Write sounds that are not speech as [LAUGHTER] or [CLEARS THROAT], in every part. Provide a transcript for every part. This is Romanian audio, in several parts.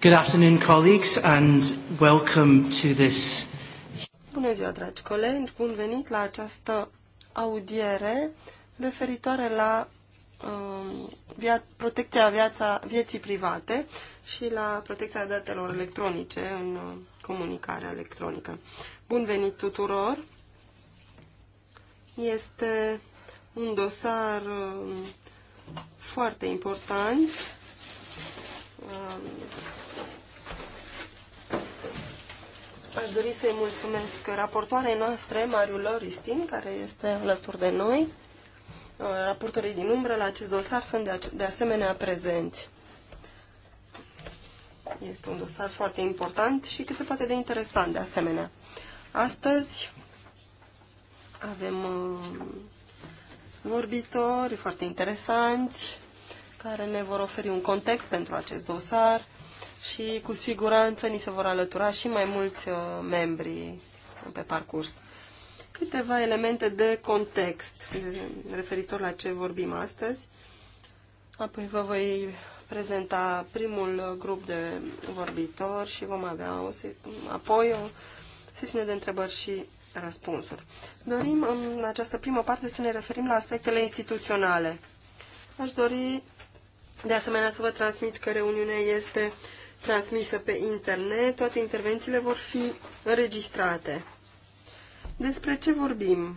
Good afternoon, colleagues, and welcome to this. Bună ziua, dragi colegi, bun venit la această audiere referitoare la um, via protecția viața, vieții private și la protecția datelor electronice în uh, comunicarea electronică. Bun venit tuturor! Este un dosar uh, foarte important um, Aș dori să-i mulțumesc raportoarei noastre, Mariu Loristin, care este alături de noi. Uh, raportorii din umbră la acest dosar sunt de asemenea prezenți. Este un dosar foarte important și cât se poate de interesant de asemenea. Astăzi avem uh, vorbitori foarte interesanți care ne vor oferi un context pentru acest dosar și cu siguranță ni se vor alătura și mai mulți uh, membri pe parcurs. Câteva elemente de context referitor la ce vorbim astăzi. Apoi vă voi prezenta primul grup de vorbitori și vom avea o, apoi o sesiune de întrebări și răspunsuri. Dorim în această primă parte să ne referim la aspectele instituționale. Aș dori de asemenea să vă transmit că reuniunea este uh, transmisă pe internet, toate intervențiile vor fi înregistrate. Despre ce vorbim?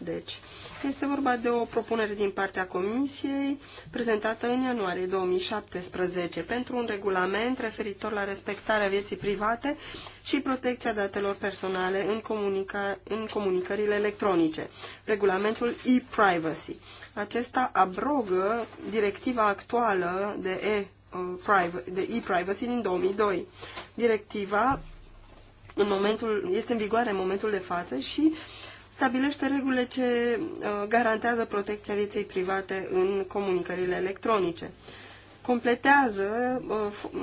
Deci, este vorba de o propunere din partea Comisiei prezentată în ianuarie 2017 pentru un regulament referitor la respectarea vieții private și protecția datelor personale în, comunica, în comunicările electronice, regulamentul e-privacy. Acesta abrogă directiva actuală de de e-privacy din 2002. Directiva în momentul, este în vigoare în momentul de față și stabilește regulile ce uh, garantează protecția vieții private în comunicările electronice completează uh,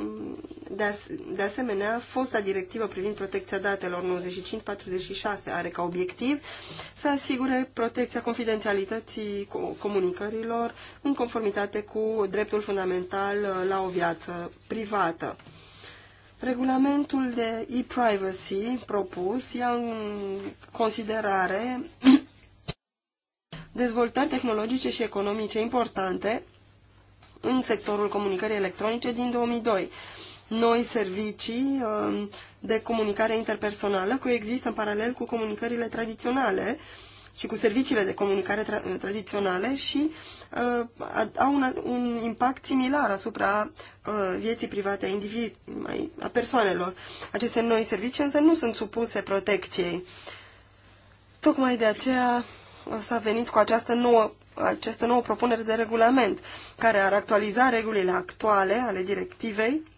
de asemenea fosta directivă privind protecția datelor 95-46 are ca obiectiv să asigure protecția confidențialității comunicărilor în conformitate cu dreptul fundamental uh, la o viață privată. Regulamentul de e-privacy propus ia în considerare [CLEARS THROAT] dezvoltări tehnologice și economice importante în sectorul comunicării electronice din 2002. Noi servicii um, de comunicare interpersonală coexistă în paralel cu comunicările tradiționale și cu serviciile de comunicare tra uh, tradiționale și uh, au un, un impact similar asupra uh, vieții private a, mai, a persoanelor. Aceste noi servicii însă nu sunt supuse protecției. Tocmai de aceea s-a venit cu această nouă această nouă propunere de regulament, care ar actualiza regulile actuale ale directivei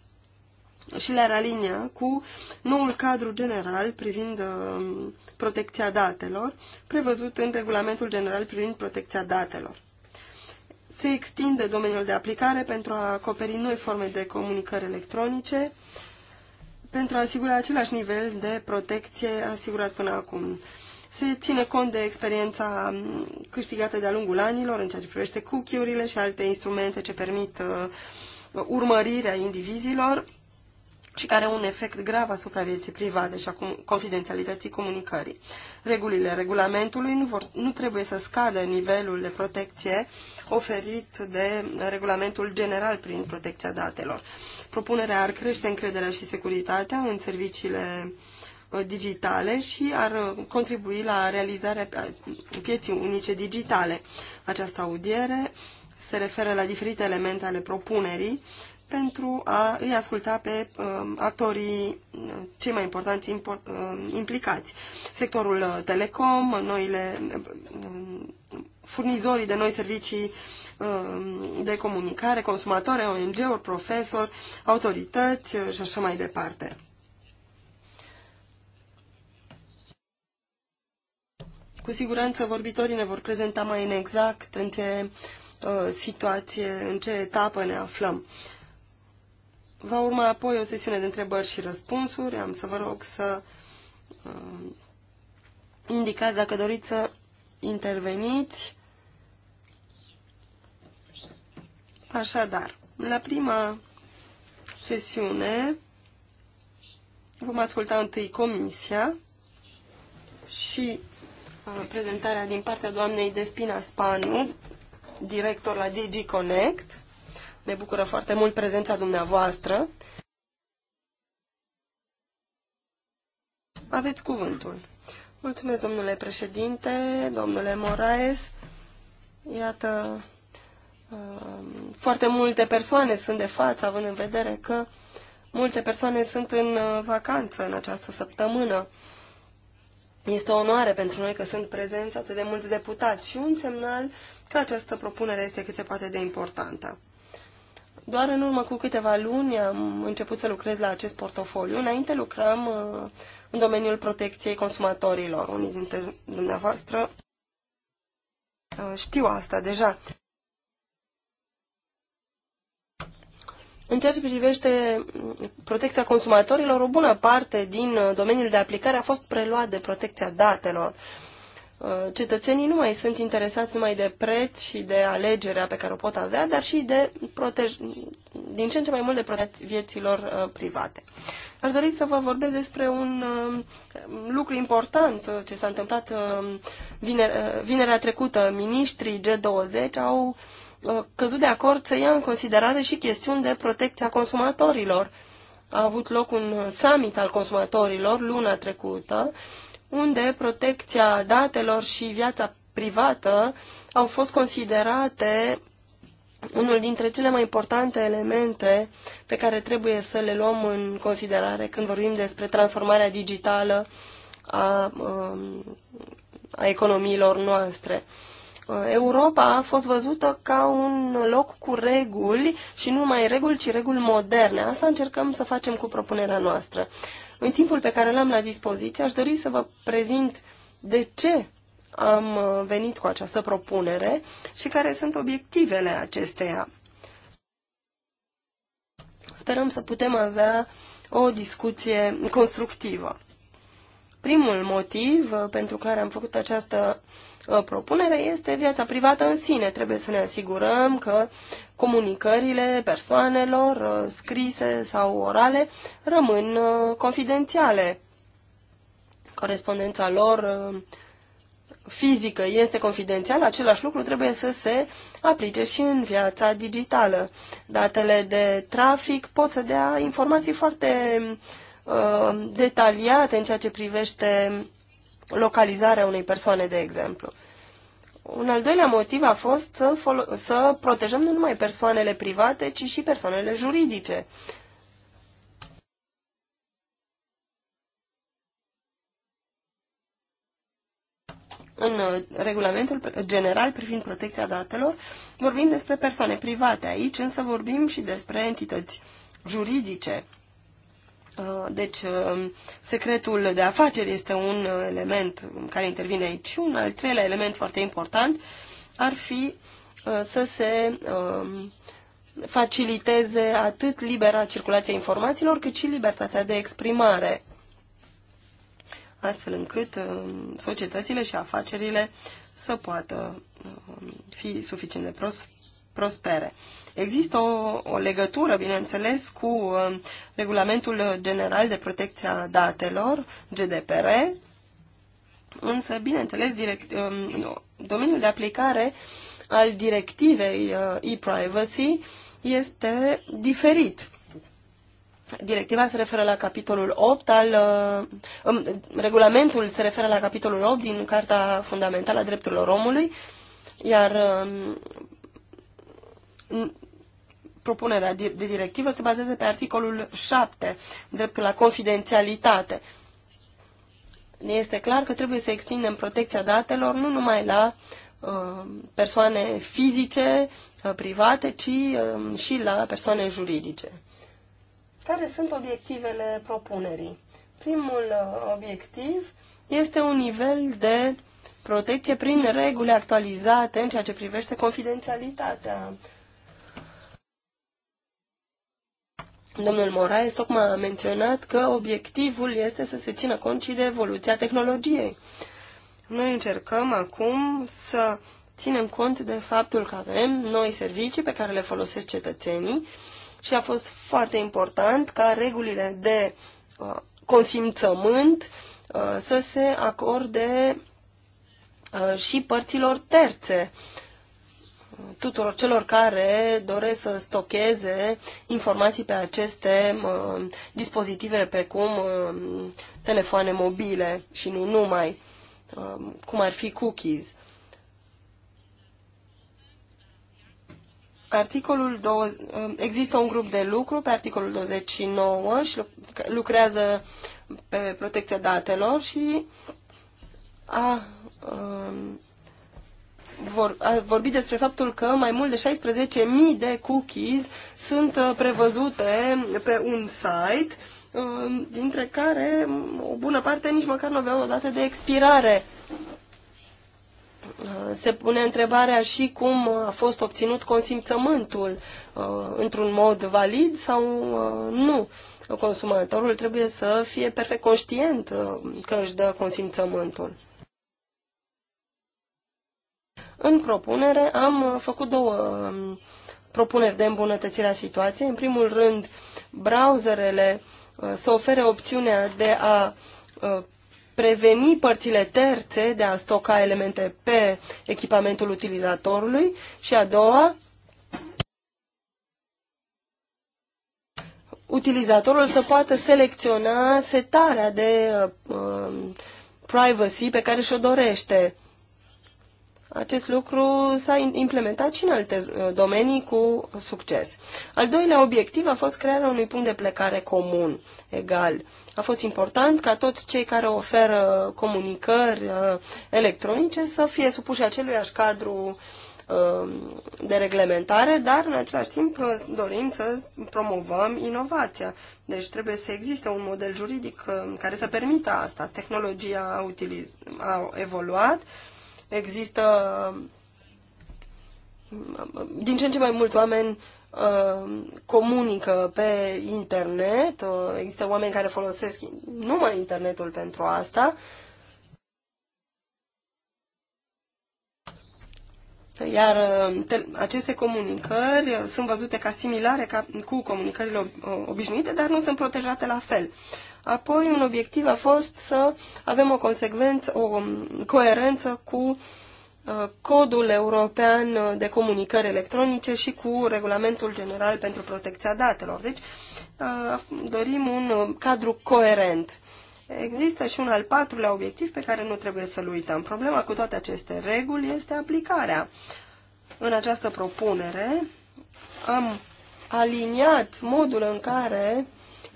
și le-ar alinia cu noul cadru general privind um, protecția datelor, prevăzut în regulamentul general privind protecția datelor. Se extinde domeniul de aplicare pentru a acoperi noi forme de comunicări electronice, pentru a asigura același nivel de protecție asigurat până acum se ține cont de experiența mm, câștigată de-a lungul anilor în ceea ce privește cookie-urile și alte instrumente ce permit uh, urmărirea indivizilor și care au un efect grav asupra vieții private și a confidențialității comunicării. Regulile regulamentului nu, vor, nu trebuie să scadă nivelul de protecție oferit de regulamentul general prin protecția datelor. Propunerea ar crește încrederea și securitatea în serviciile Uh, digitale și ar uh, contribui la realizarea uh, pieții unice digitale. Această audiere se referă la diferite elemente ale propunerii pentru a îi asculta pe um, uh, actorii cei mai importanți import, uh, implicați. Sectorul telecom, noile uh, furnizorii de noi servicii de comunicare, consumatori, ONG-uri, profesori, autorități și așa mai departe. Cu siguranță vorbitorii ne vor prezenta mai în exact în ce uh, situație, în ce etapă ne aflăm. Va urma apoi o sesiune de întrebări și răspunsuri. Am să vă rog să uh, indicați dacă doriți să interveniți. Așadar, la prima sesiune vom asculta întâi comisia și Uh, prezentarea din partea doamnei Despina Spanu, director la DigiConnect. Ne bucură foarte mult prezența dumneavoastră. Aveți cuvântul. Mulțumesc, domnule președinte, domnule Moraes. Iată, uh, foarte multe persoane sunt de față, având în vedere că multe persoane sunt în uh, vacanță în această săptămână. Este o onoare pentru noi că sunt prezenți atât de mulți deputați și un semnal că această propunere este cât se poate de importantă. Doar în urmă cu câteva luni am început să lucrez la acest portofoliu. Înainte lucram uh, în domeniul protecției consumatorilor. Unii dintre dumneavoastră uh, știu asta deja. În ceea ce privește protecția consumatorilor, o bună parte din uh, domeniul de aplicare a fost preluat de protecția datelor. Uh, cetățenii nu mai sunt interesați numai de preț și de alegerea pe care o pot avea, dar și de protej- din ce în ce mai mult de protecția vieților uh, private. Aș dori să vă vorbesc despre un lucru important ce s-a întâmplat vinerea trecută. Ministrii G20 au Uh, căzut de acord să ia în considerare și chestiuni de protecție a consumatorilor. A avut loc un summit al consumatorilor luna trecută, unde protecția datelor și viața privată au fost considerate unul dintre cele mai importante elemente pe care trebuie să le luăm în considerare când vorbim despre transformarea digitală a, um, a economiilor noastre. Uh, Europa a fost văzută ca un loc cu reguli și nu mai reguli, ci reguli moderne. Asta încercăm să facem cu propunerea noastră. În timpul pe care l-am la dispoziție, aș dori să vă prezint de ce am uh, venit cu această propunere și care sunt obiectivele acesteia. Sperăm să putem avea o discuție constructivă. Primul motiv uh, pentru care am făcut această Uh, propunere este viața privată în sine. Trebuie să ne asigurăm că comunicările persoanelor uh, scrise sau orale rămân uh, confidențiale. Corespondența lor fizică este confidențială, același lucru trebuie să se aplice și în viața digitală. Datele de trafic pot să dea informații foarte uh, detaliate în ceea ce privește localizarea unei persoane, de exemplu. Un al doilea motiv a fost să, să protejăm nu numai persoanele private, ci și persoanele juridice. În uh, regulamentul general privind protecția datelor vorbim despre persoane private aici, însă vorbim și despre entități juridice Uh, deci, uh, secretul de afaceri este un element care intervine aici. Un al treilea element foarte important ar fi uh, să se um, faciliteze atât libera circulația informațiilor, cât și libertatea de exprimare, astfel încât societățile și afacerile să poată um, fi suficient de prospere. Există o, o legătură, bineînțeles, cu um, Regulamentul General de Protecția Datelor, GDPR, însă, bineînțeles, direct, um, domeniul de aplicare al directivei uh, e-privacy este diferit. Directiva se referă la capitolul 8 al. Uh, um, regulamentul se referă la capitolul 8 din Carta Fundamentală a Drepturilor Omului, iar propunerea de directivă se bazează pe articolul 7, dreptul la confidențialitate. Este clar că trebuie să extindem protecția datelor nu numai la uh, persoane fizice, uh, private, ci um, și la persoane juridice. Care sunt obiectivele propunerii? Primul uh, obiectiv este un nivel de protecție prin reguli actualizate în ceea ce privește confidențialitatea Domnul Moraes tocmai a menționat că obiectivul este să se țină cont și de evoluția tehnologiei. Noi încercăm acum să ținem cont de faptul că avem noi servicii pe care le folosesc cetățenii și a fost foarte important ca regulile de uh, consimțământ uh, să se acorde uh, și părților terțe. Uh, tuturor celor care doresc să stocheze informații pe aceste uh, dispozitive precum uh, telefoane mobile și nu numai, uh, cum ar fi cookies. Articolul 20, există un grup de lucru pe articolul 29 și lucrează pe protecția datelor și a vor, a vorbit despre faptul că mai mult de 16.000 de cookies sunt uh, prevăzute pe un site, uh, dintre care o bună parte nici măcar nu aveau o dată de expirare. Uh, se pune întrebarea și cum a fost obținut consimțământul într-un mod valid sau nu. Consumatorul trebuie să fie perfect conștient că își dă consimțământul. În propunere am uh, făcut două um, propuneri de îmbunătățire a situației. În primul rând, browserele uh, să ofere opțiunea de a uh, preveni părțile terțe de a stoca elemente pe echipamentul utilizatorului și a doua, utilizatorul să poată selecționa setarea de uh, um, privacy pe care și-o dorește. Acest lucru s-a implementat și în alte uh, domenii cu succes. Al doilea obiectiv a fost crearea unui punct de plecare comun, egal. A fost important ca toți cei care oferă comunicări uh, electronice să fie supuși aceluiași cadru uh, de reglementare, dar în același timp dorim să promovăm inovația. Deci trebuie să existe un model juridic care să permită asta. Tehnologia a, utiliz- a evoluat, există uh, din ce în ce mai mulți oameni uh, comunică pe internet, uh, există oameni care folosesc numai internetul pentru asta. Iar uh, aceste comunicări uh, sunt văzute ca similare ca, cu comunicările uh, obișnuite, dar nu sunt protejate la fel. Apoi, un obiectiv a fost să avem o consecvență, o coerență cu uh, codul european de comunicări electronice și cu regulamentul general pentru protecția datelor. Deci, uh, dorim un uh, cadru coerent. Există și un al patrulea obiectiv pe care nu trebuie să-l uităm. Problema cu toate aceste reguli este aplicarea. În această propunere am aliniat modul în care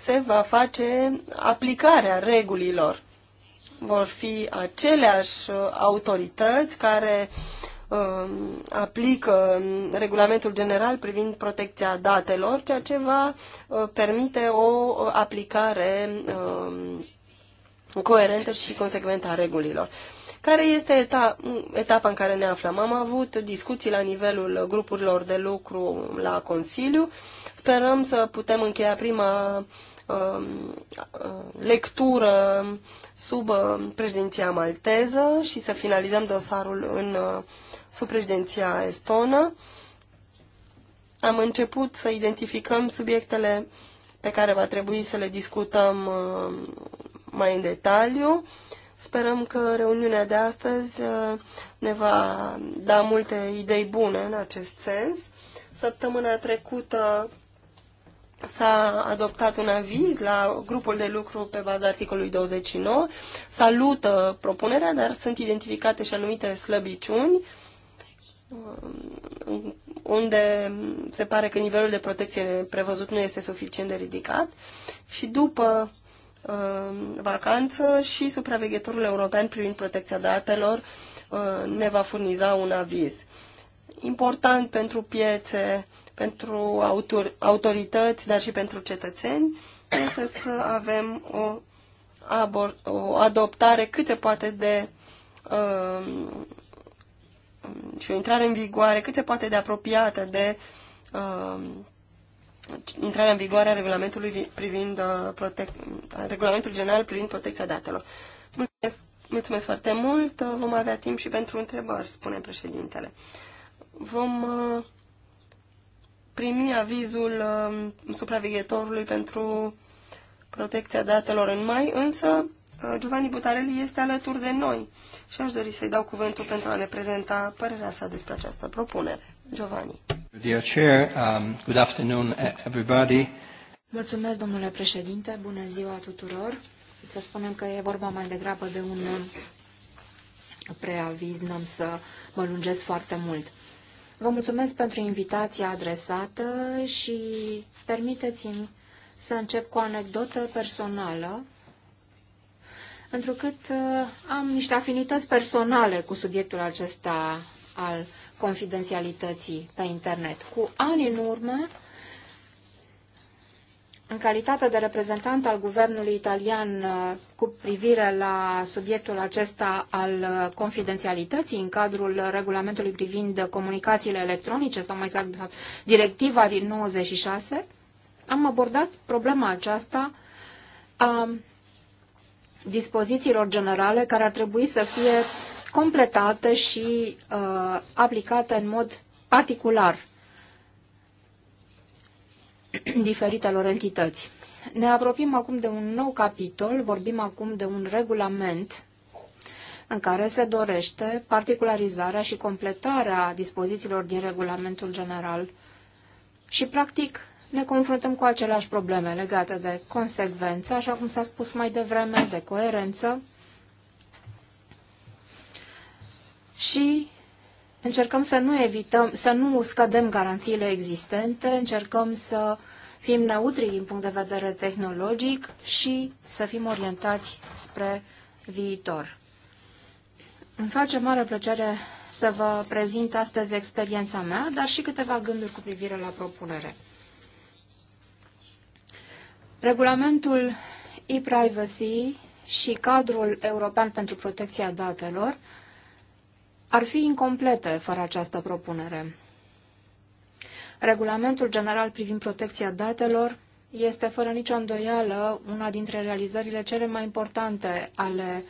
se va face aplicarea regulilor. Vor fi aceleași uh, autorități care uh, aplică um, regulamentul general privind protecția datelor, ceea ce va uh, permite o aplicare uh, coerentă și consecventă a regulilor. Care este eta, etapa în care ne aflăm? Am avut discuții la nivelul grupurilor de lucru la Consiliu. Sperăm să putem încheia prima Um, uh, lectură sub uh, președinția malteză și să finalizăm dosarul în, uh, sub președinția estonă. Am început să identificăm subiectele pe care va trebui să le discutăm mai în detaliu. Sperăm că reuniunea de astăzi ne va da multe idei bune în acest sens. Săptămâna trecută s-a adoptat un aviz la grupul de lucru pe baza articolului 29. Salută propunerea, dar sunt identificate și anumite slăbiciuni um, unde se pare că nivelul de protecție prevăzut nu este suficient de ridicat și după um, vacanță și supraveghetorul european privind protecția datelor uh, ne va furniza un aviz. Important pentru piețe pentru autor, autorități, dar și pentru cetățeni, este să avem o, abor, o adoptare cât se poate de um, și o intrare în vigoare cât se poate de apropiată de uh, intrarea în vigoare a regulamentului privind uh, protec, regulamentul general privind protecția datelor. Mulțumesc, mulțumesc foarte mult. Vom avea timp și pentru întrebări, spune președintele. Vom uh, primi avizul um, supraveghetorului pentru protecția datelor în mai, însă uh, Giovanni Butarelli este alături de noi și aș dori să-i dau cuvântul pentru a ne prezenta părerea sa despre această propunere. Giovanni. Dear Chair, um, good afternoon everybody. Mulțumesc, domnule președinte, bună ziua tuturor. Să spunem că e vorba mai degrabă de un preaviz, n-am să mă lungesc foarte mult. Vă mulțumesc pentru invitația adresată și permiteți-mi să încep cu o anecdotă personală, întrucât uh, am niște afinități personale cu subiectul acesta al confidențialității pe internet. Cu ani în urmă în calitate de reprezentant al guvernului italian uh, cu privire la subiectul acesta al uh, confidențialității în cadrul regulamentului privind comunicațiile electronice sau mai exact directiva din 96, am abordat problema aceasta a dispozițiilor generale care ar trebui să fie completate și uh, aplicate în mod particular [CLEARS THROAT] diferitelor entități. Ne apropiem acum de un nou capitol, vorbim acum de un regulament în care se dorește particularizarea și completarea dispozițiilor din regulamentul general și, practic, ne confruntăm cu aceleași probleme legate de consecvență, așa cum s-a spus mai devreme, de coerență și Încercăm să nu evităm, să nu scădem garanțiile existente, încercăm să fim neutri din punct de vedere tehnologic și să fim orientați spre viitor. Îmi face mare plăcere să vă prezint astăzi experiența mea, dar și câteva gânduri cu privire la propunere. Regulamentul e-privacy și cadrul european pentru protecția datelor ar fi incomplete fără această propunere. Regulamentul general privind protecția datelor este fără nicio îndoială una dintre realizările cele mai importante ale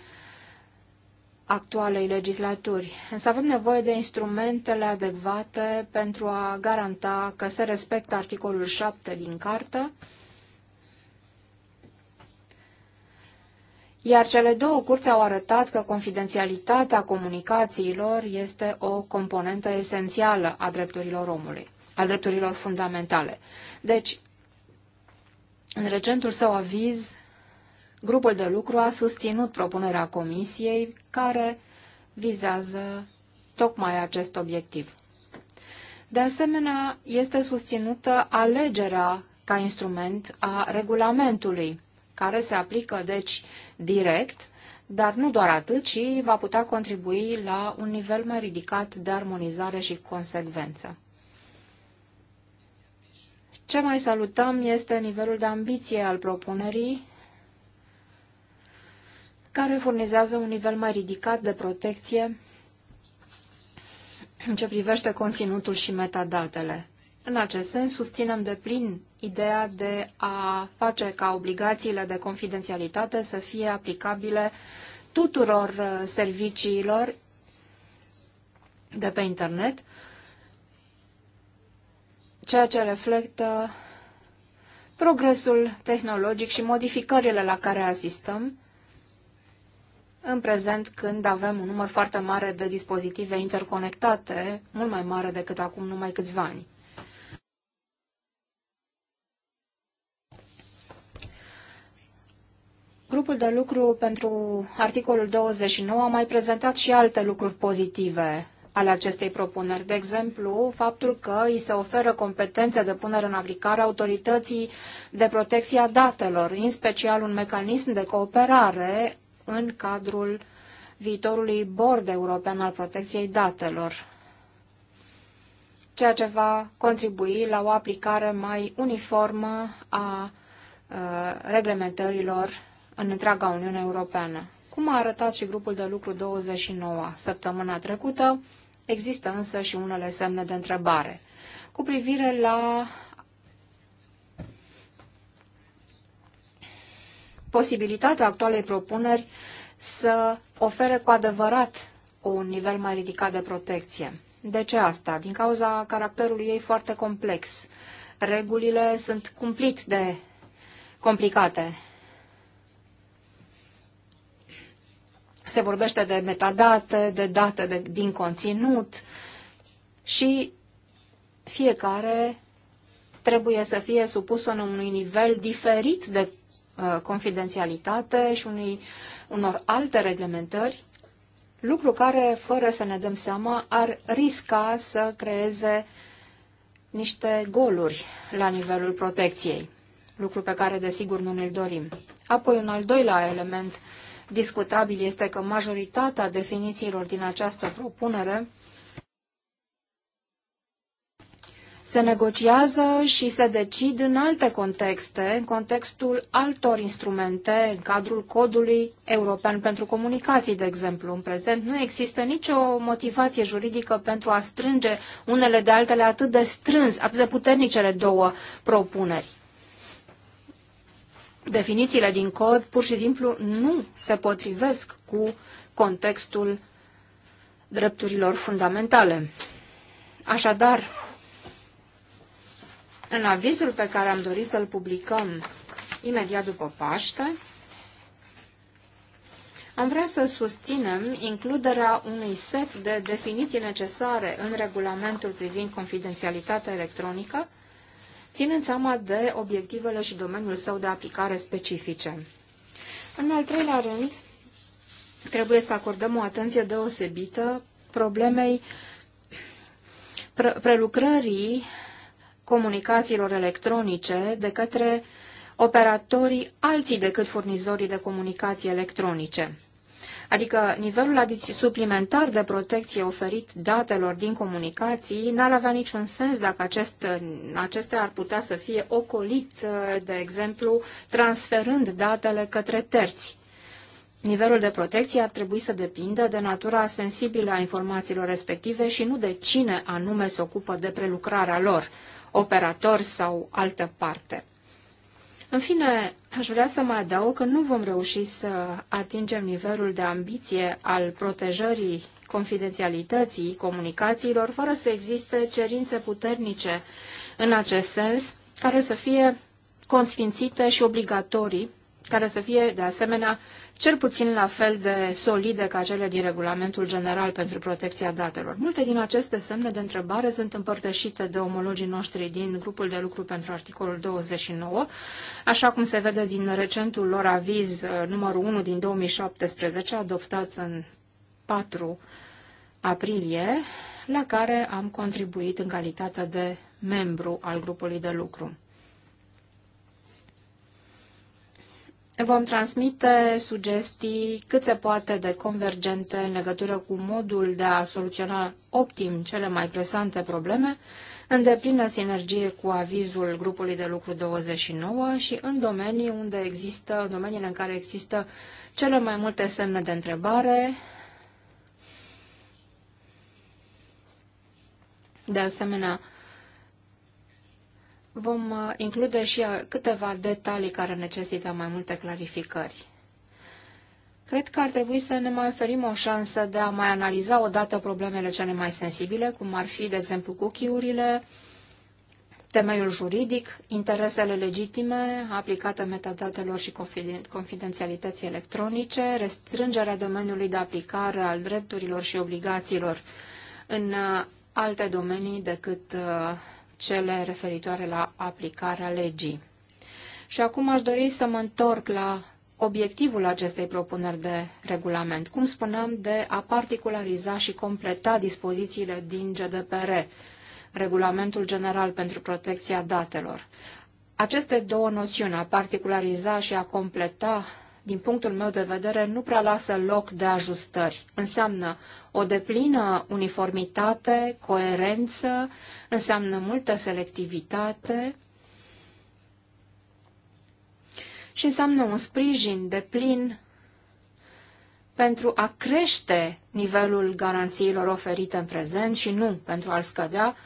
actualei legislaturi. Însă avem nevoie de instrumentele adecvate pentru a garanta că se respectă articolul 7 din cartă, Iar cele două curți au arătat că confidențialitatea comunicațiilor este o componentă esențială a drepturilor omului, a drepturilor fundamentale. Deci, în recentul său aviz, grupul de lucru a susținut propunerea comisiei care vizează tocmai acest obiectiv. De asemenea, este susținută alegerea ca instrument a regulamentului care se aplică, deci, direct, dar nu doar atât, ci va putea contribui la un nivel mai ridicat de armonizare și consecvență. Ce mai salutăm este nivelul de ambiție al propunerii, care furnizează un nivel mai ridicat de protecție în ce privește conținutul și metadatele. În acest sens, susținem de plin ideea de a face ca obligațiile de confidențialitate să fie aplicabile tuturor uh, serviciilor de pe internet, ceea ce reflectă progresul tehnologic și modificările la care asistăm în prezent când avem un număr foarte mare de dispozitive interconectate, mult mai mare decât acum numai câțiva ani. Grupul de lucru pentru articolul 29 a mai prezentat și alte lucruri pozitive ale acestei propuneri. De exemplu, faptul că îi se oferă competențe de punere în aplicare autorității de protecție a datelor, în special un mecanism de cooperare în cadrul viitorului bord european al protecției datelor, ceea ce va contribui la o aplicare mai uniformă a uh, reglementărilor în întreaga Uniune Europeană. Cum a arătat și grupul de lucru 29 săptămâna trecută, există însă și unele semne de întrebare cu privire la posibilitatea actualei propuneri să ofere cu adevărat un nivel mai ridicat de protecție. De ce asta? Din cauza caracterului ei foarte complex. Regulile sunt cumplit de complicate Se vorbește de metadate, de date de, din conținut și fiecare trebuie să fie supus unui nivel diferit de uh, confidențialitate și unui, unor alte reglementări, lucru care, fără să ne dăm seama, ar risca să creeze niște goluri la nivelul protecției, lucru pe care, desigur, nu ne-l dorim. Apoi, un al doilea element uh, Discutabil este că majoritatea definițiilor din această propunere se negociază și se decid în alte contexte, în contextul altor instrumente, în cadrul codului european pentru comunicații, de exemplu. În prezent nu există nicio motivație juridică pentru a strânge unele de altele atât de strâns, atât de puternic cele două propuneri definițiile din cod pur și simplu nu se potrivesc cu contextul drepturilor fundamentale. Așadar, în avizul pe care am dorit să-l publicăm imediat după Paște, am vrea să susținem includerea unui set de definiții necesare în regulamentul privind confidențialitatea electronică, ținând seama de obiectivele și domeniul său de aplicare specifice. În al treilea rând, trebuie să acordăm o atenție deosebită problemei prelucrării comunicațiilor electronice de către operatorii alții decât furnizorii de comunicații electronice. Adică nivelul suplimentar de protecție oferit datelor din comunicații n-ar avea niciun sens dacă acest, acestea ar putea să fie ocolit, uh, de exemplu, transferând datele către terți. Nivelul de protecție ar trebui să depindă de natura sensibilă a informațiilor respective și nu de cine anume se ocupă de prelucrarea lor, operator sau altă parte. În fine, aș vrea să mai adaug că nu vom reuși să atingem nivelul de ambiție al protejării confidențialității comunicațiilor fără să existe cerințe puternice în acest sens, care să fie consfințite și obligatorii care să fie, de asemenea, cel puțin la fel de solide ca cele din Regulamentul General pentru Protecția Datelor. Multe din aceste semne de întrebare sunt împărtășite de omologii noștri din grupul de lucru pentru articolul 29, așa cum se vede din recentul lor aviz uh, numărul 1 din 2017, adoptat în 4 aprilie, la care am contribuit în calitate de membru al grupului de lucru. Vom transmite sugestii cât se poate de convergente în legătură cu modul de a soluționa optim cele mai presante probleme, în deplină sinergie cu avizul grupului de lucru 29 și în domenii unde există, în domeniile în care există cele mai multe semne de întrebare, de asemenea, vom uh, include și uh, câteva detalii care necesită mai multe clarificări. Cred că ar trebui să ne mai oferim o șansă de a mai analiza odată problemele cele mai sensibile, cum ar fi, de exemplu, cookie-urile, temeiul juridic, interesele legitime aplicate metadatelor și confidențialității electronice, restrângerea domeniului de aplicare al drepturilor și obligațiilor în uh, alte domenii decât cele referitoare la aplicarea legii. Și acum aș dori să mă întorc la obiectivul acestei propuneri de regulament. Cum spuneam, de a particulariza și completa dispozițiile din GDPR, Regulamentul General pentru Protecția Datelor. Aceste două noțiuni, a particulariza și a completa, din punctul meu de vedere, nu prea lasă loc de ajustări. Înseamnă o deplină uniformitate, coerență, înseamnă multă selectivitate și înseamnă un sprijin deplin pentru a crește nivelul garanțiilor oferite în prezent și nu pentru a-l scădea,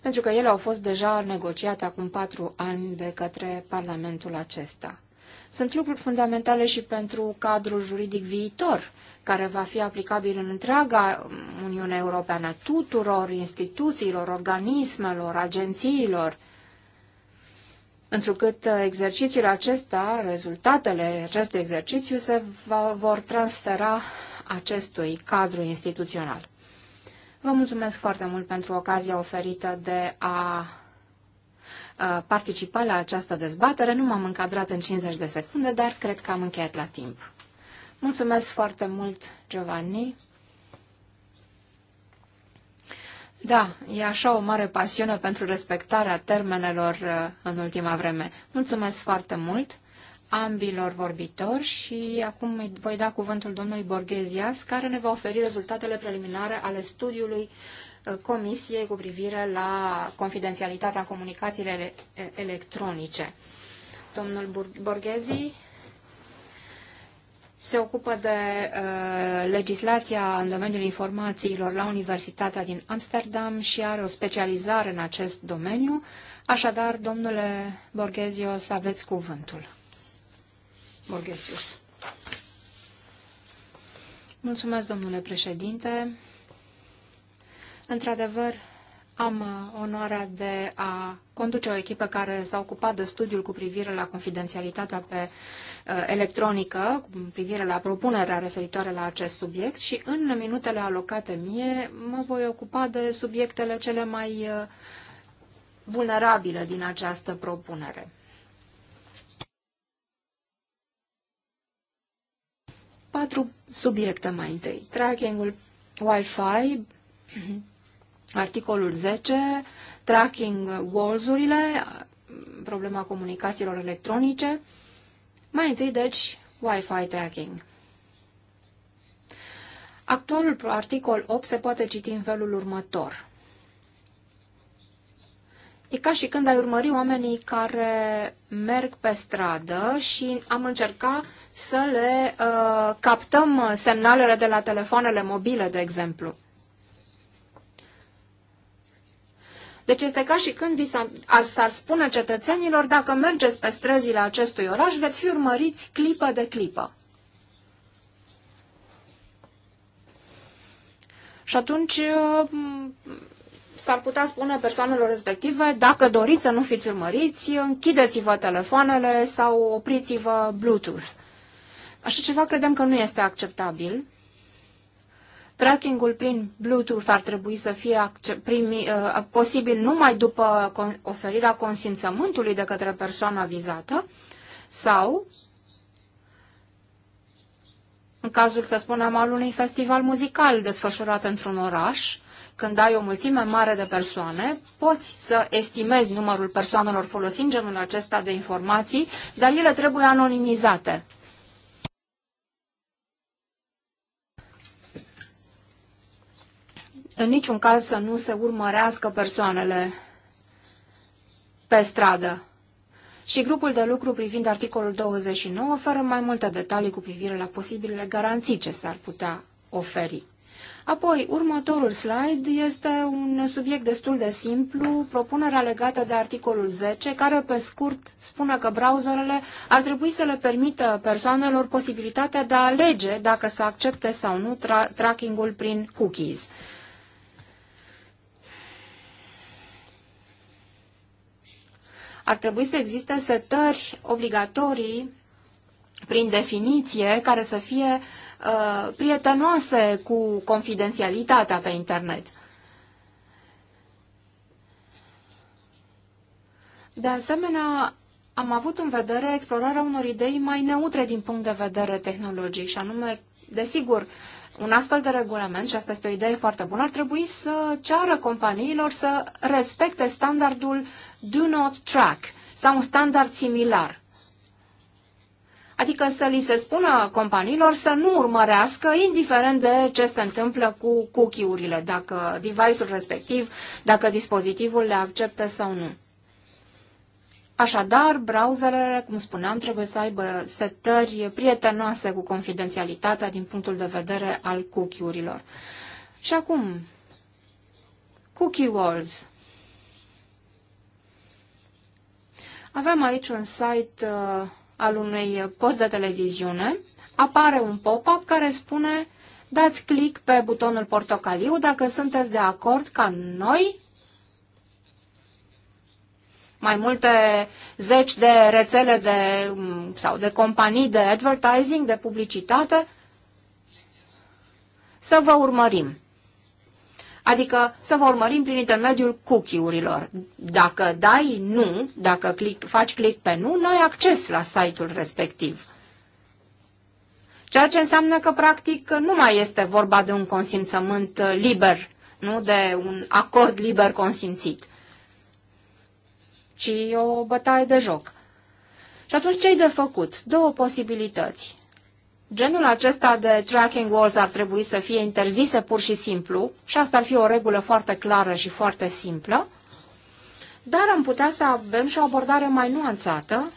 pentru că ele au fost deja negociate acum patru ani de către Parlamentul acesta sunt lucruri fundamentale și pentru cadrul juridic viitor, care va fi aplicabil în întreaga Uniune Europeană, tuturor instituțiilor, organismelor, agențiilor, întrucât uh, exercițiul acesta, rezultatele acestui exercițiu se va, vor transfera acestui cadru instituțional. Vă mulțumesc foarte mult pentru ocazia oferită de a participa la această dezbatere. Nu m-am încadrat în 50 de secunde, dar cred că am încheiat la timp. Mulțumesc foarte mult, Giovanni. Da, e așa o mare pasiune pentru respectarea termenelor uh, în ultima vreme. Mulțumesc foarte mult ambilor vorbitori și acum îi voi da cuvântul domnului Borghezias, care ne va oferi rezultatele preliminare ale studiului Uh, Comisiei cu privire la confidențialitatea comunicațiilor electronice. Domnul Borghezi se ocupă de uh, legislația în domeniul informațiilor la Universitatea din Amsterdam și are o specializare în acest domeniu. Așadar, domnule Borghezios, aveți cuvântul. Borghezius. Mulțumesc, domnule președinte. Într-adevăr, am uh, onoarea de a conduce o echipă care s-a ocupat de studiul cu privire la confidențialitatea pe uh, electronică, cu privire la propunerea referitoare la acest subiect și în minutele alocate mie mă voi ocupa de subiectele cele mai uh, vulnerabile din această propunere. Patru subiecte mai întâi. Tracking-ul Wi-Fi, Articolul 10, tracking walls-urile, problema comunicațiilor electronice. Mai întâi, deci, Wi-Fi tracking. Actualul articol 8 se poate citi în felul următor. E ca și când ai urmări oamenii care merg pe stradă și am încercat să le uh, captăm semnalele de la telefoanele mobile, de exemplu. Deci este ca și când vi s-ar spune cetățenilor, dacă mergeți pe străzile acestui oraș, veți fi urmăriți clipă de clipă. Și atunci uh, s-ar putea spune persoanelor respective, dacă doriți să nu fiți urmăriți, închideți-vă telefoanele sau opriți-vă Bluetooth. Așa ceva credem că nu este acceptabil Trackingul prin Bluetooth ar trebui să fie primi, uh, uh, posibil numai după con- oferirea consimțământului de către persoana vizată sau în cazul, să spunem, al unui festival muzical desfășurat într-un oraș, când ai o mulțime mare de persoane, poți să estimezi numărul persoanelor folosind genul acesta de informații, dar ele trebuie anonimizate. în niciun caz să nu se urmărească persoanele pe stradă. Și grupul de lucru privind articolul 29 oferă mai multe detalii cu privire la posibilele garanții ce s-ar putea oferi. Apoi, următorul slide este un subiect destul de simplu, propunerea legată de articolul 10, care pe scurt spune că browserele ar trebui să le permită persoanelor posibilitatea de a alege dacă să accepte sau nu tra tracking-ul prin cookies. ar trebui să existe setări obligatorii prin definiție care să fie uh, prietenoase cu confidențialitatea pe internet. De asemenea, am avut în vedere explorarea unor idei mai neutre din punct de vedere tehnologic, și anume, desigur, uh, un astfel de regulament, și asta este o idee foarte bună, ar trebui să ceară companiilor să respecte standardul do not track sau un standard similar. Adică să li se spună companiilor să nu urmărească, indiferent de ce se întâmplă cu cookie-urile, dacă device-ul respectiv, dacă dispozitivul le acceptă sau nu. Așadar, browserele, cum spuneam, trebuie să aibă setări prietenoase cu confidențialitatea din punctul de vedere al cookie-urilor. Și acum, cookie walls. Avem aici un site uh, al unui post de televiziune. Apare un pop-up care spune dați click pe butonul portocaliu dacă sunteți de acord ca noi mai multe zeci de rețele de, mm, sau de companii de advertising, de publicitate, să vă urmărim. Adică să vă urmărim prin intermediul cookie-urilor. Dacă dai nu, dacă click, faci click pe nu, nu ai acces la site-ul respectiv. Ceea ce înseamnă că, practic, nu mai este vorba de un consimțământ liber, nu de un acord liber consimțit ci o bătaie de joc. Și atunci ce-i de făcut? Două posibilități. Genul acesta de tracking walls ar trebui să fie interzise pur și simplu, și asta ar fi o regulă foarte clară și foarte simplă, dar am putea să avem și o abordare mai nuanțată,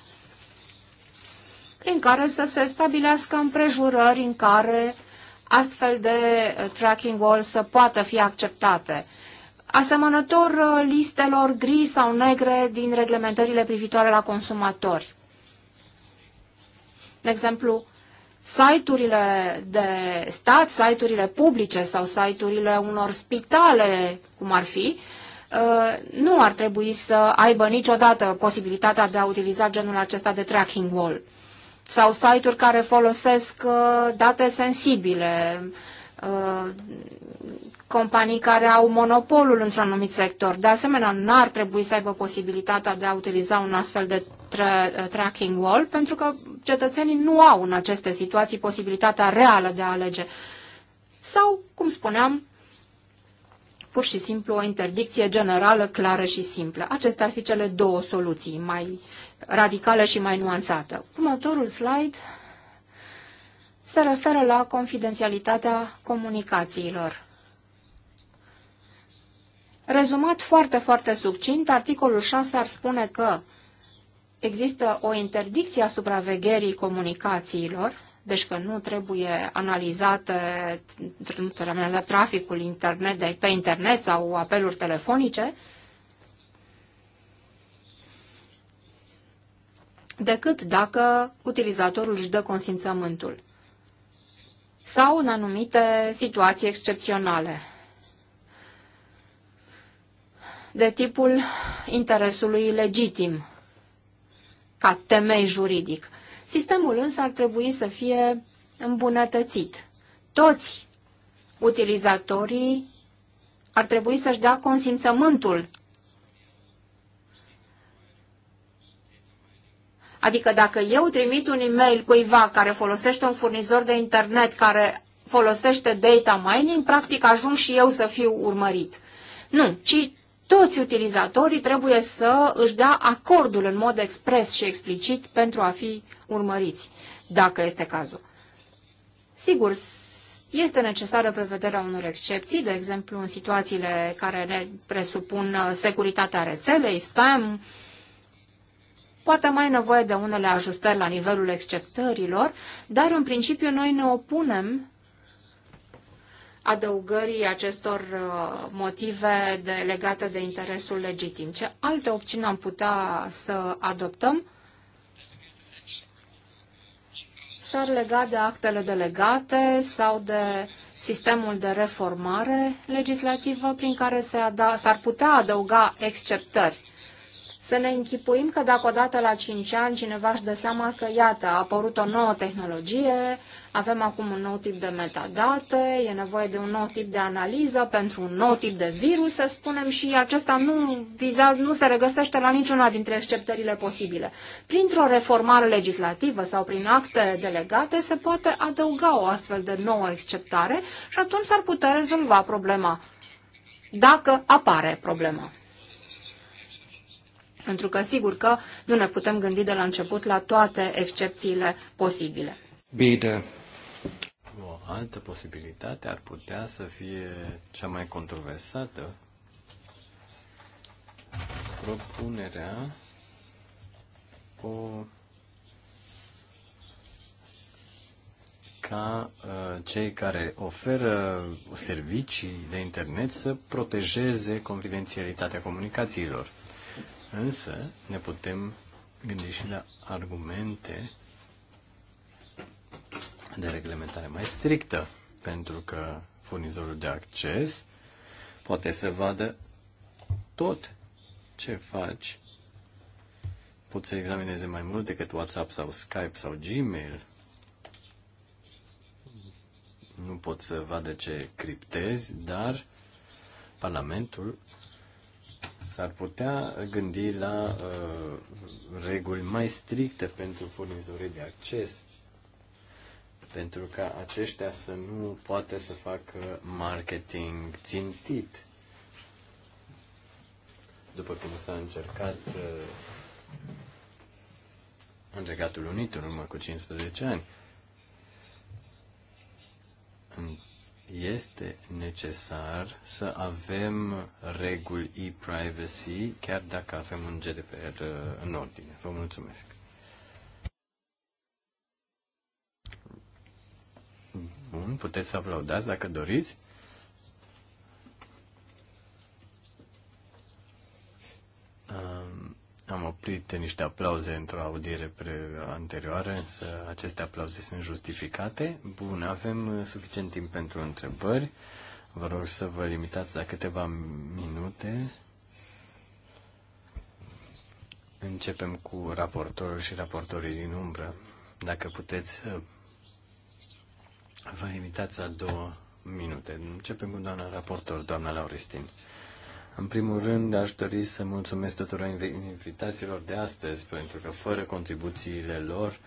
prin care să se stabilească împrejurări în care astfel de tracking walls să poată fi acceptate asemănător uh, listelor gri sau negre din reglementările privitoare la consumatori. De exemplu, site-urile de stat, site-urile publice sau site-urile unor spitale, cum ar fi, uh, nu ar trebui să aibă niciodată posibilitatea de a utiliza genul acesta de tracking wall sau site-uri care folosesc uh, date sensibile, companii care au monopolul într-un anumit sector. De asemenea, n-ar trebui să aibă posibilitatea de a utiliza un astfel de tra- uh, tracking wall, pentru că cetățenii nu au în aceste situații posibilitatea reală de a alege. Sau, cum spuneam, pur și simplu o interdicție generală, clară și simplă. Acestea ar fi cele două soluții, mai radicală și mai nuanțată. Următorul slide se referă la confidențialitatea comunicațiilor. Rezumat foarte, foarte succint, articolul 6 ar spune că există o interdicție a supravegherii comunicațiilor, deci că nu trebuie analizat, nu trebuie analizat traficul internet, de, pe internet sau apeluri telefonice, decât dacă utilizatorul își dă consimțământul sau în anumite situații excepționale de tipul interesului legitim ca temei juridic. Sistemul însă ar trebui să fie îmbunătățit. Toți utilizatorii ar trebui să-și dea consimțământul. Adică dacă eu trimit un e-mail cuiva care folosește un furnizor de internet care folosește data mining, practic ajung și eu să fiu urmărit. Nu, ci toți utilizatorii trebuie să își dea acordul în mod expres și explicit pentru a fi urmăriți, dacă este cazul. Sigur, este necesară prevederea unor excepții, de exemplu în situațiile care presupun uh, securitatea rețelei, spam, poate mai nevoie de unele ajustări la nivelul exceptărilor, dar în principiu noi ne opunem adăugării acestor uh, motive de, legate de interesul legitim. Ce alte opțiuni am putea să adoptăm? S-ar lega de actele delegate sau de sistemul de reformare legislativă prin care s-ar putea adăuga exceptări să ne închipuim că dacă odată la 5 ani cineva își dă seama că, iată, a apărut o nouă tehnologie, avem acum un nou tip de metadate, e nevoie de un nou tip de analiză pentru un nou tip de virus, să spunem, și acesta nu, viza, nu se regăsește la niciuna dintre exceptările posibile. Printr-o reformare legislativă sau prin acte delegate se poate adăuga o astfel de nouă exceptare și atunci s-ar putea rezolva problema, dacă apare problema. Pentru că sigur că nu ne putem gândi de la început la toate excepțiile posibile. Bine. O altă posibilitate ar putea să fie cea mai controversată. Propunerea o ca uh, cei care oferă servicii de internet să protejeze confidențialitatea comunicațiilor. Însă ne putem gândi și la argumente de reglementare mai strictă, pentru că furnizorul de acces poate să vadă tot ce faci. Poți să examineze mai mult decât WhatsApp sau Skype sau Gmail. Nu pot să vadă ce criptezi, dar Parlamentul s-ar putea gândi la uh, reguli mai stricte pentru furnizorii de acces, pentru ca aceștia să nu poate să facă marketing țintit, după cum s-a încercat uh, în Regatul Unit în urmă cu 15 ani. În este necesar să avem reguli e-privacy, chiar dacă avem un GDPR uh, în ordine. Vă mulțumesc. Bun, puteți să aplaudați dacă doriți. oprit niște aplauze într-o audiere anterioară, însă aceste aplauze sunt justificate. Bun, avem uh, suficient timp pentru întrebări. Vă rog să vă limitați la câteva minute. Începem cu raportorul și raportorii din umbră. Dacă puteți să uh, vă limitați la două minute. Începem cu doamna raportor, doamna Lauristin. În primul rând, aș dori să mulțumesc tuturor invitațiilor de astăzi, pentru că fără contribuțiile lor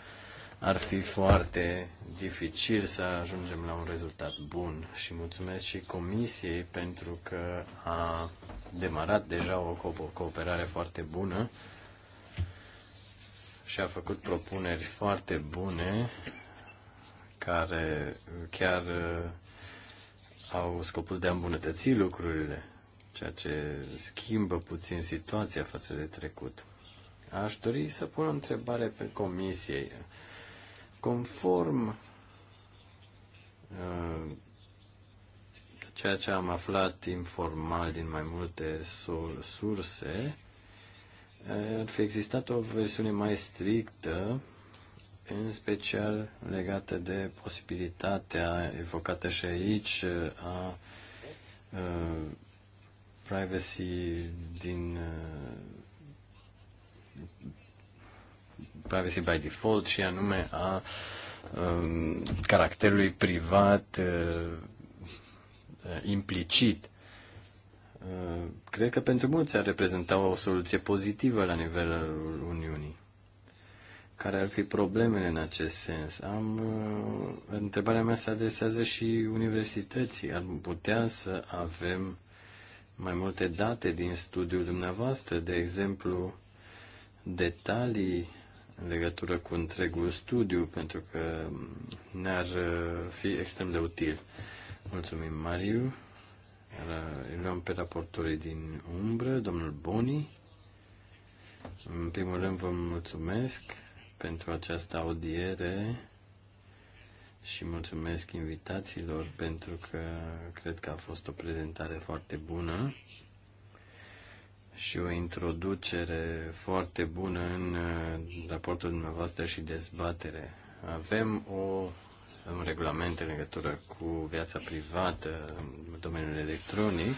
ar fi foarte dificil să ajungem la un rezultat bun. Și mulțumesc și Comisiei pentru că a demarat deja o cooperare foarte bună și a făcut propuneri foarte bune care chiar uh, au scopul de a îmbunătăți lucrurile ceea ce schimbă puțin situația față de trecut. Aș dori să pun o întrebare pe comisie. Conform uh, ceea ce am aflat informal din mai multe surse, uh, ar fi existat o versiune mai strictă, în special legată de posibilitatea evocată și aici uh, a privacy din uh, privacy by default și anume a um, caracterului privat uh, uh, implicit. Uh, cred că pentru mulți ar reprezenta o soluție pozitivă la nivelul Uniunii. Care ar fi problemele în acest sens? Am, uh, întrebarea mea se adresează și universității. Ar putea să avem mai multe date din studiul dumneavoastră, de exemplu, detalii în legătură cu întregul studiu, pentru că ne-ar uh, fi extrem de util. Mulțumim, Mariu. Îl luăm pe raportorii din umbră, domnul Boni. În primul rând vă mulțumesc pentru această audiere și mulțumesc invitațiilor pentru că cred că a fost o prezentare foarte bună și o introducere foarte bună în uh, raportul dumneavoastră și dezbatere. Avem o un regulament în legătură cu viața privată în domeniul electronic.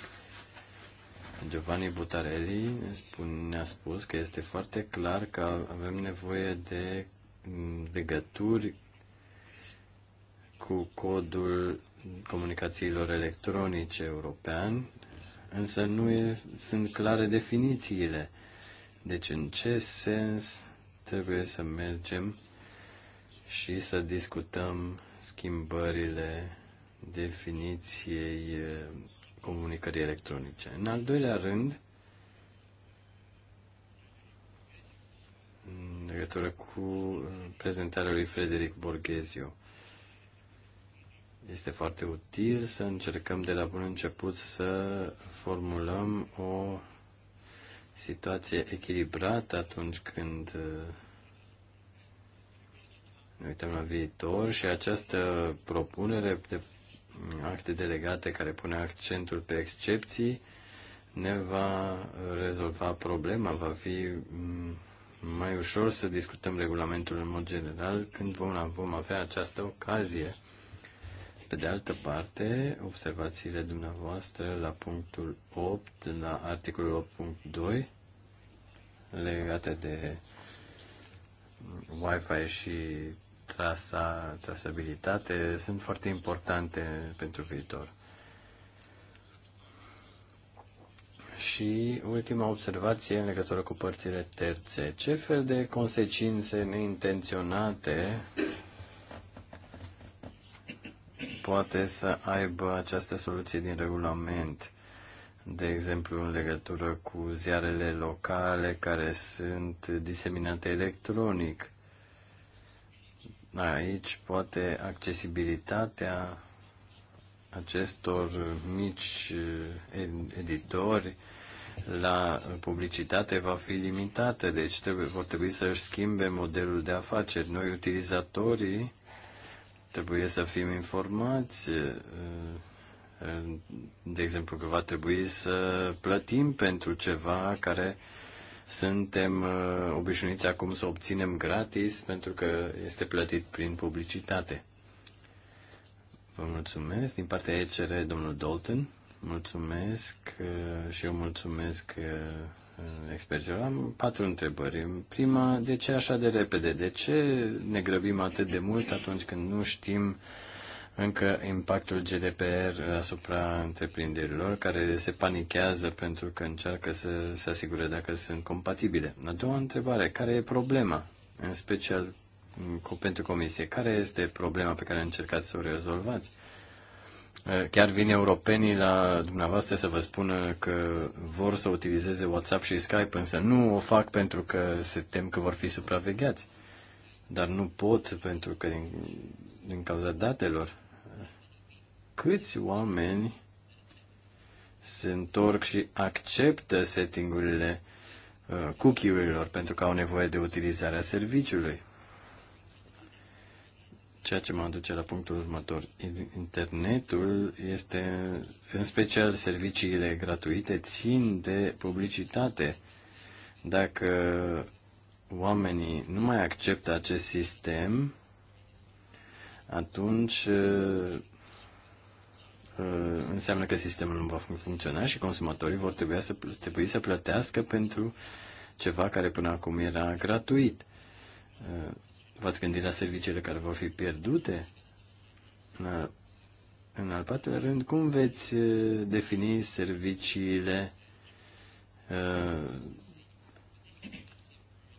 Giovanni Butarelli spun, ne-a spus că este foarte clar că avem nevoie de legături cu codul comunicațiilor electronice european, însă nu e, sunt clare definițiile. Deci în ce sens trebuie să mergem și să discutăm schimbările definiției comunicării electronice. În al doilea rând, în legătură cu prezentarea lui Frederic Borghezio este foarte util să încercăm de la bun început să formulăm o situație echilibrată atunci când uh, ne uităm la viitor și această propunere de acte delegate care pune accentul pe excepții ne va rezolva problema, va fi mm, mai ușor să discutăm regulamentul în mod general când vom, vom avea această ocazie. Pe de altă parte, observațiile dumneavoastră la punctul 8, la articolul 8.2, legate de Wi-Fi și trasa, trasabilitate, sunt foarte importante pentru viitor. Și ultima observație în legătură cu părțile terțe. Ce fel de consecințe neintenționate poate să aibă această soluție din regulament. De exemplu, în legătură cu ziarele locale care sunt diseminate electronic. Aici poate accesibilitatea acestor mici eh, editori la publicitate va fi limitată, deci trebuie, vor trebui să-și schimbe modelul de afaceri. Noi, utilizatorii, Trebuie să fim informați, de exemplu, că va trebui să plătim pentru ceva care suntem obișnuiți acum să obținem gratis pentru că este plătit prin publicitate. Vă mulțumesc. Din partea ECR, domnul Dalton, mulțumesc și eu mulțumesc experților. Am patru întrebări. Prima, de ce așa de repede? De ce ne grăbim atât de mult atunci când nu știm încă impactul GDPR asupra întreprinderilor care se panichează pentru că încearcă să se asigure dacă sunt compatibile? A doua întrebare, care e problema? În special pentru comisie, care este problema pe care încercați să o rezolvați? Eh, chiar vin europenii la dumneavoastră să vă spună că vor să utilizeze WhatsApp și Skype, însă nu o fac pentru că se tem că vor fi supravegheați. Dar nu pot pentru că din, din cauza datelor. Câți oameni se întorc și acceptă settingurile uh, cookie-urilor pentru că au nevoie de utilizarea serviciului? Ceea ce mă aduce la punctul următor. Internetul este, în special serviciile gratuite, țin de publicitate. Dacă oamenii nu mai acceptă acest sistem, atunci uh, uh, înseamnă că sistemul nu va funcționa și consumatorii vor trebui să, trebui să plătească pentru ceva care până acum era gratuit. Uh, V-ați gândit la serviciile care vor fi pierdute? În al patrulea rând, cum veți uh, defini serviciile uh,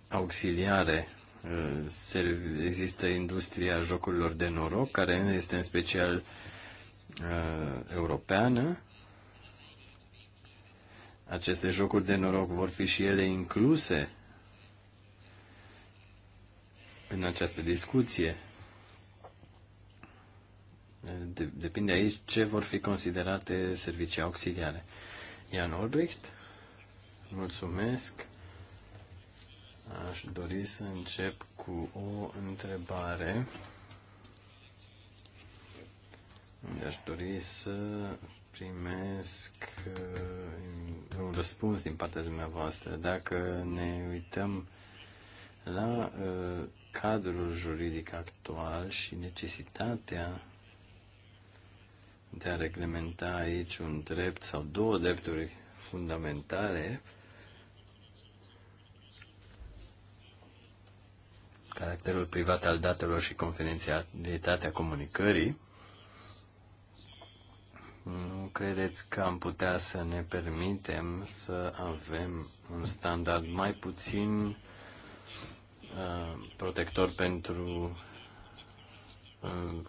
auxiliare? Uh, există industria jocurilor de noroc, care este în special uh, europeană. Aceste jocuri de noroc vor fi și ele incluse în această discuție. depinde aici ce vor fi considerate servicii auxiliare. Ian Olbricht, mulțumesc. Aș dori să încep cu o întrebare. Aș dori să primesc uh, un răspuns din partea dumneavoastră. Dacă ne uităm la uh, cadrul juridic actual și necesitatea de a reglementa aici un drept sau două drepturi fundamentale caracterul privat al datelor și confidențialitatea comunicării, nu credeți că am putea să ne permitem să avem un standard mai puțin Uh, protector pentru uh,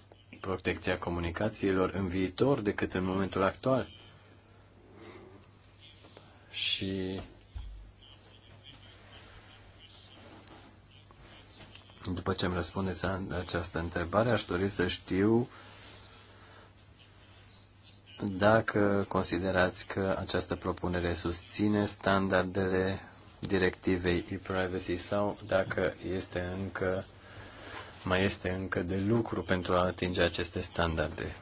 protecția comunicațiilor în viitor decât în momentul actual. Și după ce îmi răspundeți această întrebare, aș dori să știu dacă considerați că această propunere susține standardele directivei e-privacy sau dacă este încă, mai este încă de lucru pentru a atinge aceste standarde.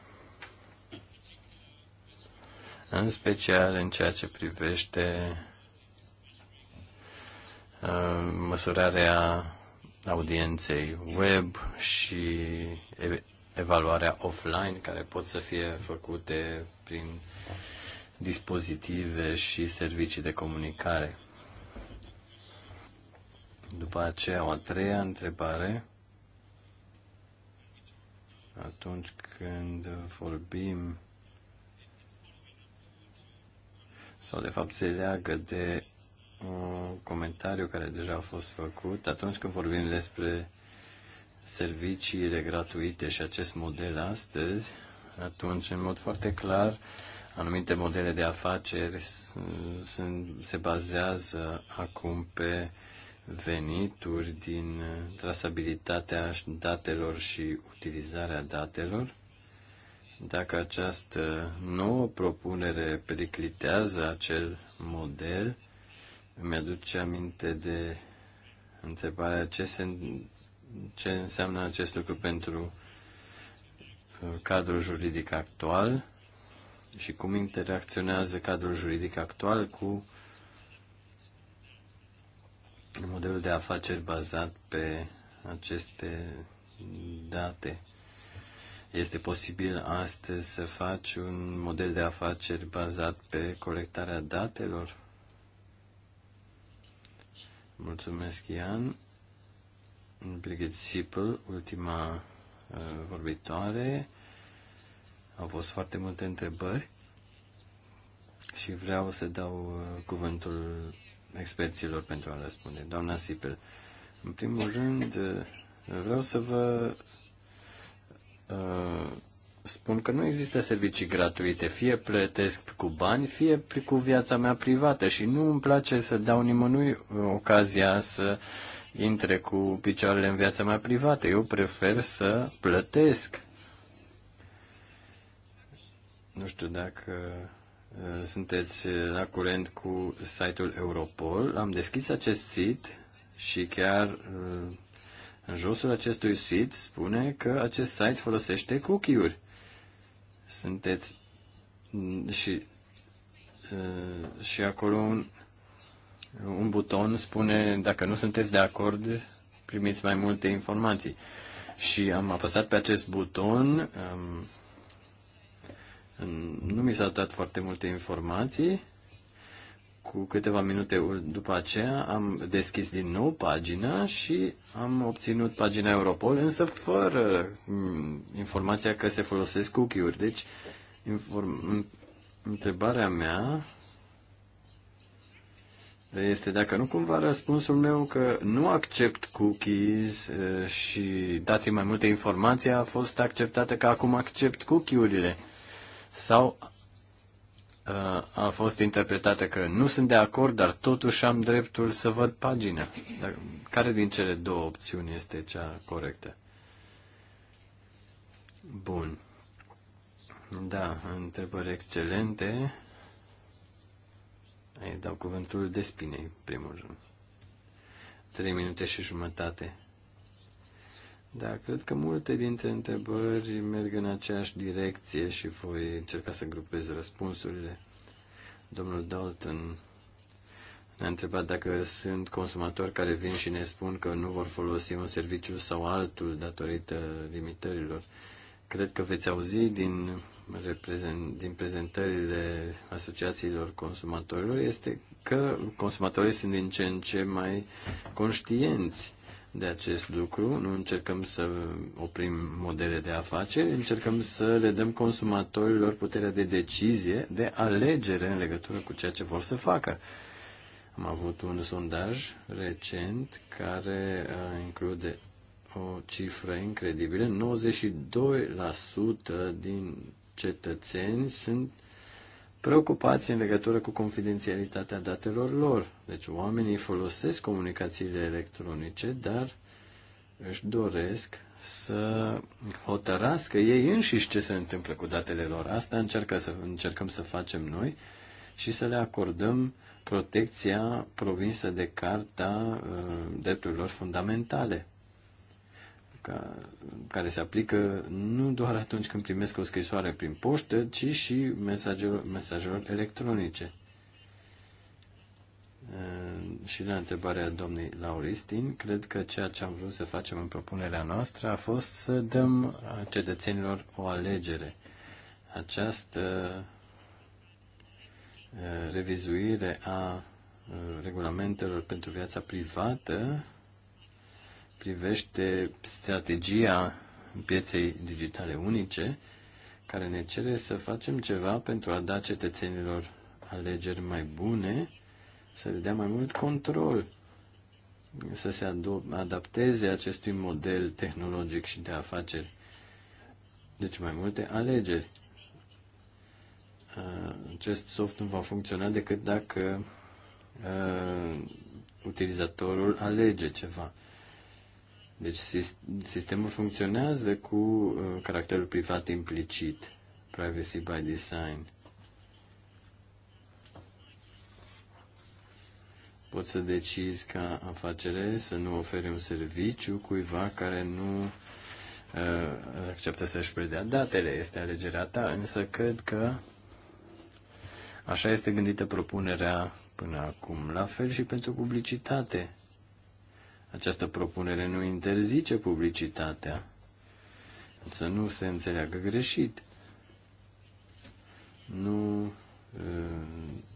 În special în ceea ce privește uh, măsurarea audienței web și evaluarea offline care pot să fie făcute prin dispozitive și servicii de comunicare. După aceea, o a treia întrebare. Atunci când vorbim sau de fapt se leagă de un comentariu care deja a fost făcut, atunci când vorbim despre serviciile gratuite și acest model astăzi, atunci, în mod foarte clar, anumite modele de afaceri sunt, se bazează acum pe uh, venituri din trasabilitatea datelor și utilizarea datelor. Dacă această nouă propunere periclitează acel model, îmi aduce aminte de întrebarea ce, se, ce înseamnă acest lucru pentru uh, cadrul juridic actual și cum interacționează cadrul juridic actual cu modelul de afaceri bazat pe aceste date. Este posibil astăzi să faci un model de afaceri bazat pe colectarea datelor? Mulțumesc, Ian. Brigitte Sipel, ultima uh, vorbitoare. Au fost foarte multe întrebări și vreau să dau uh, cuvântul experților pentru a răspunde. Doamna Sipel, în primul rând vreau să vă uh, spun că nu există servicii gratuite. Fie plătesc cu bani, fie cu viața mea privată și nu îmi place să dau nimănui ocazia să intre cu picioarele în viața mea privată. Eu prefer să plătesc. Nu știu dacă sunteți uh, la curent cu site-ul Europol. Am deschis acest sit și chiar uh, în josul acestui sit spune că acest site folosește cookie-uri. Sunteți mm, și, uh, și acolo un, un buton spune dacă nu sunteți de acord, primiți mai multe informații. Și am apăsat pe acest buton, nu mi s-au dat foarte multe informații. Cu câteva minute după aceea am deschis din nou pagina și am obținut pagina Europol, însă fără mm, informația că se folosesc cookie-uri. Deci, inform... întrebarea mea este dacă nu cumva răspunsul meu că nu accept cookies și dați mai multe informații a fost acceptată că acum accept cookie-urile sau uh, a fost interpretată că nu sunt de acord, dar totuși am dreptul să văd pagina. Dar care din cele două opțiuni este cea corectă? Bun. Da, întrebări excelente. Îi dau cuvântul despinei, primul rând. Trei minute și jumătate. Da, cred că multe dintre întrebări merg în aceeași direcție și voi încerca să grupez răspunsurile. Domnul Dalton ne-a întrebat dacă sunt consumatori care vin și ne spun că nu vor folosi un serviciu sau altul datorită limitărilor. Cred că veți auzi din, din prezentările asociațiilor consumatorilor este că consumatorii sunt din ce în ce mai conștienți de acest lucru, nu încercăm să oprim modele de afaceri, încercăm să le dăm consumatorilor puterea de decizie, de alegere în legătură cu ceea ce vor să facă. Am avut un sondaj recent care uh, include o cifră incredibilă, 92% din cetățeni sunt uh, preocupați în legătură cu confidențialitatea datelor lor. Deci oamenii folosesc comunicațiile electronice, dar își doresc să hotărască ei înșiși ce se întâmplă cu datele lor. Asta încercă să, încercăm să facem noi și să le acordăm protecția provinsă de Carta uh, Drepturilor Fundamentale ca, care se aplică nu doar atunci când primesc o scrisoare prin poștă, ci și mesajelor, mesajelor electronice. Uh, și la întrebarea domnului Lauristin, cred că ceea ce am vrut să facem în propunerea noastră a fost să dăm uh, cetățenilor o alegere. Această uh, revizuire a regulamentelor pentru viața privată privește strategia pieței digitale unice, care ne cere să facem ceva pentru a da cetățenilor alegeri mai bune, să le dea mai mult control, să se adapteze acestui model tehnologic și de afaceri. Deci mai multe alegeri. Acest soft nu va funcționa decât dacă utilizatorul alege ceva. Deci sistemul funcționează cu uh, caracterul privat implicit, privacy by design. Poți să decizi ca afacere să nu oferi un serviciu cuiva care nu uh, acceptă să-și predea datele. Este alegerea ta, însă cred că așa este gândită propunerea până acum. La fel și pentru publicitate această propunere nu interzice publicitatea, să nu se înțeleagă greșit. Nu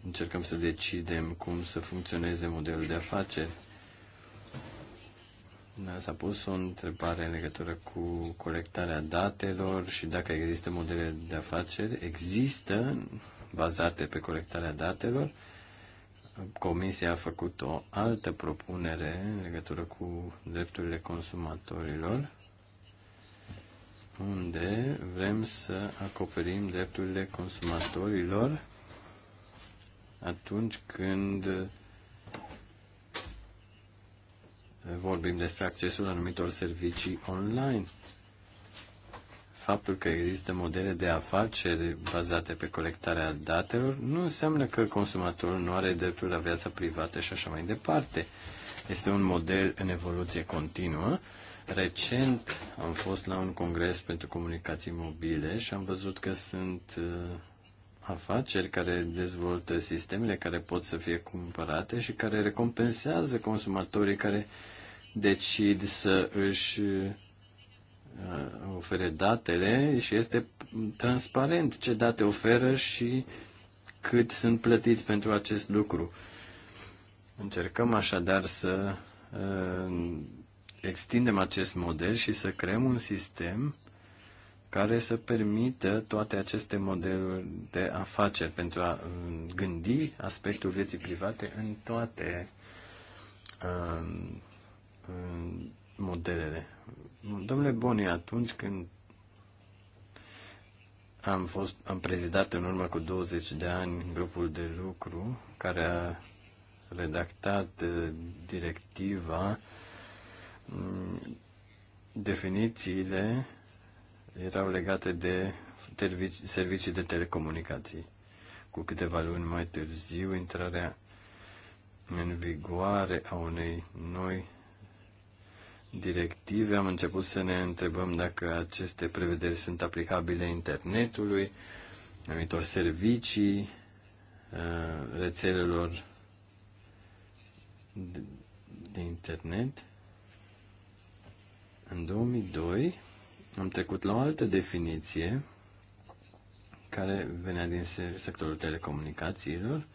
încercăm să decidem cum să funcționeze modelul de afaceri. Da, s-a pus o întrebare în legătură cu colectarea datelor și dacă există modele de afaceri. Există bazate pe colectarea datelor. Comisia a făcut o altă propunere în legătură cu drepturile consumatorilor, unde vrem să acoperim drepturile consumatorilor atunci când vorbim despre accesul anumitor servicii online faptul că există modele de afaceri bazate pe colectarea datelor nu înseamnă că consumatorul nu are dreptul la viața privată și așa mai departe. Este un model în evoluție continuă. Recent am fost la un congres pentru comunicații mobile și am văzut că sunt uh, afaceri care dezvoltă sistemele care pot să fie cumpărate și care recompensează consumatorii care decid să își Uh, ofere datele și este transparent ce date oferă și cât sunt plătiți pentru acest lucru. Încercăm așadar să uh, extindem acest model și să creăm un sistem care să permită toate aceste modeluri de afaceri pentru a uh, gândi aspectul vieții private în toate modelele. Domnule Boni, atunci când am, fost, am prezidat în urmă cu 20 de ani grupul de lucru care a redactat uh, directiva, mm, definițiile erau legate de servicii de telecomunicații. Cu câteva luni mai târziu, intrarea în vigoare a unei noi directive am început să ne întrebăm dacă aceste prevederi sunt aplicabile internetului, anumitor servicii, uh, rețelelor de internet. În 2002 am trecut la o altă definiție care venea din sectorul telecomunicațiilor.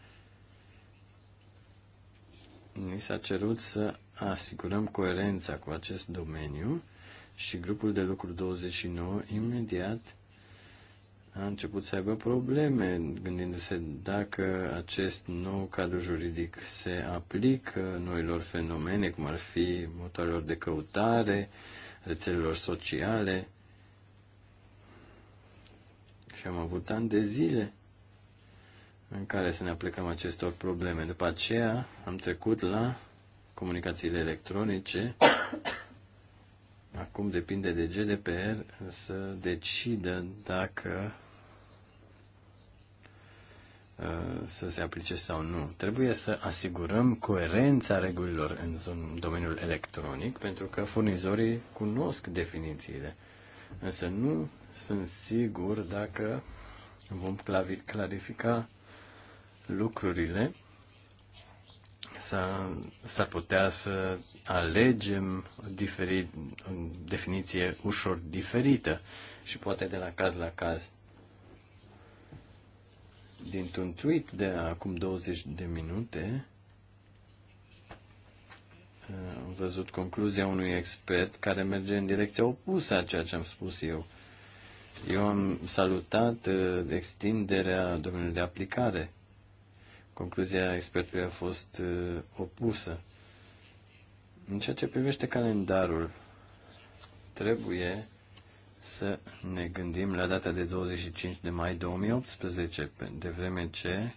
Mi s-a cerut să asigurăm coerența cu acest domeniu și grupul de lucru 29 imediat a început să aibă probleme, gândindu-se dacă acest nou cadru juridic se aplică noilor fenomene, cum ar fi motoarelor de căutare, rețelelor sociale. Și am avut ani de zile în care să ne aplicăm acestor probleme. După aceea am trecut la comunicațiile electronice, acum depinde de GDPR să decidă dacă uh, să se aplice sau nu. Trebuie să asigurăm coerența regulilor în domeniul electronic, pentru că furnizorii cunosc definițiile. Însă nu sunt sigur dacă vom clarifica lucrurile s-ar putea să alegem o, diferit, o definiție ușor diferită și poate de la caz la caz. Dintr-un tweet de acum 20 de minute, uh, am văzut concluzia unui expert care merge în direcția opusă a ceea ce am spus eu. Eu am salutat uh, extinderea domeniului de aplicare Concluzia expertului a fost uh, opusă. În ceea ce privește calendarul, trebuie să ne gândim la data de 25 de mai 2018, de vreme ce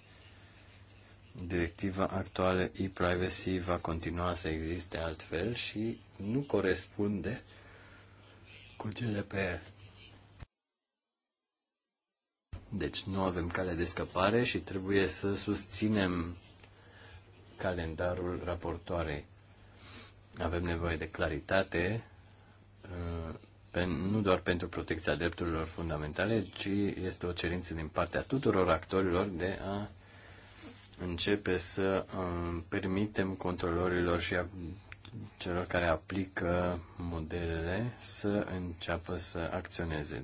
directiva actuală e-privacy va continua să existe altfel și nu corespunde cu GDPR. Deci nu avem cale de scăpare și trebuie să susținem calendarul raportoarei. Avem nevoie de claritate, uh, nu doar pentru protecția drepturilor fundamentale, ci este o cerință din partea tuturor actorilor de a începe să uh, permitem controlorilor și a celor care aplică modelele să înceapă să acționeze.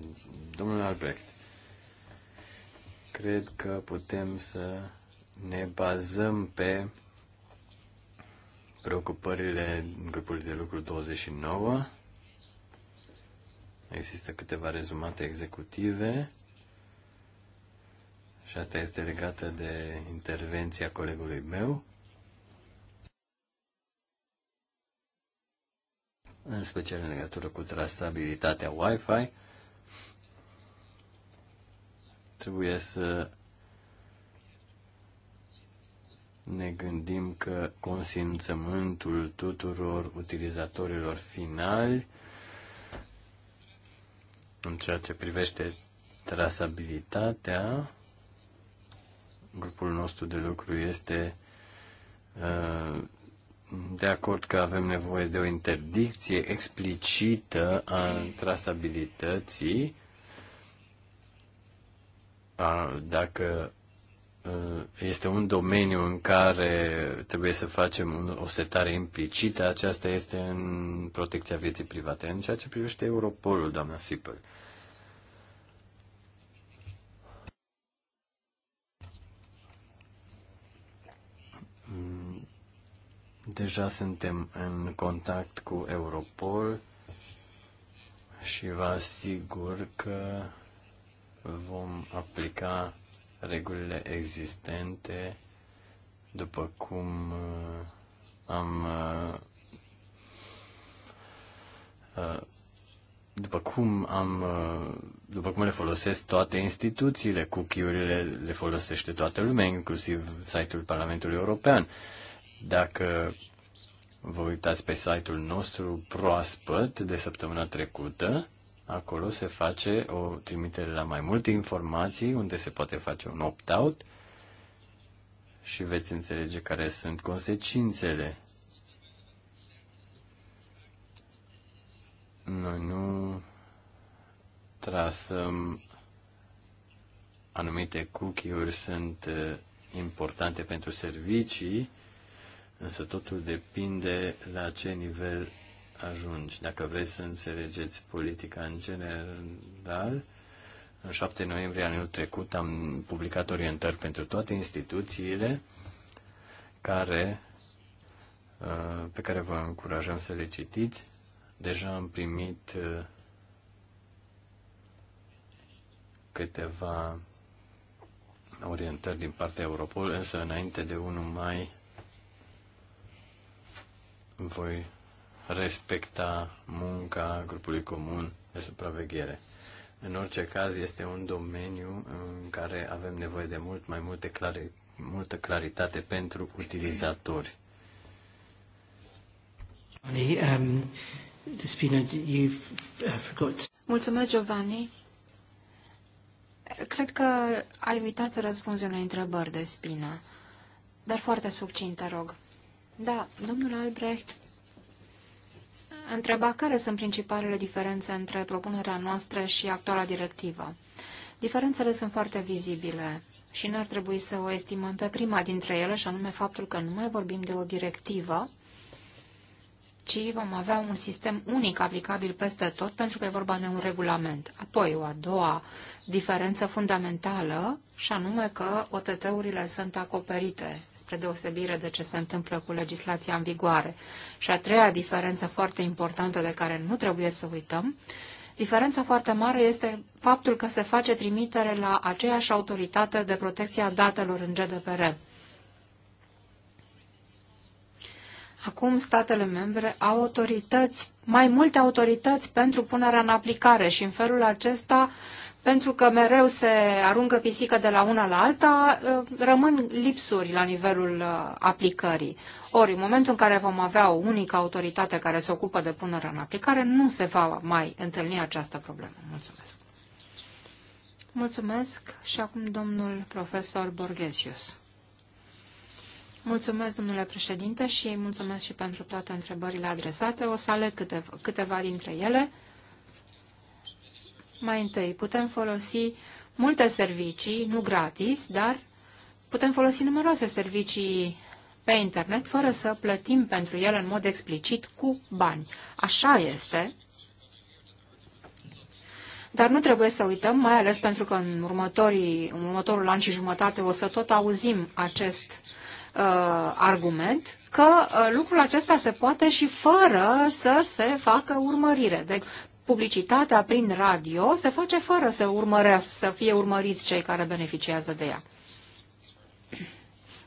Domnul Albrecht cred că putem să ne bazăm pe preocupările grupul de lucru 29. Există câteva rezumate executive și asta este legată de intervenția colegului meu. În special în legătură cu trasabilitatea Wi-Fi. Trebuie să ne gândim că consimțământul tuturor utilizatorilor finali în ceea ce privește trasabilitatea, grupul nostru de lucru este uh, de acord că avem nevoie de o interdicție explicită a trasabilității a, dacă este un domeniu în care trebuie să facem o setare implicită, aceasta este în protecția vieții private. În ceea ce privește Europolul, doamna Sipăl. Deja suntem în contact cu Europol și vă asigur că vom aplica regulile existente după cum uh, am uh, uh, după cum am după cum le folosesc toate instituțiile, cookie-urile le folosește toată lumea, inclusiv site-ul Parlamentului European. Dacă vă uitați pe site-ul nostru proaspăt de săptămâna trecută, Acolo se face o trimitere la mai multe informații, unde se poate face un opt-out și veți înțelege care sunt consecințele. Noi nu trasăm anumite cookie-uri sunt importante pentru servicii, însă totul depinde la ce nivel ajungi. Dacă vreți să înțelegeți politica în general, în 7 noiembrie anul trecut am publicat orientări pentru toate instituțiile care, uh, pe care vă încurajăm să le citiți. Deja am primit uh, câteva orientări din partea Europol, însă înainte de 1 mai voi respecta munca grupului comun de supraveghere. În orice caz, este un domeniu în care avem nevoie de mult mai multe clare, multă claritate pentru utilizatori. Um, uh, Mulțumesc, Giovanni. Cred că ai uitat să răspunzi unei întrebări de spină, dar foarte succint, te rog. Da, domnul Albrecht întreba care sunt principalele diferențe între propunerea noastră și actuala directivă. Diferențele sunt foarte vizibile și n-ar trebui să o estimăm pe prima dintre ele, și anume faptul că nu mai vorbim de o directivă, ci vom avea un sistem unic aplicabil peste tot, pentru că e vorba de un regulament. Apoi, o a doua diferență fundamentală, și anume că OTT-urile sunt acoperite, spre deosebire de ce se întâmplă cu legislația în vigoare. Și a treia diferență foarte importantă de care nu trebuie să uităm, Diferența foarte mare este faptul că se face trimitere la aceeași autoritate de protecție a datelor în GDPR. Acum statele membre au autorități, mai multe autorități pentru punerea în aplicare și în felul acesta, pentru că mereu se aruncă pisică de la una la alta, ă, rămân lipsuri la nivelul ă, aplicării. Ori, în momentul în care vom avea o unică autoritate care se ocupă de punerea în aplicare, nu se va mai întâlni această problemă. Mulțumesc! Mulțumesc și acum domnul profesor Borghesius. Mulțumesc, domnule președinte, și mulțumesc și pentru toate întrebările adresate. O să aleg câteva, câteva dintre ele. Mai întâi, putem folosi multe servicii, nu gratis, dar putem folosi numeroase servicii pe internet fără să plătim pentru ele în mod explicit cu bani. Așa este. Dar nu trebuie să uităm, mai ales pentru că în, următorii, în următorul an și jumătate o să tot auzim acest uh, uh, argument că uh, lucrul acesta se poate și fără să se facă urmărire. Deci, publicitatea prin radio se face fără să, urmărească, să fie urmăriți cei care beneficiază de ea.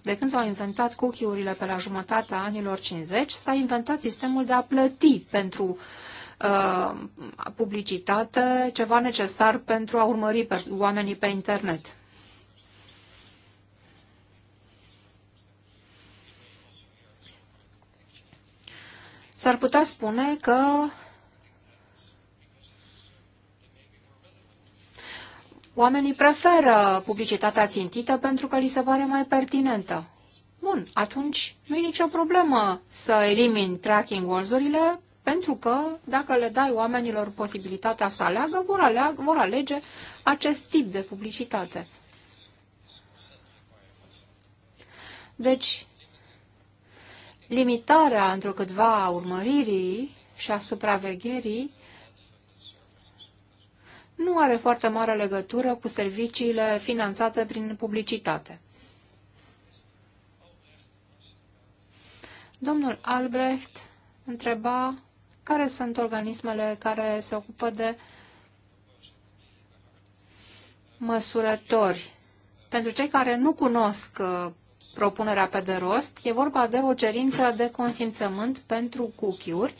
De când s-au inventat cookie-urile pe la jumătatea anilor 50, s-a inventat sistemul de a plăti pentru uh, publicitate, ceva necesar pentru a urmări pe oamenii pe internet. s-ar putea spune că oamenii preferă publicitatea țintită pentru că li se pare mai pertinentă. Bun, atunci nu e nicio problemă să elimini tracking walls-urile, pentru că dacă le dai oamenilor posibilitatea să aleagă, vor, aleagă, vor alege acest tip de publicitate. Deci, limitarea întrucâtva a urmăririi și a supravegherii nu are foarte mare legătură cu serviciile finanțate prin publicitate. Domnul Albrecht întreba care sunt organismele care se ocupă de măsurători. Pentru cei care nu cunosc uh, propunerea pe de rost. E vorba de o cerință de consimțământ pentru cookie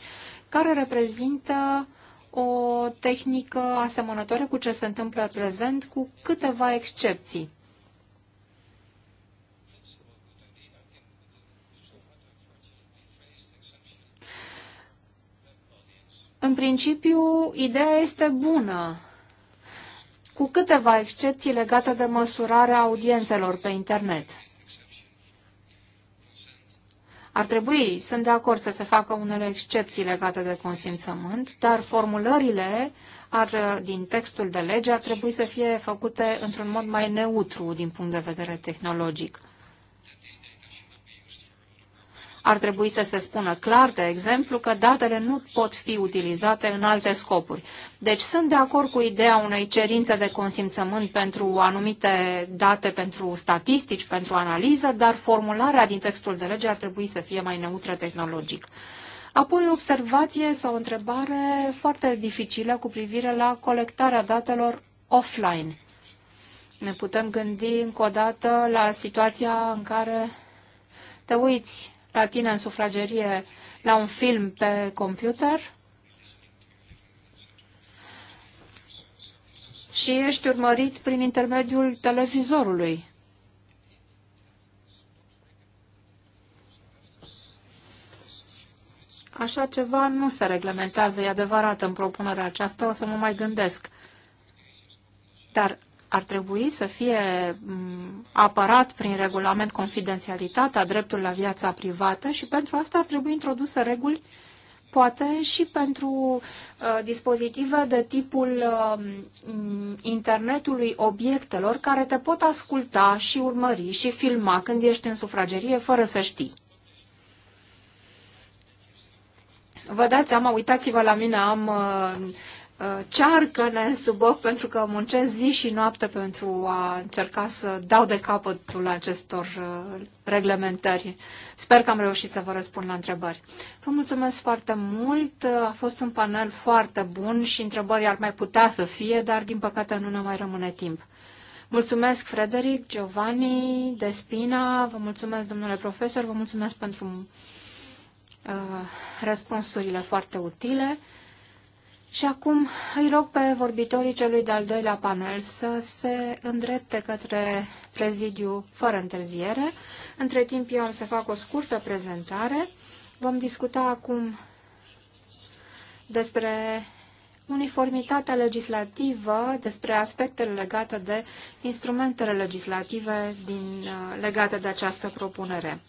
care reprezintă o tehnică asemănătoare cu ce se întâmplă prezent, cu câteva excepții. În principiu, ideea este bună, cu câteva excepții legate de măsurarea audiențelor pe internet. Ar trebui, sunt de acord, să se facă unele excepții legate de consimțământ, dar formulările ar, din textul de lege ar trebui să fie făcute într-un mod mai neutru din punct de vedere tehnologic. Ar trebui să se spună clar, de exemplu, că datele nu pot fi utilizate în alte scopuri. Deci sunt de acord cu ideea unei cerințe de consimțământ pentru anumite date, pentru statistici, pentru analiză, dar formularea din textul de lege ar trebui să fie mai neutră tehnologic. Apoi o observație sau o întrebare foarte dificilă cu privire la colectarea datelor offline. Ne putem gândi încă o dată la situația în care te uiți la tine în sufragerie la un film pe computer și ești urmărit prin intermediul televizorului. Așa ceva nu se reglementează, e adevărat, în propunerea aceasta, o să mă mai gândesc. Dar ar trebui să fie apărat prin regulament confidențialitatea, dreptul la viața privată și pentru asta ar trebui introduse reguli poate și pentru uh, dispozitive de tipul uh, internetului obiectelor care te pot asculta și urmări și filma când ești în sufragerie fără să știi. Vă dați seama, uitați-vă la mine, am uh, Uh, cearcă-ne sub ochi pentru că muncesc zi și noapte pentru a încerca să dau de capătul acestor uh, reglementări. Sper că am reușit să vă răspund la întrebări. Vă mulțumesc foarte mult, uh, a fost un panel foarte bun și întrebări ar mai putea să fie, dar din păcate nu ne mai rămâne timp. Mulțumesc, Frederic, Giovanni, Despina, vă mulțumesc, domnule profesor, vă mulțumesc pentru uh, răspunsurile foarte utile. Și acum îi rog pe vorbitorii celui de-al doilea panel să se îndrepte către prezidiu fără întârziere. Între timp eu am să fac o scurtă prezentare. Vom discuta acum despre uniformitatea legislativă, despre aspectele legate de instrumentele legislative din, legate de această propunere.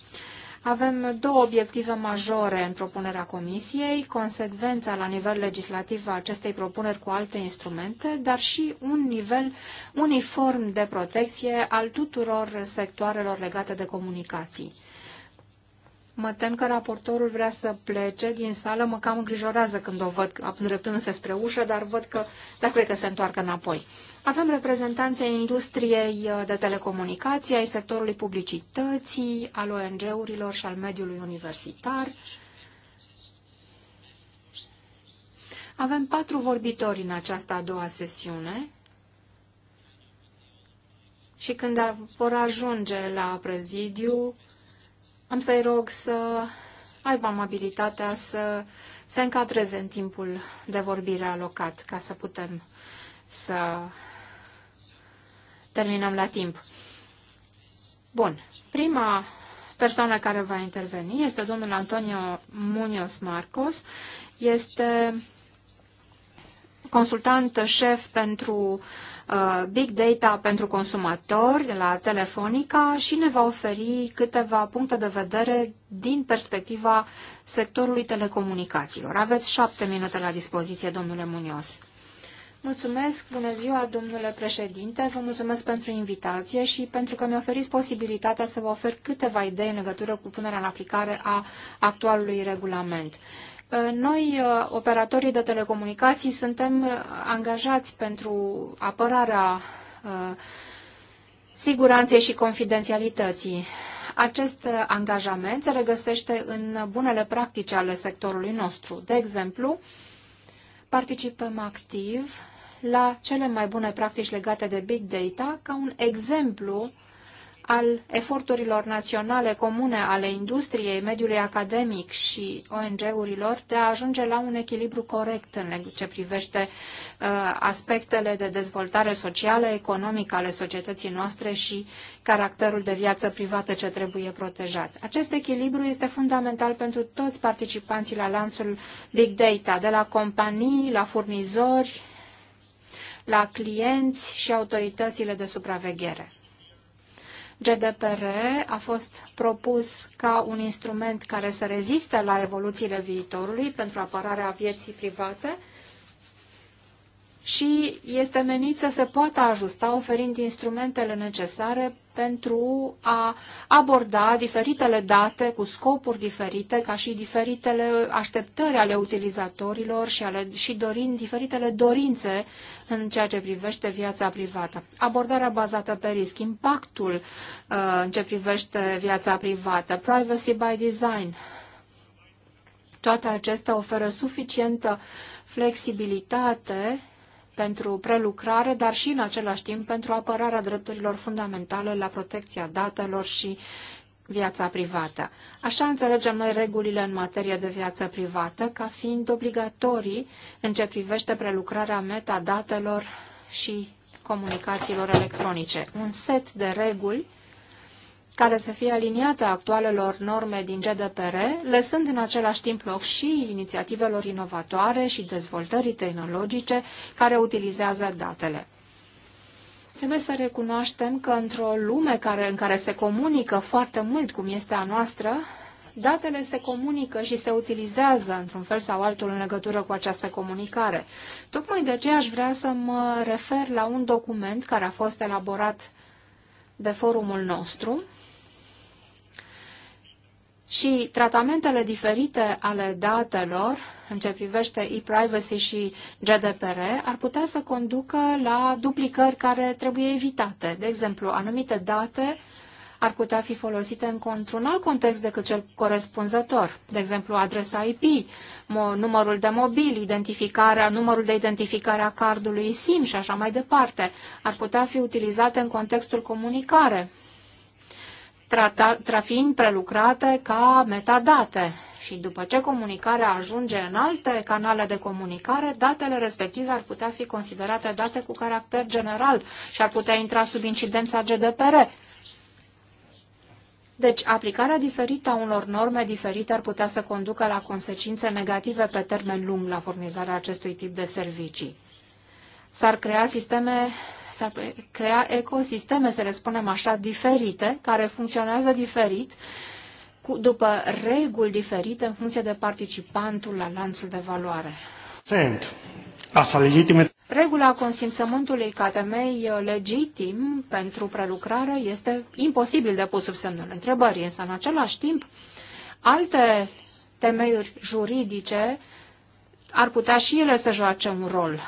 Avem două obiective majore în propunerea Comisiei, consecvența la nivel legislativ a acestei propuneri cu alte instrumente, dar și un nivel uniform de protecție al tuturor sectoarelor legate de comunicații. Mă tem că raportorul vrea să plece din sală, mă cam îngrijorează când o văd îndreptându-se spre ușă, dar văd că, dar cred că se întoarcă înapoi. Avem reprezentanții ai industriei de telecomunicații, ai sectorului publicității, al ONG-urilor și al mediului universitar. Avem patru vorbitori în această a doua sesiune și când vor ajunge la prezidiu, am să-i rog să aibă amabilitatea să se încadreze în timpul de vorbire alocat, ca să putem să terminăm la timp. Bun. Prima persoană care va interveni este domnul Antonio Munoz Marcos. Este consultant șef pentru uh, Uh, big data pentru consumatori de la Telefonica și ne va oferi câteva puncte de vedere din perspectiva sectorului telecomunicațiilor. Aveți șapte minute la dispoziție, domnule Munios. Mulțumesc, bună ziua, domnule președinte, vă mulțumesc pentru invitație și pentru că mi a oferit posibilitatea să vă ofer câteva idei în legătură cu punerea în aplicare a actualului regulament. Uh, noi, uh, operatorii de telecomunicații, suntem uh, angajați pentru apărarea siguranței și confidențialității. Acest angajament se regăsește în bunele practici ale sectorului nostru. De exemplu, participăm activ la cele mai bune practici legate de big data ca un exemplu al eforturilor naționale comune ale industriei, mediului academic și ONG-urilor de a ajunge la un echilibru corect în ce privește uh, aspectele de dezvoltare socială, economică ale societății noastre și caracterul de viață privată ce trebuie protejat. Acest echilibru este fundamental pentru toți participanții la lanțul Big Data, de la companii, la furnizori, la clienți și autoritățile de supraveghere. GDPR a fost propus ca un instrument care să reziste la evoluțiile viitorului pentru apărarea vieții private și este menit să se poată ajusta oferind instrumentele necesare pentru a aborda diferitele date cu scopuri diferite, ca și diferitele așteptări ale utilizatorilor și, ale, și dorin, diferitele dorințe în ceea ce privește viața privată. Abordarea bazată pe risc, impactul uh, în ce privește viața privată, privacy by design, toate acestea oferă suficientă flexibilitate pentru prelucrare, dar și în același timp pentru apărarea drepturilor fundamentale la protecția datelor și viața privată. Așa înțelegem noi regulile în materie de viață privată ca fiind obligatorii în ce privește prelucrarea metadatelor și comunicațiilor electronice. Un set de reguli care să fie aliniată actualelor norme din GDPR, lăsând în același timp loc și inițiativelor inovatoare și dezvoltării tehnologice care utilizează datele. Trebuie să recunoaștem că într-o lume care, în care se comunică foarte mult cum este a noastră, datele se comunică și se utilizează într-un fel sau altul în legătură cu această comunicare. Tocmai de aceea aș vrea să mă refer la un document care a fost elaborat de forumul nostru și tratamentele diferite ale datelor în ce privește e-privacy și GDPR ar putea să conducă la duplicări care trebuie evitate. De exemplu, anumite date ar putea fi folosite în un alt context decât cel corespunzător. De exemplu, adresa IP, numărul de mobil, identificarea, numărul de identificare a cardului SIM și așa mai departe. Ar putea fi utilizate în contextul comunicare trafiind prelucrate ca metadate. Și după ce comunicarea ajunge în alte canale de comunicare, datele respective ar putea fi considerate date cu caracter general și ar putea intra sub incidența GDPR. Deci, aplicarea diferită a unor norme diferite ar putea să conducă la consecințe negative pe termen lung la furnizarea acestui tip de servicii. S-ar crea sisteme se crea ecosisteme, să le spunem așa, diferite, care funcționează diferit, cu, după reguli diferite în funcție de participantul la lanțul de valoare. Sunt. Asta legitime. Regula consimțământului ca temei uh, legitim pentru prelucrare este imposibil de pus sub semnul întrebării, însă în același timp alte temeiuri juridice ar putea și ele să joace un rol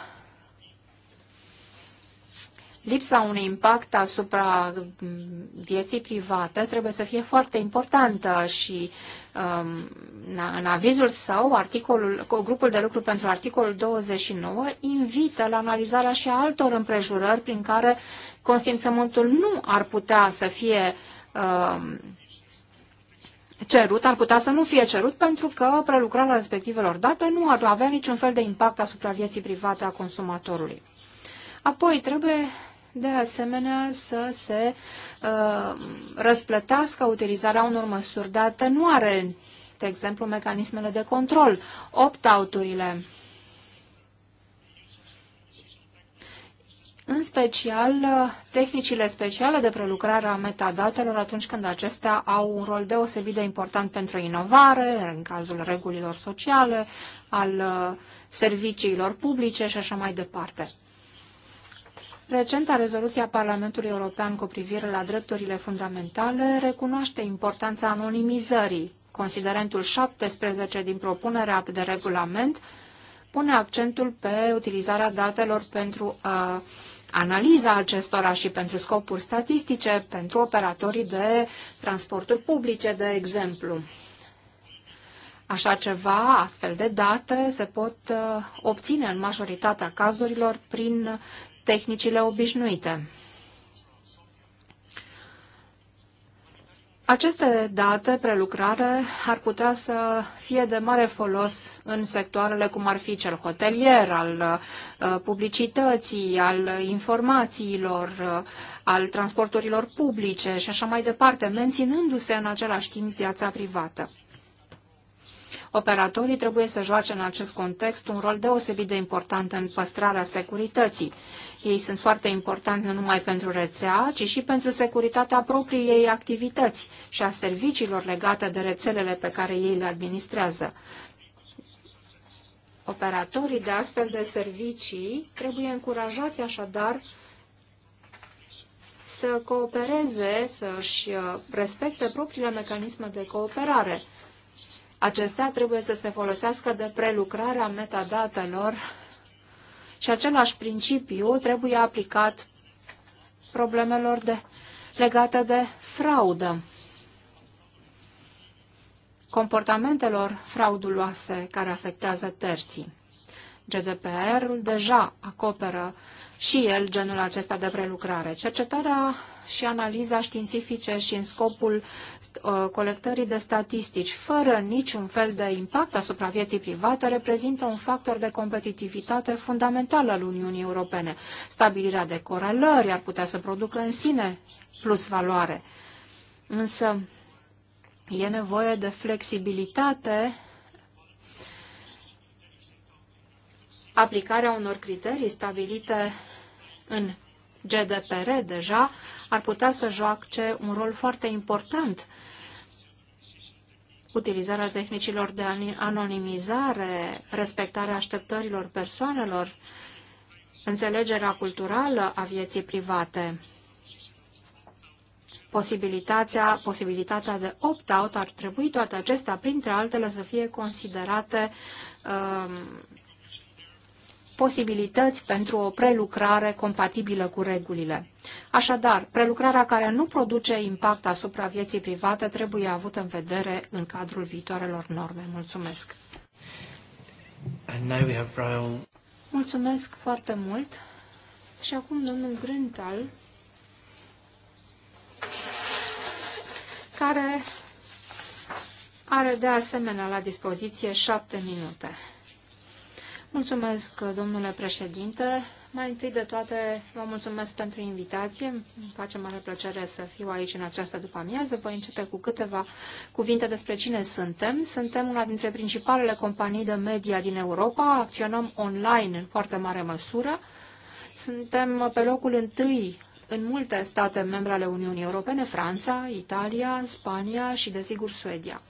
lipsa unui impact asupra mm, vieții private trebuie să fie foarte importantă și um, în avizul său, articolul, grupul de lucru pentru articolul 29 invită la analizarea și a altor împrejurări prin care consimțământul nu ar putea să fie um, cerut, ar putea să nu fie cerut pentru că prelucrarea respectivelor date nu ar avea niciun fel de impact asupra vieții private a consumatorului. Apoi trebuie de asemenea, să se uh, răsplătească utilizarea unor măsuri de atenuare, de exemplu, mecanismele de control, opt out în special tehnicile speciale de prelucrare a metadatelor atunci când acestea au un rol deosebit de important pentru inovare, în cazul regulilor sociale, al uh, serviciilor publice și așa mai departe. Recenta rezoluție a Parlamentului European cu privire la drepturile fundamentale recunoaște importanța anonimizării. Considerentul 17 din propunerea de regulament pune accentul pe utilizarea datelor pentru uh, analiza acestora și pentru scopuri statistice, pentru operatorii de transporturi publice, de exemplu. Așa ceva, astfel de date, se pot uh, obține în majoritatea cazurilor prin tehnicile obișnuite. Aceste date prelucrare ar putea să fie de mare folos în sectoarele cum ar fi cel hotelier, al uh, publicității, al informațiilor, uh, al transporturilor publice și așa mai departe, menținându-se în același timp viața privată. Operatorii trebuie să joace în acest context un rol deosebit de important în păstrarea securității. Ei sunt foarte importanti nu numai pentru rețea, ci și pentru securitatea propriei ei activități și a serviciilor legate de rețelele pe care ei le administrează. Operatorii de astfel de servicii trebuie încurajați așadar să coopereze, să-și uh, respecte propriile mecanisme de cooperare. Acestea trebuie să se folosească de prelucrarea metadatelor și același principiu trebuie aplicat problemelor de, legate de fraudă, comportamentelor frauduloase care afectează terții. GDPR-ul deja acoperă și el genul acesta de prelucrare. Cercetarea și analiza științifice și în scopul uh, colectării de statistici, fără niciun fel de impact asupra vieții private, reprezintă un factor de competitivitate fundamental al Uniunii Europene. Stabilirea de corelări ar putea să producă în sine plus valoare. Însă e nevoie de flexibilitate aplicarea unor criterii stabilite în GDPR deja ar putea să joace un rol foarte important. Utilizarea tehnicilor de anonimizare, respectarea așteptărilor persoanelor, înțelegerea culturală a vieții private, posibilitatea, posibilitatea de opt-out ar trebui toate acestea, printre altele, să fie considerate um, posibilități pentru o prelucrare compatibilă cu regulile. Așadar, prelucrarea care nu produce impact asupra vieții private trebuie avută în vedere în cadrul viitoarelor norme. Mulțumesc! And now we have Brian. Mulțumesc foarte mult! Și acum domnul Grintal, care are de asemenea la dispoziție șapte minute. Mulțumesc, domnule președinte. Mai întâi de toate, vă mulțumesc pentru invitație. Îmi face mare plăcere să fiu aici în această după-amiază. Voi începe cu câteva cuvinte despre cine suntem. Suntem una dintre principalele companii de media din Europa. Acționăm online în foarte mare măsură. Suntem pe locul întâi în multe state membre ale Uniunii Europene, Franța, Italia, Spania și, desigur, Suedia.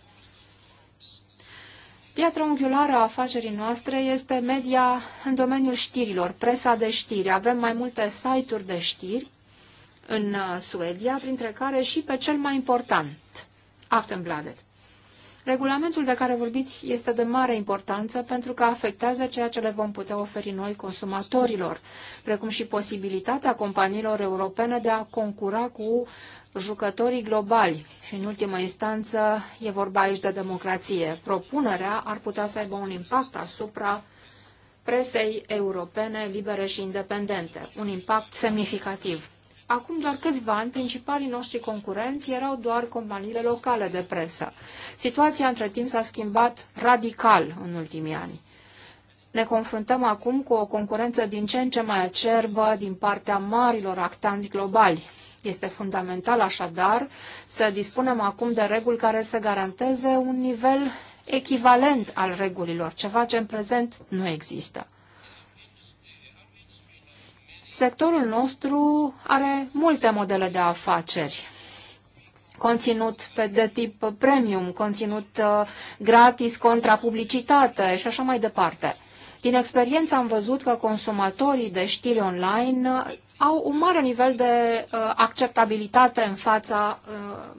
Piatra unghiulară a afacerii noastre este media în domeniul știrilor, presa de știri. Avem mai multe site-uri de știri în uh, Suedia, printre care și pe cel mai important, Aftenbladet. Regulamentul de care vorbiți este de mare importanță pentru că afectează ceea ce le vom putea oferi noi consumatorilor, precum și posibilitatea companiilor europene de a concura cu jucătorii globali. Și în ultimă instanță e vorba aici de democrație. Propunerea ar putea să aibă un impact asupra presei europene libere și independente, un impact semnificativ. Acum doar câțiva ani, principalii noștri concurenți erau doar companiile locale de presă. Situația între timp s-a schimbat radical în ultimii ani. Ne confruntăm acum cu o concurență din ce în ce mai acerbă din partea marilor actanți globali. Este fundamental așadar să dispunem acum de reguli care să garanteze un nivel echivalent al regulilor, ceva ce în prezent nu există. Sectorul nostru are multe modele de afaceri. Conținut pe de tip premium, conținut uh, gratis contra publicitate și așa mai departe. Din experiență am văzut că consumatorii de știri online uh, au un mare nivel de uh, acceptabilitate în fața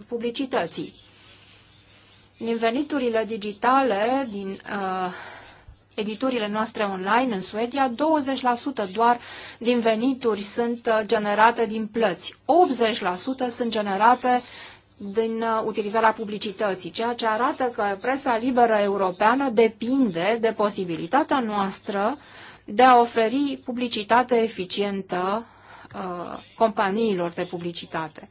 publicității. Din veniturile digitale, din editurile noastre online în Suedia, 20% doar din venituri sunt uh, generate din plăți. 80% sunt generate din uh, utilizarea publicității, ceea ce arată că presa liberă europeană depinde de posibilitatea noastră de a oferi publicitate eficientă uh, companiilor de publicitate.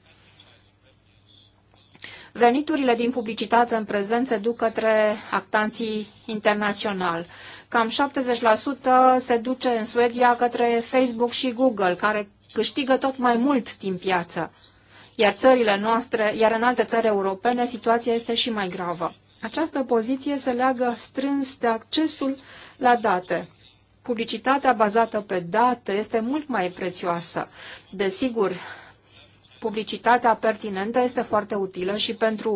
Veniturile din publicitate în prezent se duc către actanții internaționali. Cam 70% se duce în Suedia către Facebook și Google, care câștigă tot mai mult din piață. Iar țările noastre, iar în alte țări europene, situația este și mai gravă. Această poziție se leagă strâns de accesul la date. Publicitatea bazată pe date este mult mai prețioasă. Desigur, publicitatea pertinentă este foarte utilă și pentru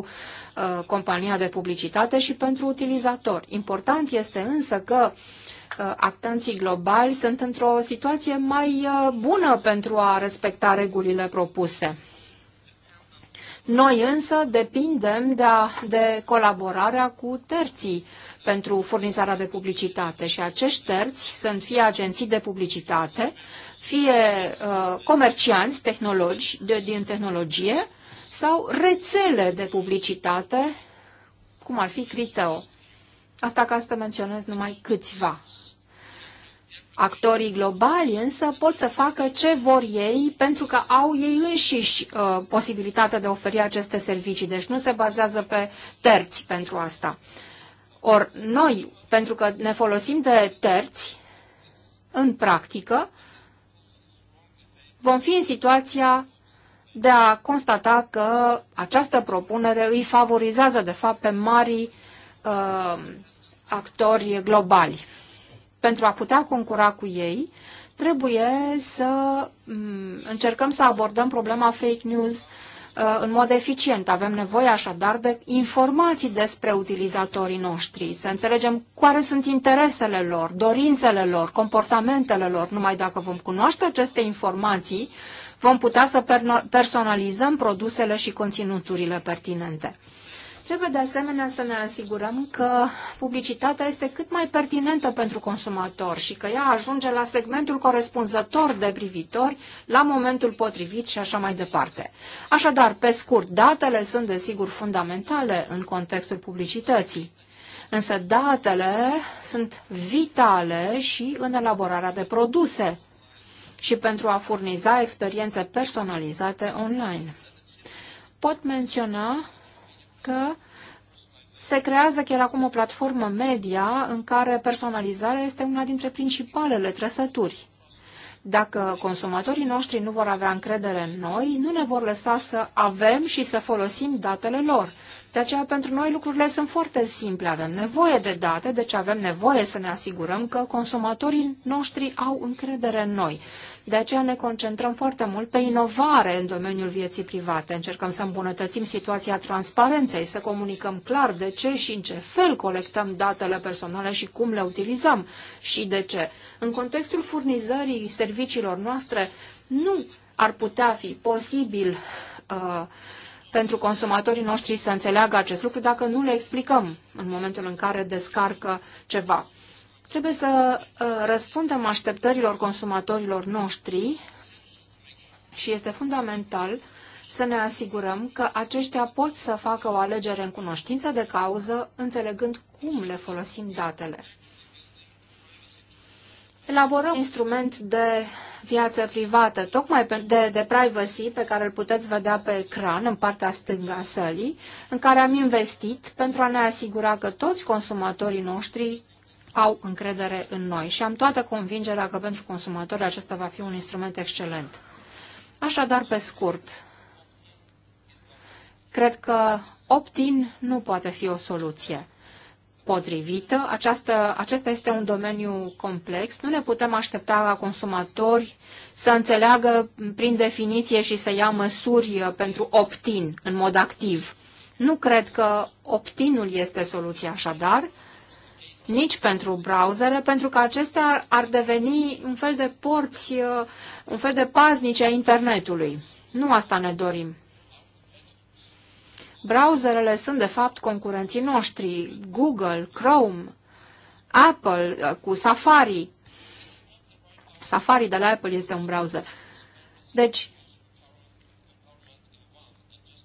uh, compania de publicitate și pentru utilizator. Important este însă că uh, actanții globali sunt într-o situație mai uh, bună pentru a respecta regulile propuse. Noi însă depindem de, a, de colaborarea cu terții pentru furnizarea de publicitate și acești terți sunt fie agenții de publicitate, fie uh, comercianți, tehnologi de, din tehnologie, sau rețele de publicitate, cum ar fi Criteo. Asta ca să menționez numai câțiva. Actorii globali însă pot să facă ce vor ei pentru că au ei înșiși uh, posibilitatea de a oferi aceste servicii, deci nu se bazează pe terți pentru asta. Ori noi, pentru că ne folosim de terți, în practică, vom fi în situația de a constata că această propunere îi favorizează, de fapt, pe marii uh, actori globali. Pentru a putea concura cu ei, trebuie să um, încercăm să abordăm problema fake news Uh, în mod eficient. Avem nevoie așadar de informații despre utilizatorii noștri, să înțelegem care sunt interesele lor, dorințele lor, comportamentele lor. Numai dacă vom cunoaște aceste informații, vom putea să personalizăm produsele și conținuturile pertinente. Trebuie de asemenea să ne asigurăm că publicitatea este cât mai pertinentă pentru consumator și că ea ajunge la segmentul corespunzător de privitori la momentul potrivit și așa mai departe. Așadar, pe scurt, datele sunt desigur fundamentale în contextul publicității. Însă datele sunt vitale și în elaborarea de produse și pentru a furniza experiențe personalizate online. Pot menționa că se creează chiar acum o platformă media în care personalizarea este una dintre principalele trăsături. Dacă consumatorii noștri nu vor avea încredere în noi, nu ne vor lăsa să avem și să folosim datele lor. De aceea, pentru noi, lucrurile sunt foarte simple. Avem nevoie de date, deci avem nevoie să ne asigurăm că consumatorii noștri au încredere în noi. De aceea ne concentrăm foarte mult pe inovare în domeniul vieții private. Încercăm să îmbunătățim situația transparenței, să comunicăm clar de ce și în ce fel colectăm datele personale și cum le utilizăm și de ce. În contextul furnizării serviciilor noastre, nu ar putea fi posibil uh, pentru consumatorii noștri să înțeleagă acest lucru dacă nu le explicăm în momentul în care descarcă ceva. Trebuie să uh, răspundem așteptărilor consumatorilor noștri și este fundamental să ne asigurăm că aceștia pot să facă o alegere în cunoștință de cauză, înțelegând cum le folosim datele. Elaborăm un instrument de viață privată, tocmai de, de privacy, pe care îl puteți vedea pe ecran, în partea stângă a sălii, în care am investit pentru a ne asigura că toți consumatorii noștri au încredere în noi și am toată convingerea că pentru consumatori acesta va fi un instrument excelent. Așadar, pe scurt, cred că opt-in nu poate fi o soluție potrivită. Aceasta, acesta este un domeniu complex. Nu ne putem aștepta la consumatori să înțeleagă prin definiție și să ia măsuri uh, pentru opt-in în mod activ. Nu cred că optinul este soluția așadar, nici pentru browsere, pentru că acestea ar, ar deveni un fel de porți, uh, un fel de paznici a internetului. Nu asta ne dorim. Browserele sunt, de fapt, concurenții noștri, Google, Chrome, Apple, uh, cu Safari. Safari de la Apple este un browser. Deci,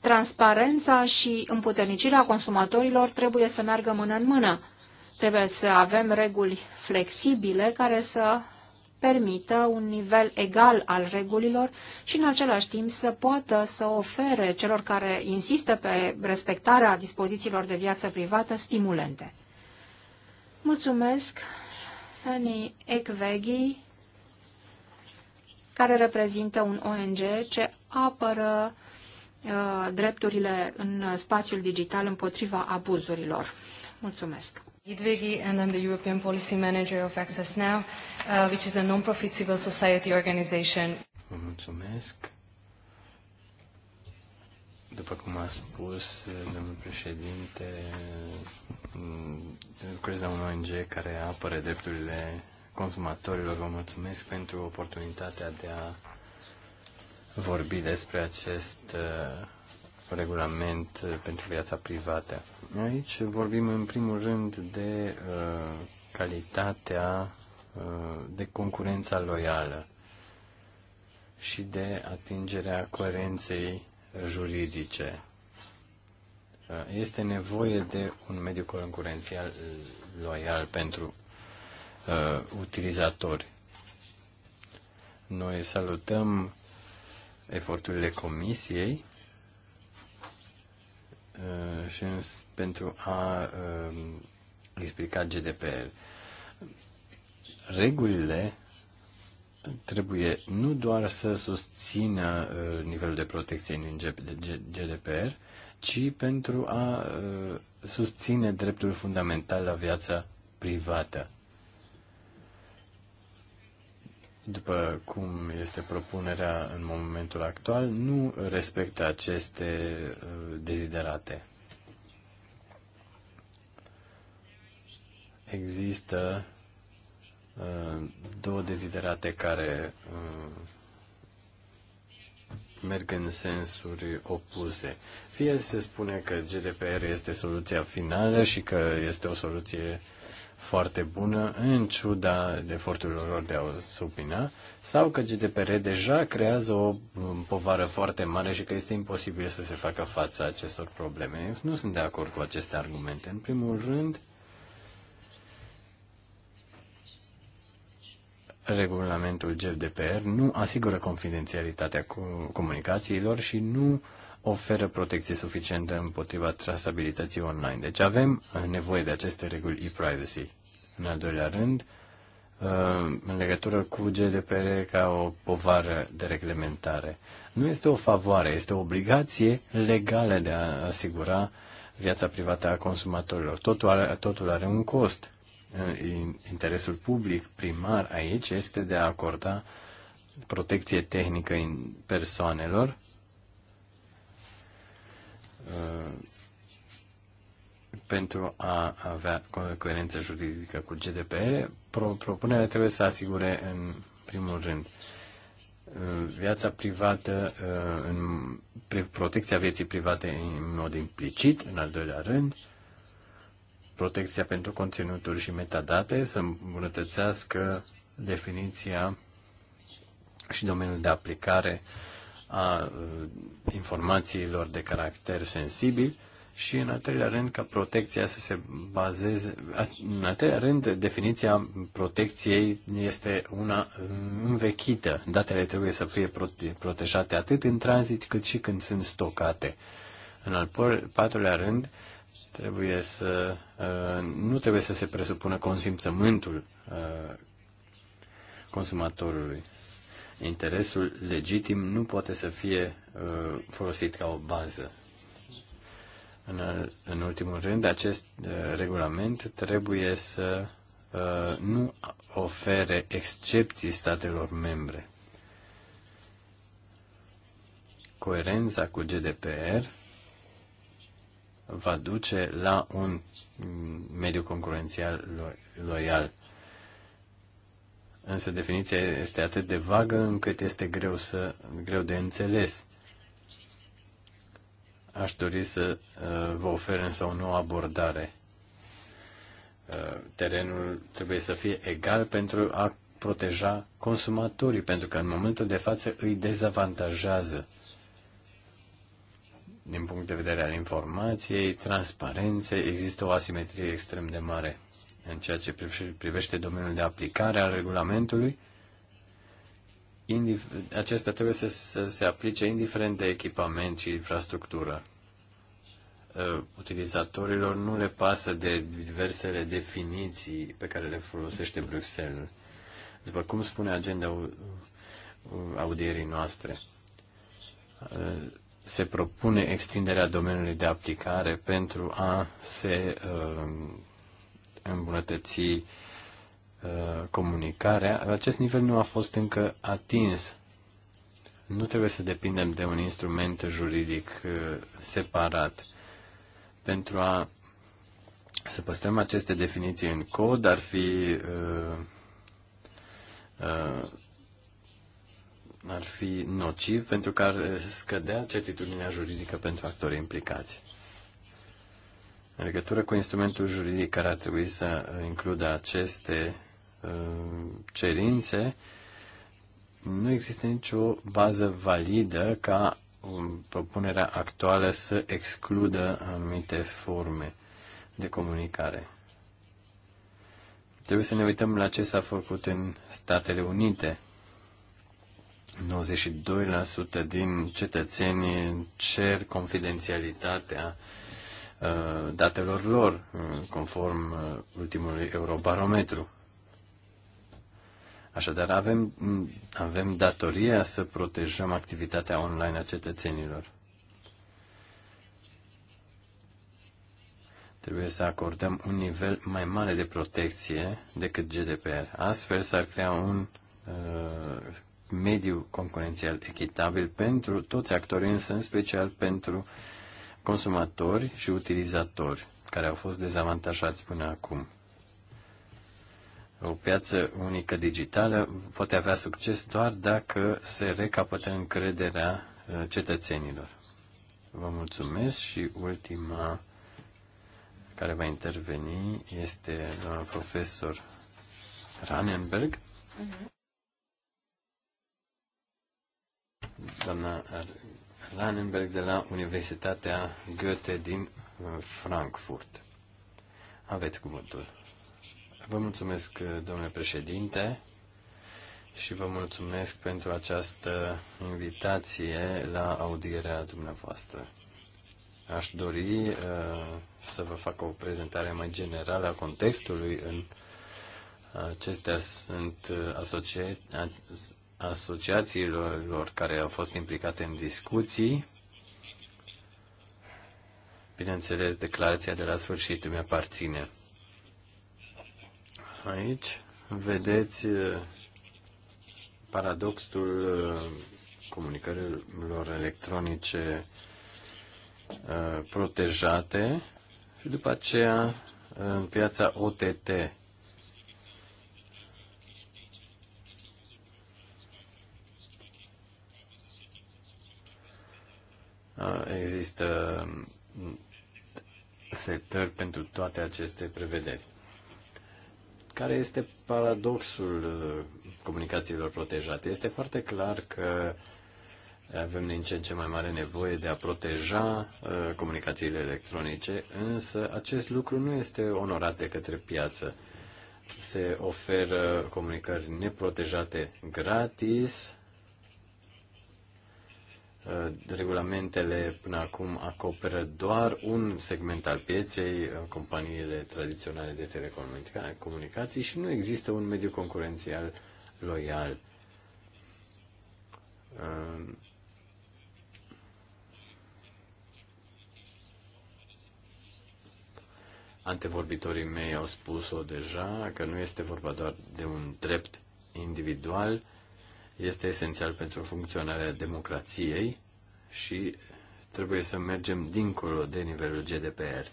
transparența și împuternicirea consumatorilor trebuie să meargă mână în mână. Trebuie să avem reguli flexibile care să permită un nivel egal al regulilor și în același timp să poată să ofere celor care insistă pe respectarea dispozițiilor de viață privată stimulente. Mulțumesc, Fanny Ekvegi, care reprezintă un ONG ce apără uh, drepturile în spațiul digital împotriva abuzurilor. Mulțumesc! Idvigi, and I'm the European Policy Manager of Access Now, uh, which is a non-profit civil society organization. Vă mulțumesc. După cum a spus uh, domnul președinte, uh, lucrez la un ONG care apără drepturile consumatorilor. Vă mulțumesc pentru oportunitatea de a vorbi despre acest uh, regulament uh, pentru viața privată. Aici vorbim în primul rând de uh, calitatea, uh, de concurența loială și de atingerea coerenței juridice. Uh, este nevoie de un mediu concurențial loial pentru uh, utilizatori. Noi salutăm eforturile Comisiei Uh, și pentru a um, explica GDPR. Regulile trebuie nu doar să susțină uh, nivelul de protecție din GDPR, ci pentru a uh, susține dreptul fundamental la viața privată. după cum este propunerea în momentul actual, nu respectă aceste uh, deziderate. Există uh, două deziderate care uh, merg în sensuri opuse. Fie se spune că GDPR este soluția finală și că este o soluție uh, foarte bună, în ciuda eforturilor lor de a o supina, sau că GDPR deja creează o um, povară foarte mare și că este imposibil să se facă față acestor probleme. Eu nu sunt de acord cu aceste argumente. În primul rând, regulamentul GDPR nu asigură confidențialitatea comunicațiilor și nu uh, oferă protecție suficientă împotriva trasabilității online. Deci avem uh, nevoie de aceste reguli e-privacy. În al doilea rând, uh, în legătură cu GDPR ca o povară de reglementare. Nu este o favoare, este o obligație legală de a asigura viața privată a consumatorilor. Totul are, totul are un cost. Uh, interesul public primar aici este de a acorda protecție tehnică în persoanelor Uh, pentru a avea coerență juridică cu GDPR, propunerea trebuie să asigure în primul rând uh, viața privată, uh, în protecția vieții private în mod implicit, în al doilea rând, protecția pentru conținuturi și metadate, să îmbunătățească definiția și domeniul de aplicare uh, a uh, informațiilor de caracter sensibil și, în al treilea rând, ca protecția să se bazeze. În al treilea rând, definiția protecției este una învechită. Datele trebuie să fie protejate atât în tranzit cât și când sunt stocate. În al patrulea rând, trebuie să, nu trebuie să se presupună consimțământul consumatorului. Interesul legitim nu poate să fie uh, folosit ca o bază. În, în ultimul rând, acest uh, regulament trebuie să uh, nu ofere excepții statelor membre. Coerența cu GDPR va duce la un mm, mediu concurențial loial însă definiția este atât de vagă încât este greu, să, greu de înțeles. Aș dori să uh, vă ofer însă o nouă abordare. Uh, terenul trebuie să fie egal pentru a proteja consumatorii, pentru că în momentul de față îi dezavantajează din punct de vedere al informației, transparenței, există o asimetrie extrem de mare în ceea ce privește domeniul de aplicare al regulamentului, acesta trebuie să, să se aplice indiferent de echipament și infrastructură. Ă, utilizatorilor nu le pasă de diversele definiții pe care le folosește Bruxelles, după cum spune agenda audierii noastre ă, se propune extinderea domeniului de aplicare pentru a se uh, îmbunătăți uh, comunicarea, acest nivel nu a fost încă atins. Nu trebuie să depindem de un instrument juridic uh, separat. Pentru a să păstrăm aceste definiții în cod ar fi uh, ar fi nociv pentru că ar scădea certitudinea juridică pentru actorii implicați. În legătură cu instrumentul juridic care ar trebui să includă aceste uh, cerințe, nu există nicio bază validă ca um, propunerea actuală să excludă anumite forme de comunicare. Trebuie să ne uităm la ce s-a făcut în Statele Unite. 92% din cetățeni cer confidențialitatea Uh, datelor lor, uh, conform uh, ultimului eurobarometru. Așadar, avem, avem datoria să protejăm activitatea online a cetățenilor. Trebuie să acordăm un nivel mai mare de protecție decât GDPR. Astfel s-ar crea un uh, mediu concurențial echitabil pentru toți actorii, însă în special pentru uh, consumatori și utilizatori care au fost dezavantajați până acum. O piață unică digitală poate avea succes doar dacă se recapătă încrederea uh, cetățenilor. Vă mulțumesc și ultima care va interveni este doamna profesor Ranenberg. Mhm. Doamna Lannenberg de la Universitatea Goethe din uh, Frankfurt. Aveți cuvântul. Vă mulțumesc, uh, domnule președinte, și vă mulțumesc pentru această invitație la audierea dumneavoastră. Aș dori uh, să vă fac o prezentare mai generală a contextului în uh, Acestea sunt asocia- asociațiilor care au fost implicate în discuții. Bineînțeles, declarația de la sfârșit îmi aparține. Aici vedeți uh, paradoxul uh, comunicărilor electronice uh, protejate și după aceea în piața OTT Există setări pentru toate aceste prevederi. Care este paradoxul uh, comunicațiilor protejate? Este foarte clar că avem din ce în ce mai mare nevoie de a proteja uh, comunicațiile electronice, însă acest lucru nu este onorat de către piață. Se oferă comunicări neprotejate gratis Uh, regulamentele până acum acoperă doar un segment al pieței, uh, companiile tradiționale de telecomunicații și nu există un mediu concurențial loial. Uh, antevorbitorii mei au spus-o deja că nu este vorba doar de un drept individual, este esențial pentru funcționarea democrației și trebuie să mergem dincolo de nivelul GDPR.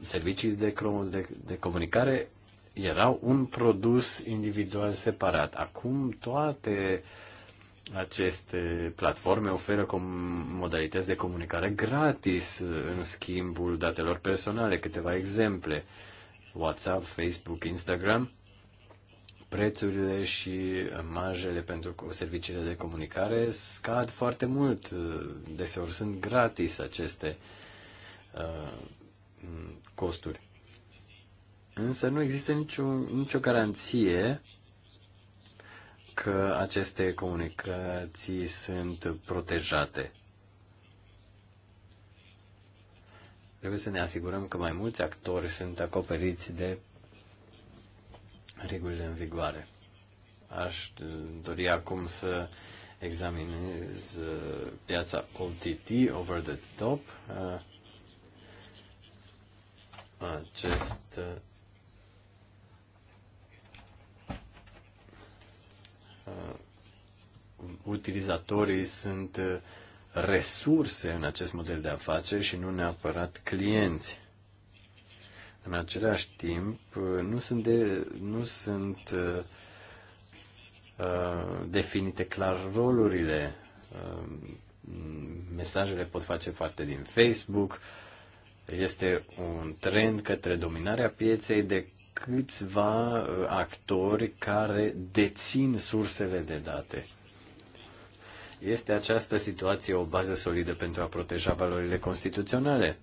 Servicii de, de, de comunicare erau un produs individual separat. Acum toate aceste platforme oferă com modalități de comunicare gratis în schimbul datelor personale. Câteva exemple. Uh, WhatsApp, Facebook, Instagram, prețurile și marjele pentru serviciile de comunicare scad foarte mult. Deseori sunt gratis aceste uh, costuri. Însă nu există nicio, nicio garanție că aceste comunicații sunt protejate. Trebuie să ne asigurăm că mai mulți actori sunt acoperiți de regulile în vigoare. Aș uh, dori acum să examinez uh, piața OTT, over the top. Uh, acest utilizatorii sunt resurse în acest model de afaceri și nu neapărat clienți. În același timp, nu sunt, de, nu sunt uh, uh definite clar rolurile. Uh, mesajele pot face parte din Facebook. Este un trend către dominarea pieței de câțiva uh, actori care dețin sursele de date. Este această situație o bază solidă pentru a proteja valorile constituționale?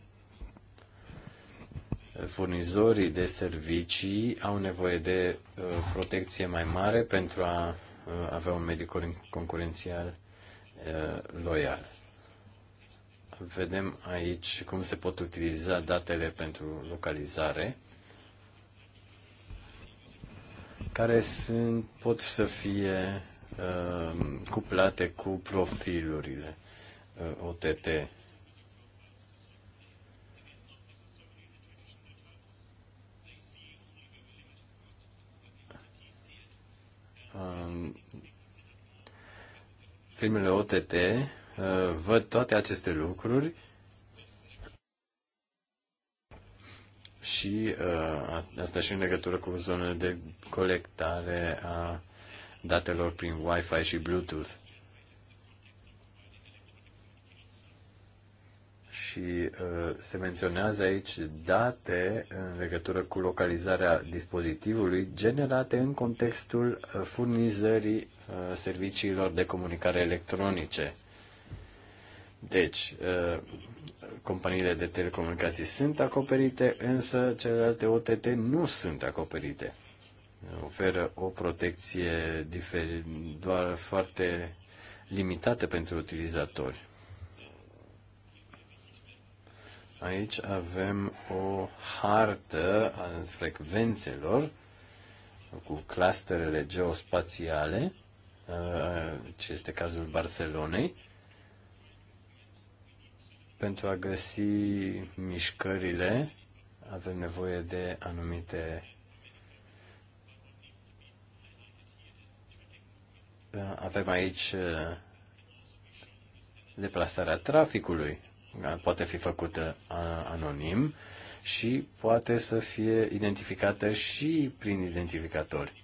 Furnizorii de servicii au nevoie de uh, protecție mai mare pentru a uh, avea un mediu concurențial uh, loial. Vedem aici cum se pot utiliza datele pentru localizare care sunt, pot să fie Uh, cuplate cu profilurile uh, OTT. Um, filmele OTT uh, văd toate aceste lucruri și uh, asta și în legătură cu zonele de colectare a datelor prin Wi-Fi și Bluetooth. Și uh, se menționează aici date în legătură cu localizarea dispozitivului generate în contextul uh, furnizării uh, serviciilor de comunicare electronice. Deci, uh, companiile de telecomunicații sunt acoperite, însă celelalte OTT nu sunt acoperite oferă o protecție diferit, doar foarte limitată pentru utilizatori. Aici avem o hartă a frecvențelor cu clusterele geospațiale, ce este cazul Barcelonei, pentru a găsi mișcările avem nevoie de anumite avem aici uh, deplasarea traficului, da, poate fi făcută anonim și poate să fie identificată și prin identificatori.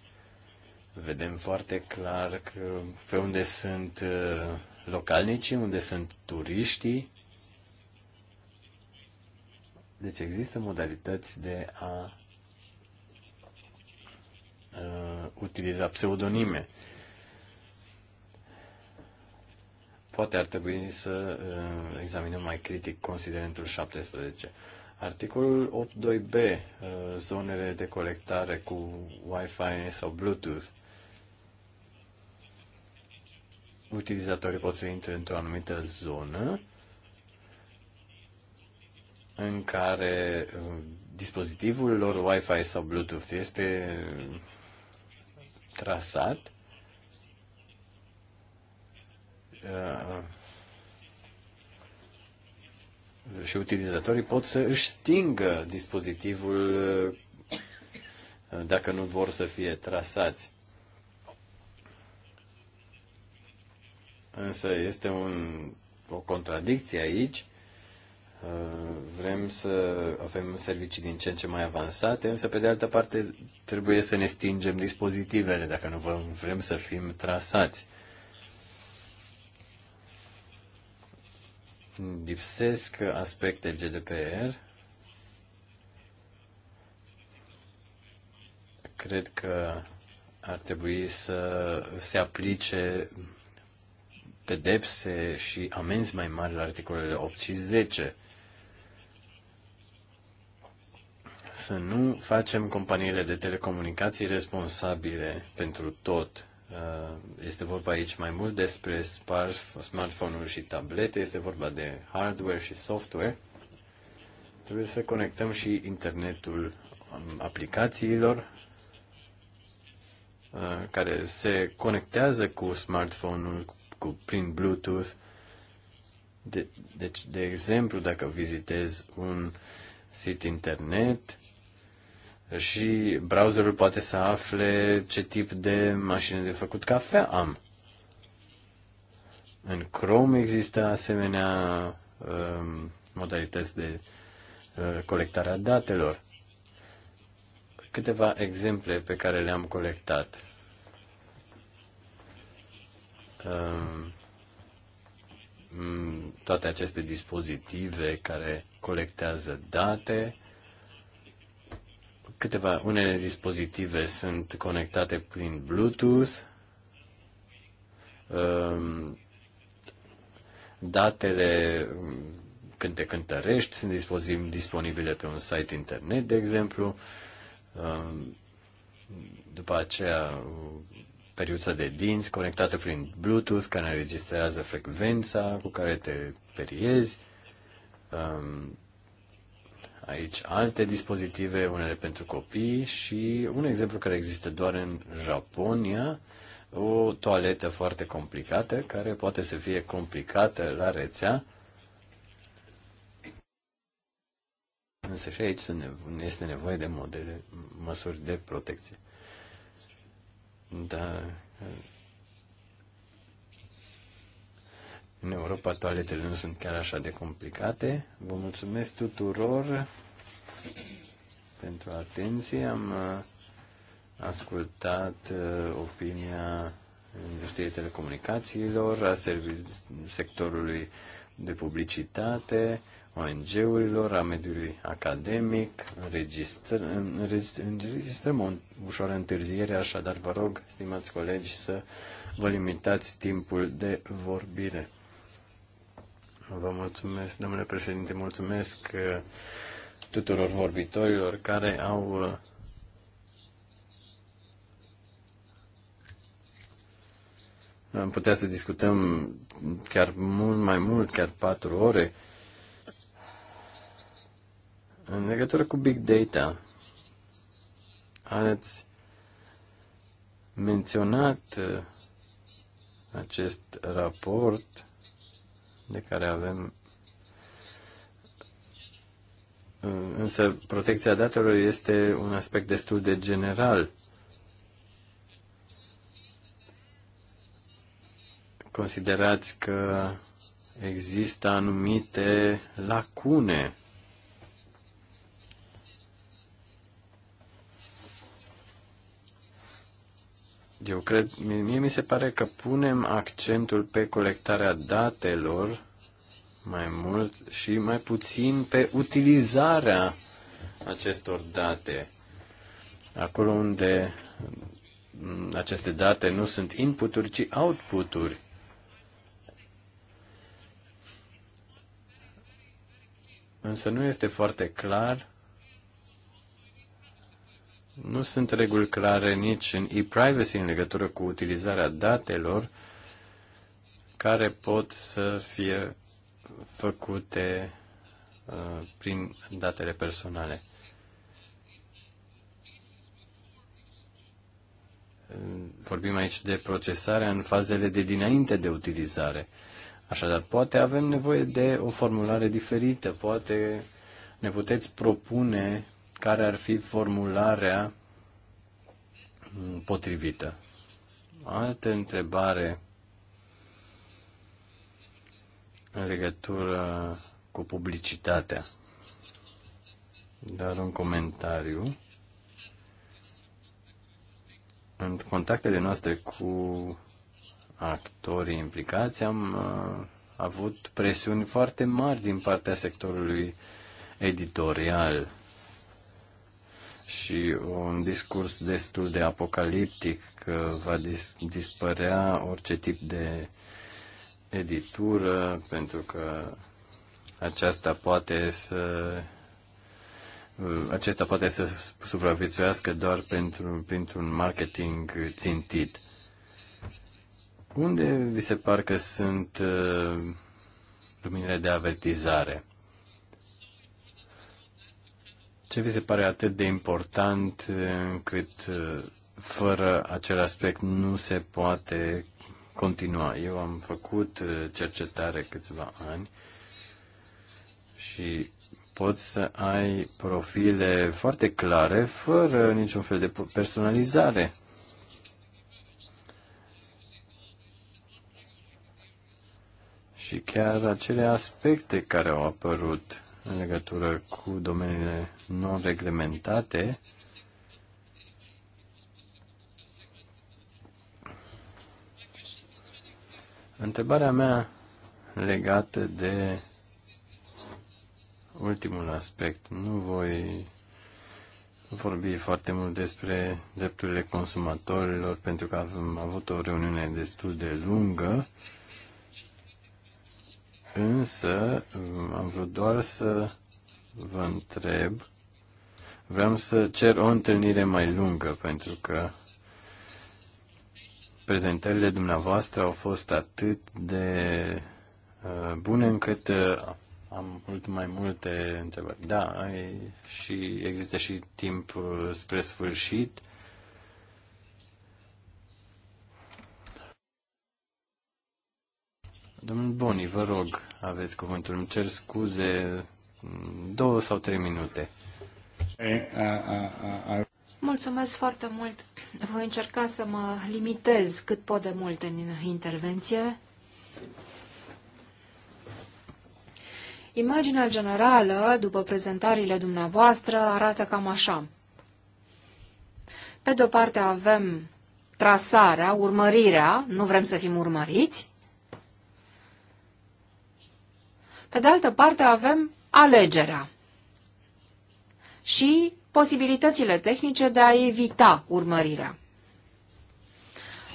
Vedem foarte clar că pe unde sunt uh, localnicii, unde sunt turiștii. Deci există modalități de a uh, utiliza pseudonime. Uh, Poate ar trebui să uh, examinăm mai critic considerentul 17. Articolul 8.2b, uh, zonele de colectare cu Wi-Fi sau Bluetooth. Utilizatorii pot să intre într-o anumită zonă în care uh, dispozitivul lor Wi-Fi sau Bluetooth este trasat Uh, și utilizatorii pot să își stingă dispozitivul uh, dacă nu vor să fie trasați. Însă este un, o contradicție aici. Uh, vrem să avem servicii din ce în ce mai avansate, însă pe de altă parte trebuie să ne stingem dispozitivele dacă nu vrem să fim trasați. lipsesc aspecte GDPR. Cred că ar trebui să se aplice pedepse și amenzi mai mari la articolele 8 și 10. Să nu facem companiile de telecomunicații responsabile pentru tot Uh, este vorba aici mai mult despre smartphone-uri și tablete, este vorba de hardware și software. Trebuie să conectăm și internetul um, aplicațiilor uh, care se conectează cu smartphone-ul cu, prin Bluetooth. De, deci, de exemplu, dacă vizitez un sit internet, și browserul poate să afle ce tip de mașină de făcut cafea am. În Chrome există asemenea um, modalități de uh, colectare a datelor. Câteva exemple pe care le-am colectat. Um, mm, toate aceste dispozitive care colectează date, Câteva, unele dispozitive sunt conectate prin Bluetooth, ehm, datele mm, când te cântărești sunt disponibile pe un site internet, de exemplu. Ehm, după aceea, periuța de dinți conectată prin Bluetooth care înregistrează frecvența cu care te periezi. Um, aici alte dispozitive, unele pentru copii și un exemplu care există doar în Japonia, o toaletă foarte complicată care poate să fie complicată la rețea. Însă și aici este nevoie de modele, măsuri de protecție. Da, În Europa toaletele nu sunt chiar așa de complicate. Vă mulțumesc tuturor pentru atenție. Am uh, ascultat uh, opinia industriei telecomunicațiilor, a sectorului de publicitate, ONG-urilor, a mediului academic. Înregistrăm, înregistrăm o ușoară întârziere, așadar vă rog, stimați colegi, să vă limitați timpul de vorbire. Vă mulțumesc, domnule președinte, mulțumesc uh, tuturor vorbitorilor care au uh, am putea să discutăm chiar mult mai mult, chiar patru ore, în legătură cu big data. Ați menționat uh, acest raport de care avem. Însă protecția datelor este un aspect destul de general. Considerați că există anumite lacune Eu cred, mie mi se pare că punem accentul pe colectarea datelor mai mult și mai puțin pe utilizarea acestor date. Acolo unde aceste date nu sunt inputuri, ci outputuri. Însă nu este foarte clar nu sunt reguli clare nici în e-privacy în legătură cu utilizarea datelor care pot să fie făcute uh, prin datele personale. Vorbim aici de procesarea în fazele de dinainte de utilizare. Așadar, poate avem nevoie de o formulare diferită, poate ne puteți propune care ar fi formularea potrivită. Altă întrebare în legătură cu publicitatea. Dar un comentariu. În contactele noastre cu actorii implicați am uh, avut presiuni foarte mari din partea sectorului editorial și un discurs destul de apocaliptic că va dis- dispărea orice tip de editură pentru că aceasta poate să acesta poate să supraviețuiască doar pentru, printr-un marketing țintit. Unde vi se par că sunt uh, luminile de avertizare? Ce vi se pare atât de important eh, încât eh, fără acel aspect nu se poate continua? Eu am făcut eh, cercetare câțiva ani și poți să ai profile foarte clare, fără niciun fel de personalizare. Și chiar acele aspecte care au apărut în legătură cu domeniile non-reglementate, Întrebarea mea legată de ultimul aspect. Nu voi vorbi foarte mult despre drepturile consumatorilor pentru că am avut o reuniune destul de lungă Însă, am vrut doar să vă întreb. Vreau să cer o întâlnire mai lungă, pentru că prezentările dumneavoastră au fost atât de uh, bune încât uh, am mult mai multe întrebări. Da, ai, și există și timp uh, spre sfârșit. Domnul Boni, vă rog, aveți cuvântul. Îmi cer scuze, două sau trei minute. Eh, Mulțumesc foarte mult. Voi încerca să mă limitez cât pot de mult în intervenție. Imaginea generală, după prezentările dumneavoastră, arată cam așa. Pe de-o parte avem trasarea, urmărirea, nu vrem să fim urmăriți, Pe de altă parte avem alegerea și posibilitățile tehnice de a evita urmărirea.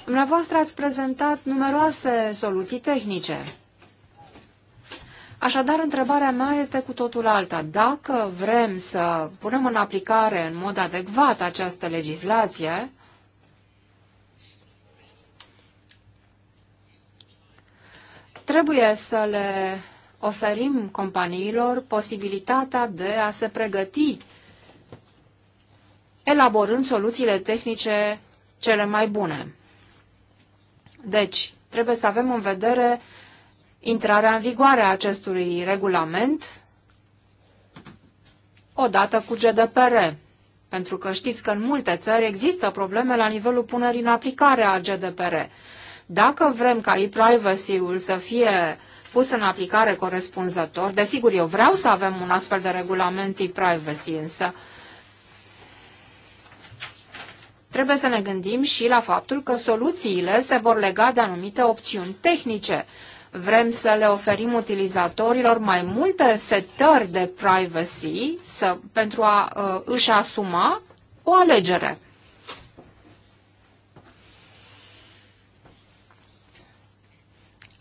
Dumneavoastră ați prezentat numeroase soluții tehnice. Așadar, întrebarea mea este cu totul alta. Dacă vrem să punem în aplicare în mod adecvat această legislație, trebuie să le oferim companiilor posibilitatea de a se pregăti elaborând soluțiile tehnice cele mai bune. Deci, trebuie să avem în vedere intrarea în vigoare a acestui regulament odată cu GDPR, pentru că știți că în multe țări există probleme la nivelul punerii în aplicare a GDPR. Dacă vrem ca e-privacy-ul să fie uh, pus în aplicare corespunzător. Desigur, eu vreau să avem un astfel de regulament e-privacy, însă trebuie să ne gândim și la faptul că soluțiile se vor lega de anumite opțiuni tehnice. Vrem să le oferim utilizatorilor mai multe setări de privacy să, pentru a uh, își asuma o alegere.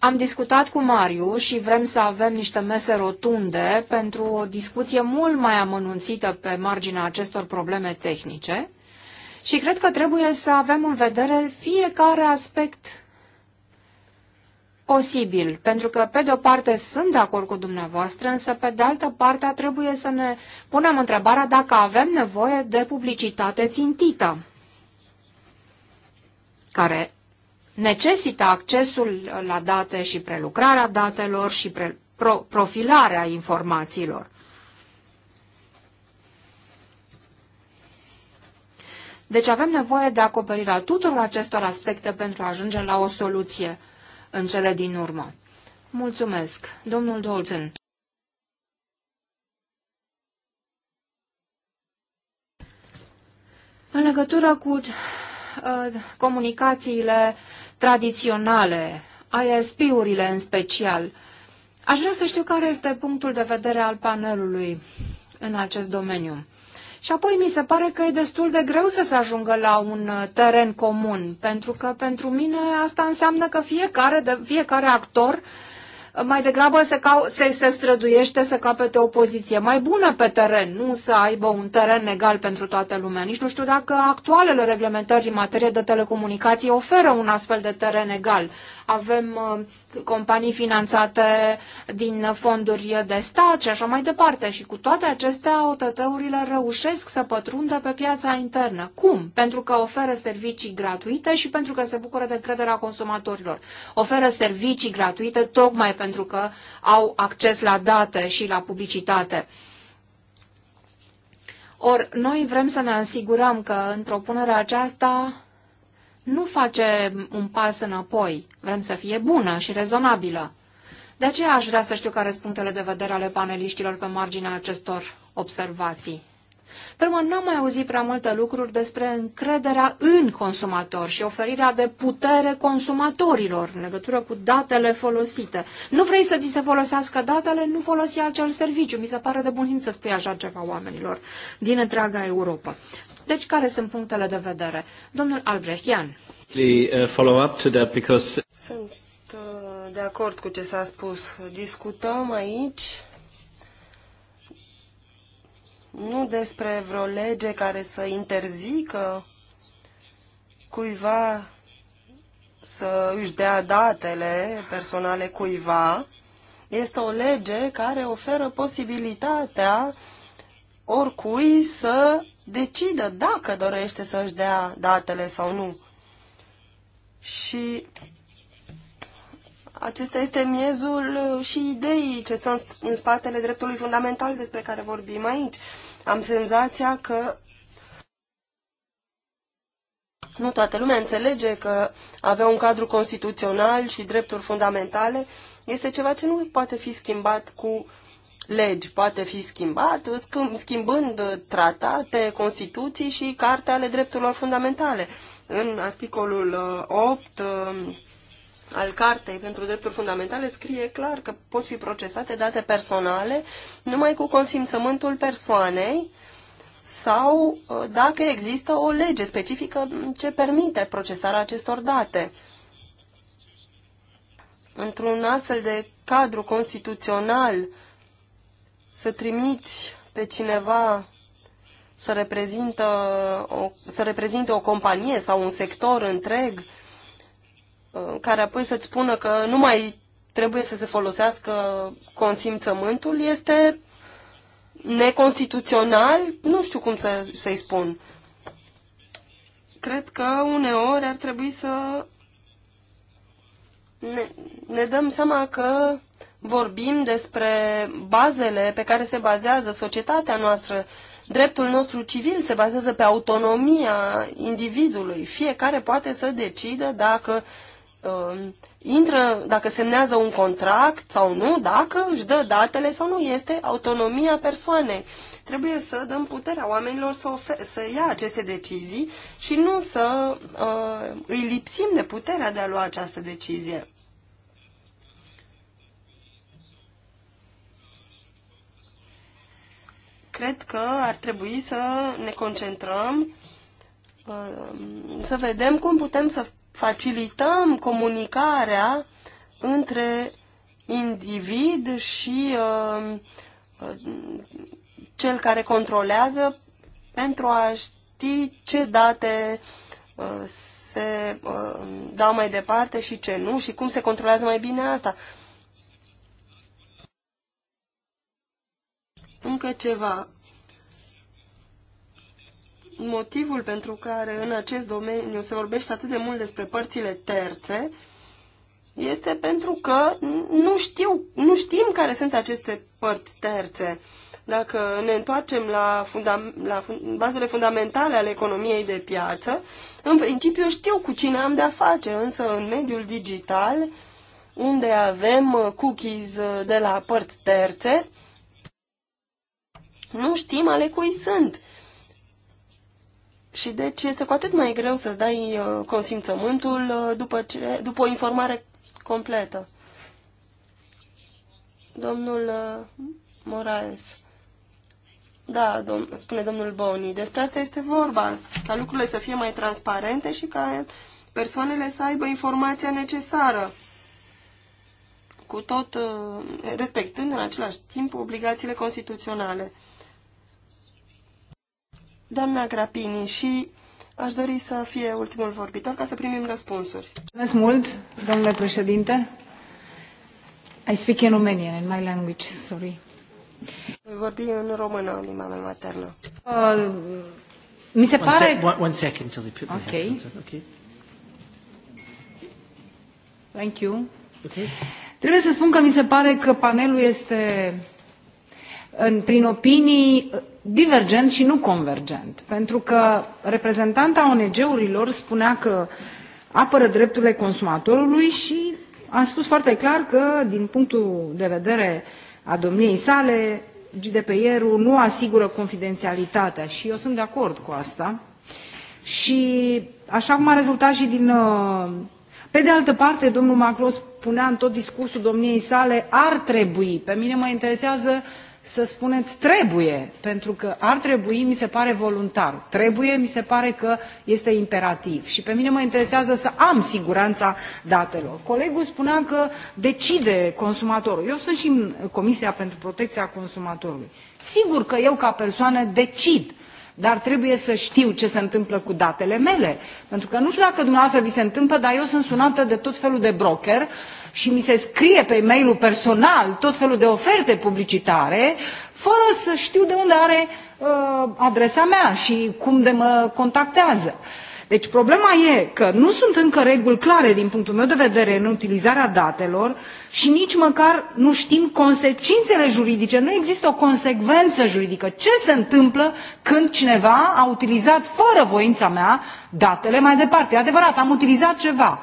Am discutat cu Mariu și vrem să avem niște mese rotunde pentru o discuție mult mai amănunțită pe marginea acestor probleme tehnice și cred că trebuie să avem în vedere fiecare aspect posibil, pentru că pe de o parte sunt de acord cu dumneavoastră, însă pe de altă parte trebuie să ne punem întrebarea dacă avem nevoie de publicitate țintită, care necesită accesul la date și prelucrarea datelor și pre pro profilarea informațiilor. Deci avem nevoie de acoperirea tuturor acestor aspecte pentru a ajunge la o soluție în cele din urmă. Mulțumesc, domnul Dolcen. În legătură cu uh, comunicațiile tradiționale, ISP-urile în special. Aș vrea să știu care este punctul de vedere al panelului în acest domeniu. Și apoi mi se pare că e destul de greu să se ajungă la un uh, teren comun, pentru că pentru mine asta înseamnă că fiecare, de, fiecare actor uh, mai degrabă se, cau- se, se străduiește să capete o poziție mai bună pe teren, nu să aibă un teren egal pentru toată lumea. Nici nu știu dacă actualele reglementări în materie de telecomunicații oferă un astfel de teren egal. Avem uh, companii finanțate din fonduri de stat și așa mai departe și cu toate acestea OTT-urile reușesc să pătrundă pe piața internă. Cum? Pentru că oferă servicii gratuite și pentru că se bucură de încrederea consumatorilor. Oferă servicii gratuite tocmai pentru că au acces la date și la publicitate. Or, noi vrem să ne asigurăm că în propunerea aceasta nu face un pas înapoi. Vrem să fie bună și rezonabilă. De aceea aș vrea să știu care sunt punctele de vedere ale paneliștilor pe marginea acestor observații. Pe urmă, n-am mai auzit prea multe lucruri despre încrederea în consumator și oferirea de putere consumatorilor în legătură cu datele folosite. Nu vrei să ți se folosească datele, nu folosi acel serviciu. Mi se pare de bun simț să spui așa ceva oamenilor din întreaga Europa. Deci, care sunt punctele de vedere? Domnul Albrechtian. Uh, sunt uh, de acord cu ce s-a spus. Discutăm aici nu despre vreo lege care să interzică cuiva să își dea datele personale cuiva. Este o lege care oferă posibilitatea oricui să decidă dacă dorește să își dea datele sau nu. Și acesta este miezul uh, și ideii ce stă în spatele dreptului fundamental despre care vorbim aici. Am senzația că nu toată lumea înțelege că avea un cadru constituțional și drepturi fundamentale este ceva ce nu poate fi schimbat cu legi. Poate fi schimbat schimbând tratate, constituții și carte ale drepturilor fundamentale. În articolul 8 uh, al Cartei pentru Drepturi Fundamentale scrie clar că pot fi procesate date personale numai cu consimțământul persoanei sau uh, dacă există o lege specifică ce permite procesarea acestor date. Într-un astfel de cadru constituțional să trimiți pe cineva să, reprezintă o, să reprezinte o companie sau un sector întreg Uh, care apoi să-ți spună că nu mai trebuie să se folosească consimțământul este neconstituțional, nu știu cum să, să-i spun. Cred că uneori ar trebui să ne, ne dăm seama că vorbim despre bazele pe care se bazează societatea noastră. Dreptul nostru civil se bazează pe autonomia individului. Fiecare poate să decidă dacă uh, Um, intră, dacă semnează un contract sau nu, dacă își dă datele sau nu, este autonomia persoanei. Trebuie să dăm puterea oamenilor să, să ia aceste decizii și nu să uh, îi lipsim de puterea de a lua această decizie. Cred că ar trebui să ne concentrăm uh, să vedem cum putem să facilităm comunicarea între individ și uh, uh, cel care controlează pentru a ști ce date uh, se uh, dau mai departe și ce nu și cum se controlează mai bine asta. Încă ceva. Motivul pentru care în acest domeniu se vorbește atât de mult despre părțile terțe este pentru că nu, știu, nu știm care sunt aceste părți terțe. Dacă ne întoarcem la, funda- la fun bazele fundamentale ale economiei de piață, în principiu știu cu cine am de-a face, însă în mediul digital, unde avem cookies de la părți terțe, nu știm ale cui sunt. Și deci este cu atât mai greu să-ți dai uh, consimțământul uh, după, ce, după o informare completă. Domnul uh, Moraes. Da, dom spune domnul Boni. Despre asta este vorba, ca lucrurile să fie mai transparente și ca persoanele să aibă informația necesară, cu tot respectând în același timp obligațiile constituționale. Doamna Grapini și aș dori să fie ultimul vorbitor ca să primim răspunsuri. Mulțumesc mult, domnule președinte. I speak in Romanian, in my language, sorry. Voi vorbi în română, în limba mea maternă. Uh, mi se one pare... Se one, one second till they put okay. the headphones on. Okay. Thank you. Okay. Trebuie să spun că mi se pare că panelul este, în, prin opinii, divergent și nu convergent pentru că reprezentanta ong urilor spunea că apără drepturile consumatorului și a spus foarte clar că din punctul de vedere al domniei sale gdpr ul nu asigură confidențialitatea și eu sunt de acord cu asta și așa cum a rezultat și din uh, pe de altă parte domnul macron spunea în tot discursul domniei sale ar trebui pe mine mă interesează să spuneți trebuie, pentru că ar trebui, mi se pare voluntar, trebuie, mi se pare că este imperativ. Și pe mine mă interesează să am siguranța datelor. Colegul spunea că decide consumatorul. Eu sunt și în Comisia pentru Protecția Consumatorului. Sigur că eu, ca persoană, decid dar trebuie să știu ce se întâmplă cu datele mele pentru că nu știu dacă dumneavoastră vi se întâmplă dar eu sunt sunată de tot felul de broker și mi se scrie pe e mail personal tot felul de oferte publicitare fără să știu de unde are uh, adresa mea și cum de mă contactează. Uh, deci problema e că nu sunt încă reguli clare din punctul meu de vedere în utilizarea datelor și nici măcar nu știm consecințele juridice, nu există o consecvență juridică. Ce se întâmplă când cineva a utilizat fără voința mea datele mai departe? E adevărat, am utilizat ceva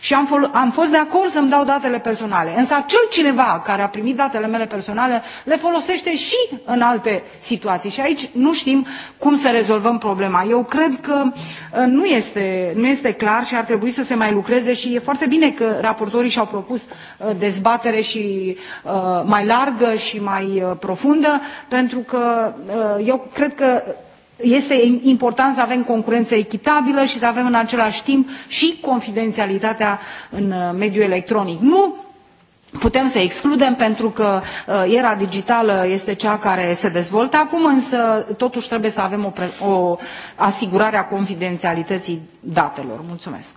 și am, am fost de acord să mi dau datele personale însă acel cineva care a primit datele mele personale le folosește și în alte situații și aici nu știm cum să rezolvăm problema. eu cred că uh, nu este, nu este clar și ar trebui să se mai lucreze și e foarte bine că raportorii și au propus uh, dezbatere și uh, mai largă și mai profundă pentru că eu cred că este important să avem concurență echitabilă și să avem în același timp și confidențialitatea în uh, mediul electronic. nu putem să excludem pentru că uh, era digitală este cea care se dezvoltă acum însă totuși trebuie să avem o, o asigurare a confidențialității datelor. mulțumesc.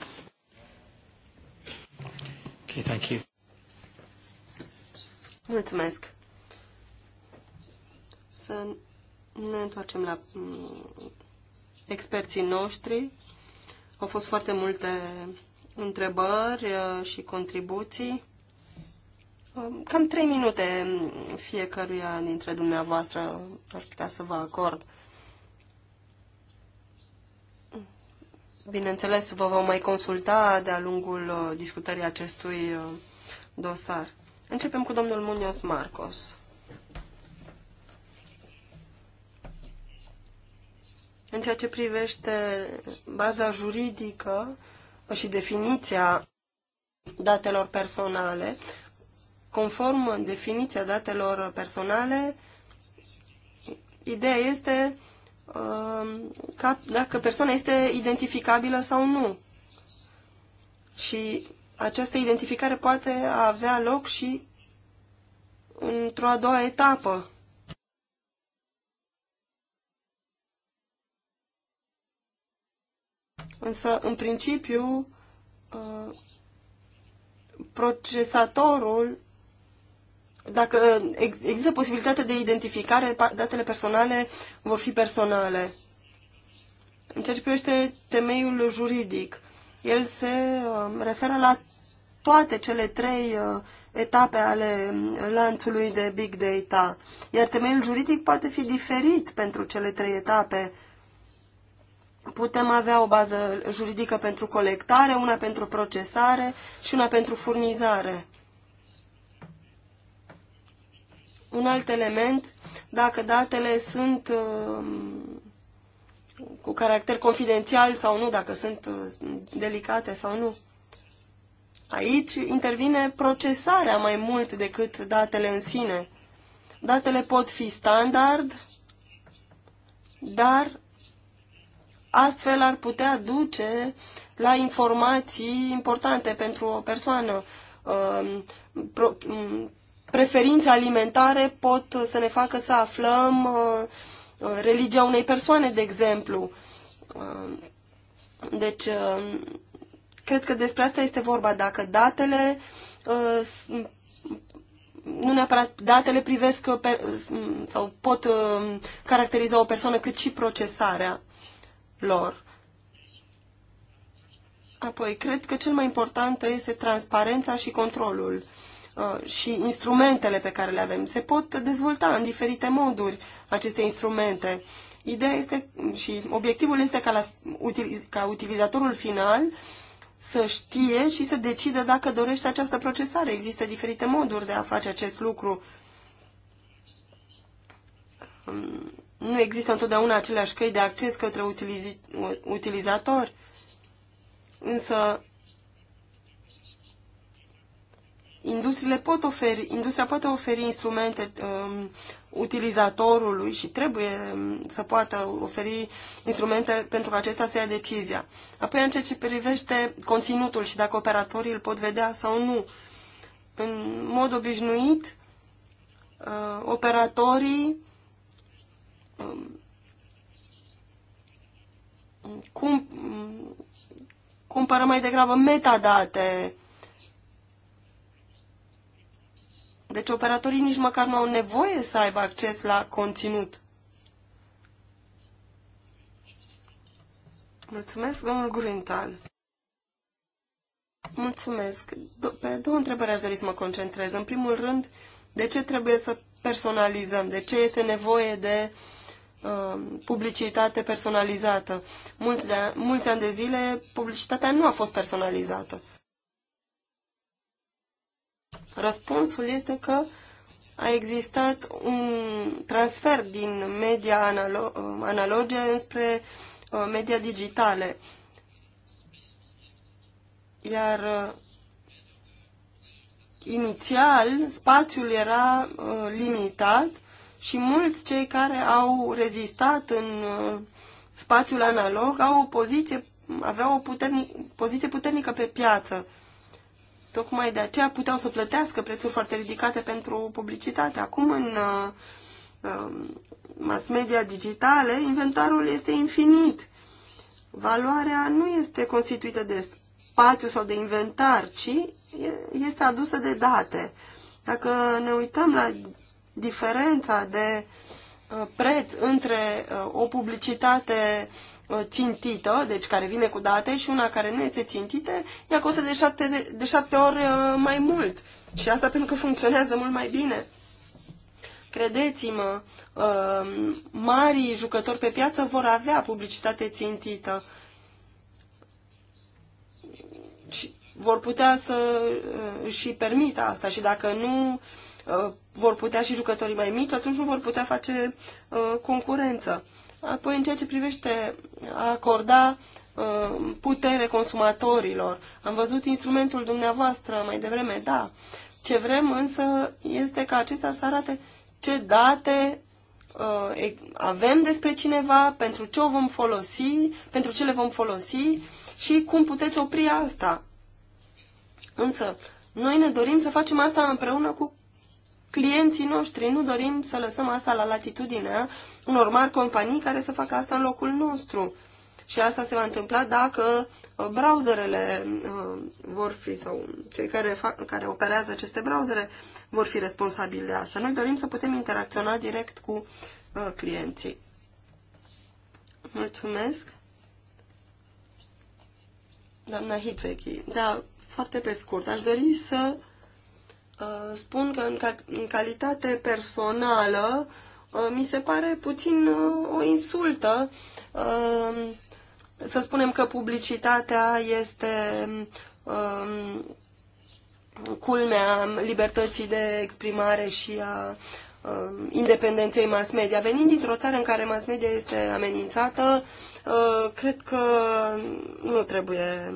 Okay, thank you. Mulțumesc. Să ne întoarcem la mm, experții noștri. Au fost foarte multe întrebări uh, și contribuții. Um, cam trei minute mm, fiecăruia dintre dumneavoastră ar putea să vă acord. Bineînțeles, vă vom mai consulta de-a lungul uh, discutării acestui uh, dosar. Începem cu domnul Munios Marcos. În ceea ce privește baza juridică și definiția datelor personale, conform definiția datelor personale, ideea este um, ca, dacă persoana este identificabilă sau nu. Și această identificare poate avea loc și într-o a doua etapă. Însă, în principiu, uh, procesatorul, dacă uh, există posibilitatea de identificare, datele personale vor fi personale. În ceea ce privește temeiul juridic, el se um, referă la toate cele trei uh, etape ale um, lanțului de big data, iar temeiul juridic poate fi diferit pentru cele trei etape putem avea o bază juridică pentru colectare, una pentru procesare și una pentru furnizare. Un alt element, dacă datele sunt um, cu caracter confidențial sau nu, dacă sunt uh, delicate sau nu. Aici intervine procesarea mai mult decât datele în sine. Datele pot fi standard, dar astfel ar putea duce la informații importante pentru o persoană. Um, um, preferințe alimentare pot să ne facă să aflăm uh, uh, religia unei persoane, de exemplu. Um, deci, cred că despre asta este vorba. Dacă datele, uh, nu neapărat datele privesc sau pot caracteriza o persoană, cât și procesarea lor. Apoi, cred că cel mai important este transparența și controlul uh, și instrumentele pe care le avem. Se pot dezvolta în diferite moduri aceste instrumente. Ideea este și obiectivul este ca, la, ca utilizatorul final să știe și să decidă dacă dorește această procesare. Există diferite moduri de a face acest lucru. Um, nu există întotdeauna aceleași căi de acces către utiliz utilizator, Însă, industriile pot oferi, industria poate oferi instrumente um, utilizatorului și trebuie um, să poată oferi instrumente pentru acesta să ia decizia. Apoi, în ceea ce privește conținutul și dacă operatorii îl pot vedea sau nu, în mod obișnuit, uh, operatorii Um, cum, cumpără mai degrabă metadate. Deci operatorii nici măcar nu au nevoie să aibă acces la conținut. Mulțumesc, domnul Gruntal. Mulțumesc. Pe două întrebări aș dori să mă concentrez. În primul rând, de ce trebuie să personalizăm? De ce este nevoie de uh, Um, publicitate personalizată. Mulți, de, mulți ani de zile publicitatea nu a fost personalizată. Răspunsul este că a existat un transfer din media analo um, analoge înspre uh, media digitale. Iar uh, inițial spațiul era uh, limitat și mulți cei care au rezistat în uh, spațiul analog au o poziție, aveau o puternic, poziție puternică pe piață. Tocmai de aceea puteau să plătească prețuri foarte ridicate pentru publicitate. Acum, în uh, um, mass media digitale, inventarul este infinit. Valoarea nu este constituită de spațiu sau de inventar, ci este adusă de date. Dacă ne uităm la diferența de uh, preț între uh, o publicitate uh, țintită, deci care vine cu date, și una care nu este țintită, ea costă de șapte, de șapte ori mai mult. Și asta pentru că funcționează mult mai bine. Credeți-mă, marii jucători pe piață vor avea publicitate țintită. Și vor putea să și permită asta și dacă nu vor putea și jucătorii mai mici, atunci nu vor putea face uh, concurență. Apoi, în ceea ce privește a acorda uh, putere consumatorilor, am văzut instrumentul dumneavoastră mai devreme, da. Ce vrem însă este ca acesta să arate ce date uh, avem despre cineva, pentru ce o vom folosi, pentru ce le vom folosi și cum puteți opri asta. Însă, noi ne dorim să facem asta împreună cu clienții noștri. Nu dorim să lăsăm asta la latitudinea unor mari companii care să facă asta în locul nostru. Și asta se va întâmpla dacă uh, browserele uh, vor fi, sau cei care, fac, care operează aceste browsere vor fi responsabili de asta. Noi dorim să putem interacționa direct cu uh, clienții. Mulțumesc. Doamna Hitvechi, da, foarte pe scurt, aș dori să Uh, spun că în, ca, în calitate personală uh, mi se pare puțin uh, o insultă să spunem că publicitatea este um, culmea libertății de exprimare și a um, independenței mass media. Venind dintr-o țară în care mass media este amenințată, cred că nu trebuie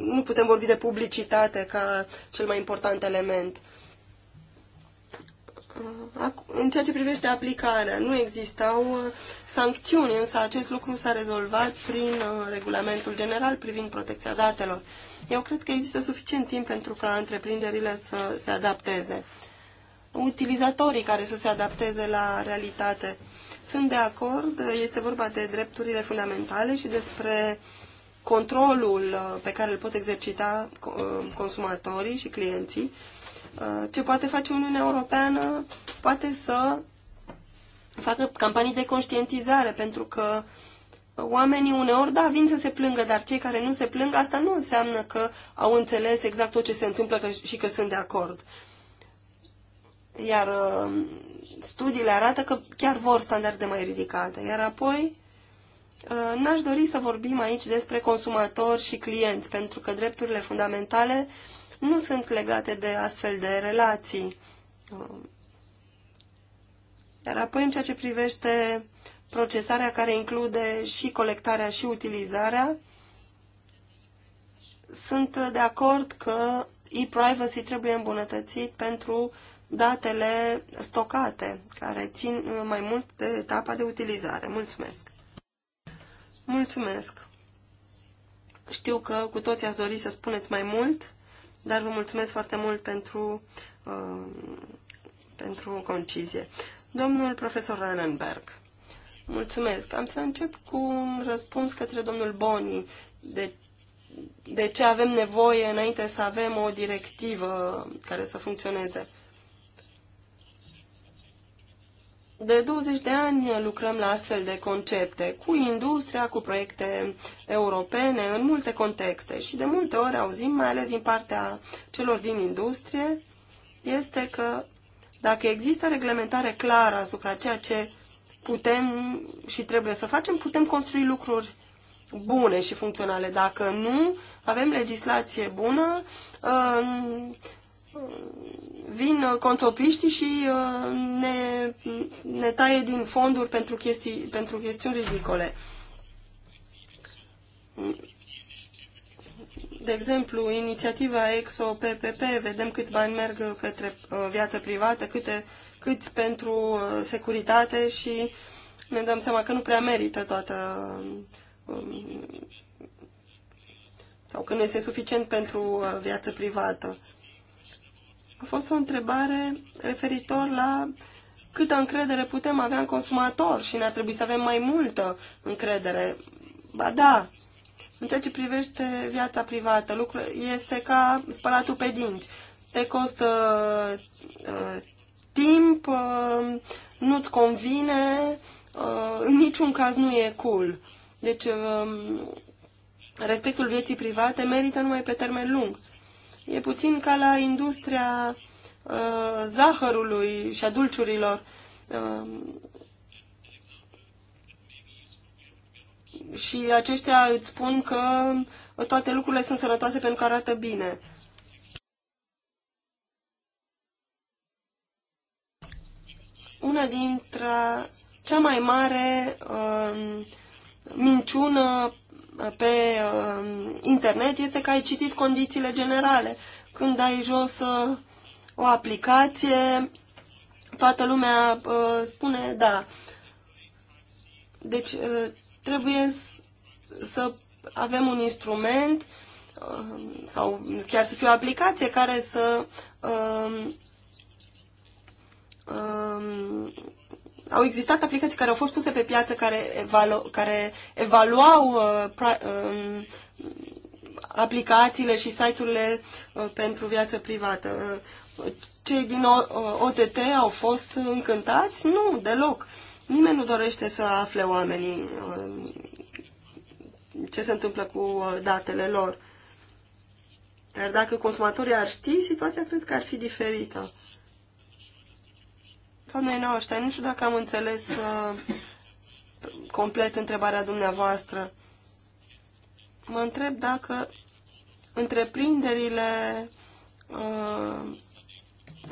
nu putem vorbi de publicitate ca cel mai important element. În ceea ce privește aplicarea, nu existau uh, sancțiuni, însă acest lucru s-a rezolvat prin uh, regulamentul general privind protecția datelor. Eu cred că există suficient timp pentru ca întreprinderile să se adapteze. Utilizatorii care să se adapteze la realitate. Sunt de acord, este vorba de drepturile fundamentale și despre uh, controlul uh, pe care îl pot exercita uh, consumatorii și clienții, uh, ce poate face Uniunea Europeană, poate să facă campanii de conștientizare, pentru că oamenii uneori, da, vin să se plângă, dar cei care nu se plâng, asta nu înseamnă că au înțeles exact tot ce se întâmplă și că sunt de acord. Iar studiile arată că chiar vor standarde mai ridicate. Iar apoi, Uh, n-aș dori să vorbim aici despre consumatori și clienți, pentru că drepturile fundamentale nu sunt legate de astfel de relații. Uh, iar apoi, în ceea ce privește procesarea care include și colectarea și utilizarea, sunt de acord că e-privacy trebuie îmbunătățit pentru datele stocate, care țin mai mult de etapa de utilizare. Mulțumesc! Mulțumesc! Știu că cu toții ați dori să spuneți mai mult, dar vă mulțumesc foarte mult pentru, uh, pentru concizie. Domnul profesor Rannenberg. mulțumesc. Am să încep cu un răspuns către domnul Boni de, de ce avem nevoie înainte să avem o directivă care să funcționeze. De 20 de ani lucrăm la astfel de concepte, cu industria, cu proiecte europene, în multe contexte și de multe ori auzim, mai ales din partea celor din industrie, este că dacă există reglementare clară asupra ceea ce putem și trebuie să facem, putem construi lucruri bune și funcționale. Dacă nu avem legislație bună, uh, vin uh, contopiștii și uh, ne, ne taie din fonduri pentru, chestii, pentru chestiuni ridicole. De exemplu, inițiativa EXO-PPP, vedem câți bani merg către uh, viață privată, câte, câți pentru securitate și ne dăm seama că nu prea merită toată um, sau că nu este suficient pentru viață privată a fost o întrebare referitor la câtă încredere putem avea în consumator și ne-ar trebui să avem mai multă încredere. Ba da, în ceea ce privește viața privată, lucru este ca spălatul pe dinți. Te costă uh, timp, uh, nu-ți convine, uh, în niciun caz nu e cool. Deci, uh, respectul vieții private merită numai pe termen lung. Uh, E puțin ca la industria uh, zahărului și a dulciurilor. Uh, și aceștia îți spun că toate lucrurile sunt sănătoase pentru că arată bine. Una dintre cea mai mare uh, minciună pe uh, internet este că ai citit condițiile generale. Când ai jos uh, o aplicație, toată lumea uh, spune da. Deci uh, trebuie să avem un instrument uh, sau chiar să fie o aplicație care să uh, uh, au existat aplicații care au fost puse pe piață care, evalu, care evaluau uh, pra, uh, aplicațiile și site-urile uh, pentru viață privată. Uh, cei din OTT uh, au fost încântați? Nu, deloc. Nimeni nu dorește să afle oamenii uh, ce se întâmplă cu uh, datele lor. Iar dacă consumatorii ar ști, situația cred că ar fi diferită. Doamne Nauștea, nu știu dacă am înțeles uh, complet întrebarea dumneavoastră. Mă întreb dacă întreprinderile uh,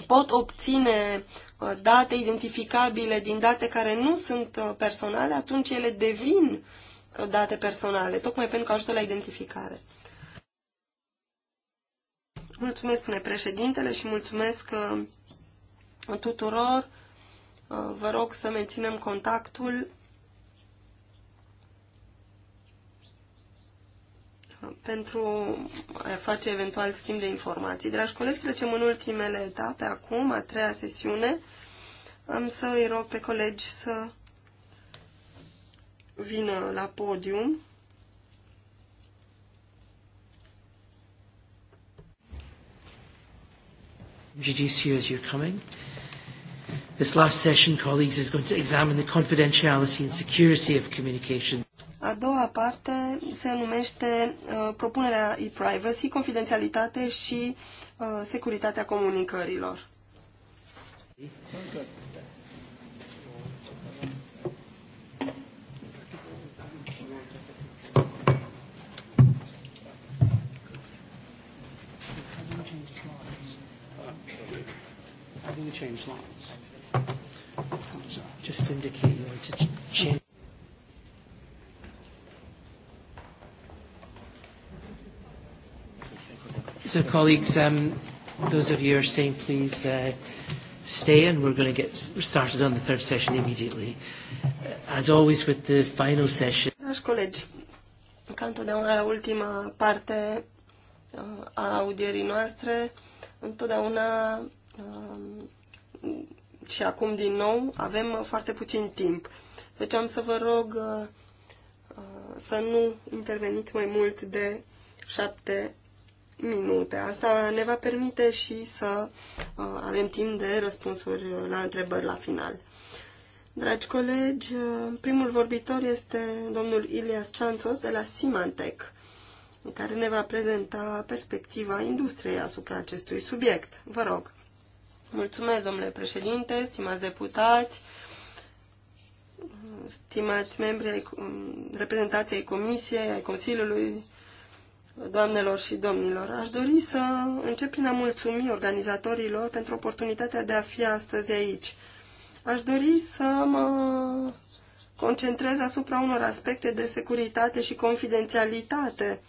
pot obține uh, date identificabile din date care nu sunt uh, personale, atunci ele devin uh, date personale, tocmai pentru că ajută la identificare. Mulțumesc, spune președintele, și mulțumesc uh, tuturor Uh, vă rog să menținem contactul uh, pentru a face eventual schimb de informații. Dragi colegi, trecem în ultimele etape acum, a treia sesiune. Am să îi rog pe colegi să vină la podium. GGC, as you're coming. This last session, colleagues, is going to examine the confidentiality and security of communication. A doua parte se numește uh, propunerea e-privacy, confidențialitate și uh, securitatea comunicărilor. I didn't change lines. Just indicate you want to change. So, colleagues, um, those of you who are staying, please uh, stay, and we're going to get started on the third session immediately. As always, with the final session. Dragi colegi, ca întotdeauna la ultima parte uh, a audierii noastre, întotdeauna uh, și acum din nou avem uh, foarte puțin timp. Deci am să vă rog uh, uh, să nu interveniți mai mult de șapte minute. Asta ne va permite și să avem timp de răspunsuri la întrebări la final. Dragi colegi, primul vorbitor este domnul Ilias Cianțos de la Simantec, care ne va prezenta perspectiva industriei asupra acestui subiect. Vă rog. Mulțumesc, domnule președinte, stimați deputați, stimați membri ai reprezentației Comisiei, ai Consiliului, doamnelor și domnilor. Aș dori să încep prin a mulțumi organizatorilor pentru oportunitatea de a fi astăzi aici. Aș dori să mă concentrez asupra unor aspecte de securitate și confidențialitate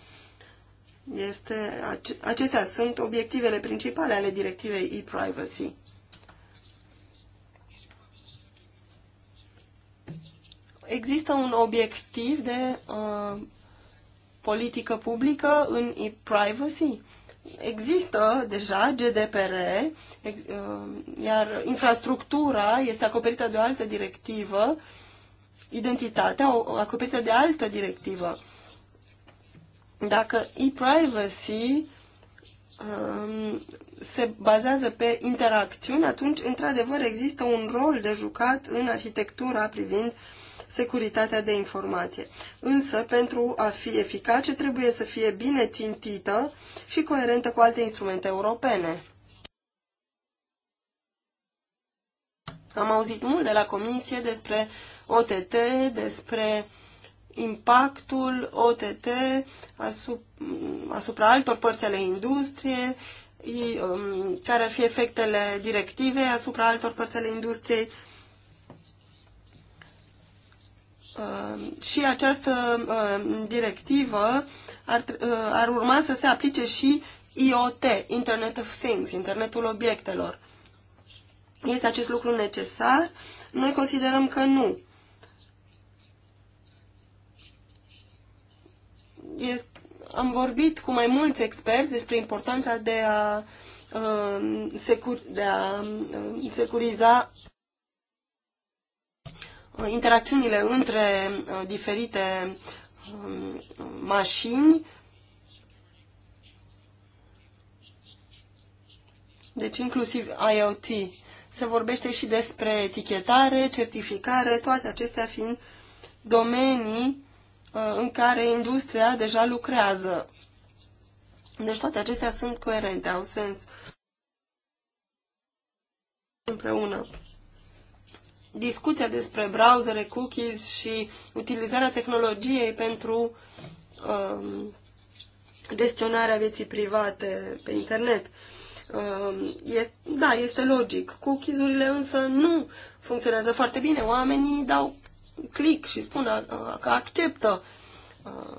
este, acestea sunt obiectivele principale ale directivei e-privacy. Există un obiectiv de uh, politică publică în e-privacy? Există deja GDPR, uh, iar infrastructura este acoperită de o altă directivă, identitatea acoperită de altă directivă dacă e-privacy um, se bazează pe interacțiuni, atunci, într-adevăr, există un rol de jucat în arhitectura privind securitatea de informație. Însă, pentru a fi eficace, trebuie să fie bine țintită și coerentă cu alte instrumente europene. Am auzit mult de la Comisie despre OTT, despre uh, impactul OTT asupra altor părți ale industriei, um, care ar fi efectele directive asupra altor părți ale industriei. Um, și această um, directivă ar, uh, ar urma să se aplice și IoT, Internet of Things, Internetul obiectelor. Este acest lucru necesar? Noi considerăm că nu. am vorbit cu mai mulți experți despre importanța de a, uh, de a uh, securiza uh, interacțiunile între diferite um, mașini. Deci inclusiv IoT. Se vorbește și despre etichetare, certificare, toate acestea fiind domenii Uh, în care industria deja lucrează. Deci toate acestea sunt coerente, au sens împreună. Discuția despre browsere, cookies și utilizarea tehnologiei pentru um, gestionarea vieții private pe internet. Um, e, da, este logic. Cookies-urile însă nu funcționează foarte bine. Oamenii dau Clic și spună uh, că acceptă uh,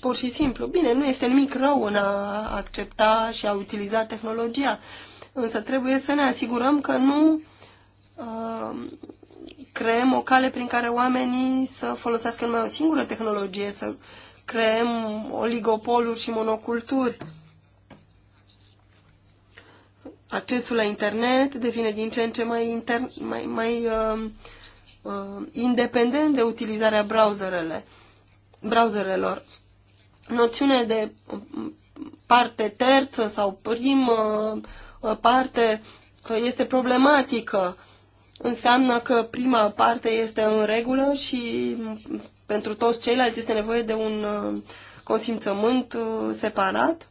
pur și simplu. Bine, nu este nimic rău în a accepta și a utiliza tehnologia, însă trebuie să ne asigurăm că nu uh, creăm o cale prin care oamenii să folosească numai o singură tehnologie, să creăm oligopoluri și monoculturi. Accesul la internet devine din ce în ce mai, inter- mai, mai uh, Uh, independent de utilizarea browserelor. Noțiune de uh, parte terță sau primă uh, parte este problematică. Înseamnă că prima parte este în regulă și mm, pentru toți ceilalți este nevoie de un consimțământ separat.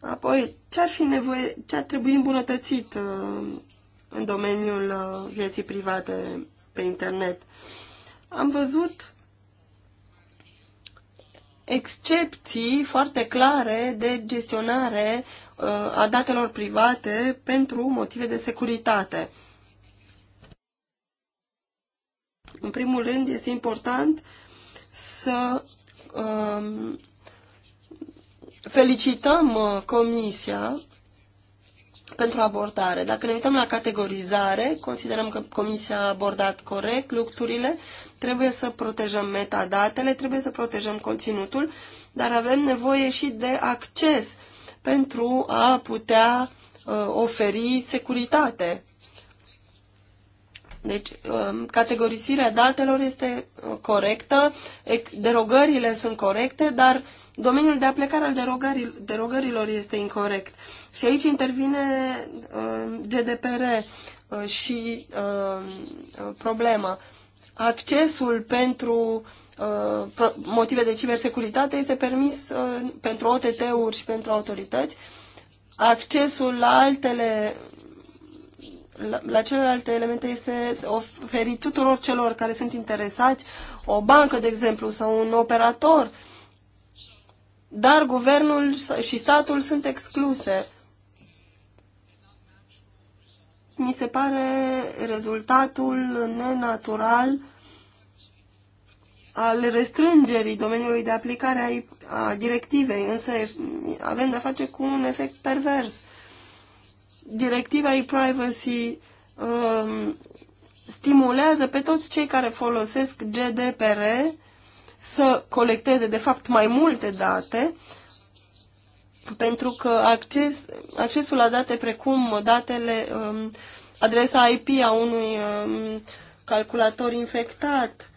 Apoi, ce ar fi nevoie, ce ar trebui îmbunătățit în domeniul vieții private pe internet. Am văzut excepții foarte clare de gestionare uh, a datelor private pentru motive de securitate. În primul rând, este important să um, felicităm uh, Comisia pentru abordare. Dacă ne uităm la categorizare, considerăm că Comisia a abordat corect lucrurile, trebuie să protejăm metadatele, trebuie să protejăm conținutul, dar avem nevoie și de acces pentru a putea uh, oferi securitate. Deci, um, categorisirea datelor este uh, corectă, derogările sunt corecte, dar domeniul de aplicare al derogărilor este incorrect. Și aici intervine uh, GDPR uh, și uh, problema. Accesul pentru uh, motive de cibersecuritate este permis uh, pentru OTT-uri și pentru autorități. Accesul la altele la, celelalte elemente este oferit tuturor celor care sunt interesați, o bancă, de exemplu, sau un operator, dar guvernul și statul sunt excluse mi se pare rezultatul nenatural al restrângerii domeniului de aplicare a directivei, însă avem de face cu un efect pervers. Directiva e-privacy um, stimulează pe toți cei care folosesc GDPR să colecteze, de fapt, mai multe date pentru că acces, accesul la date precum datele, um, adresa IP a unui um, calculator infectat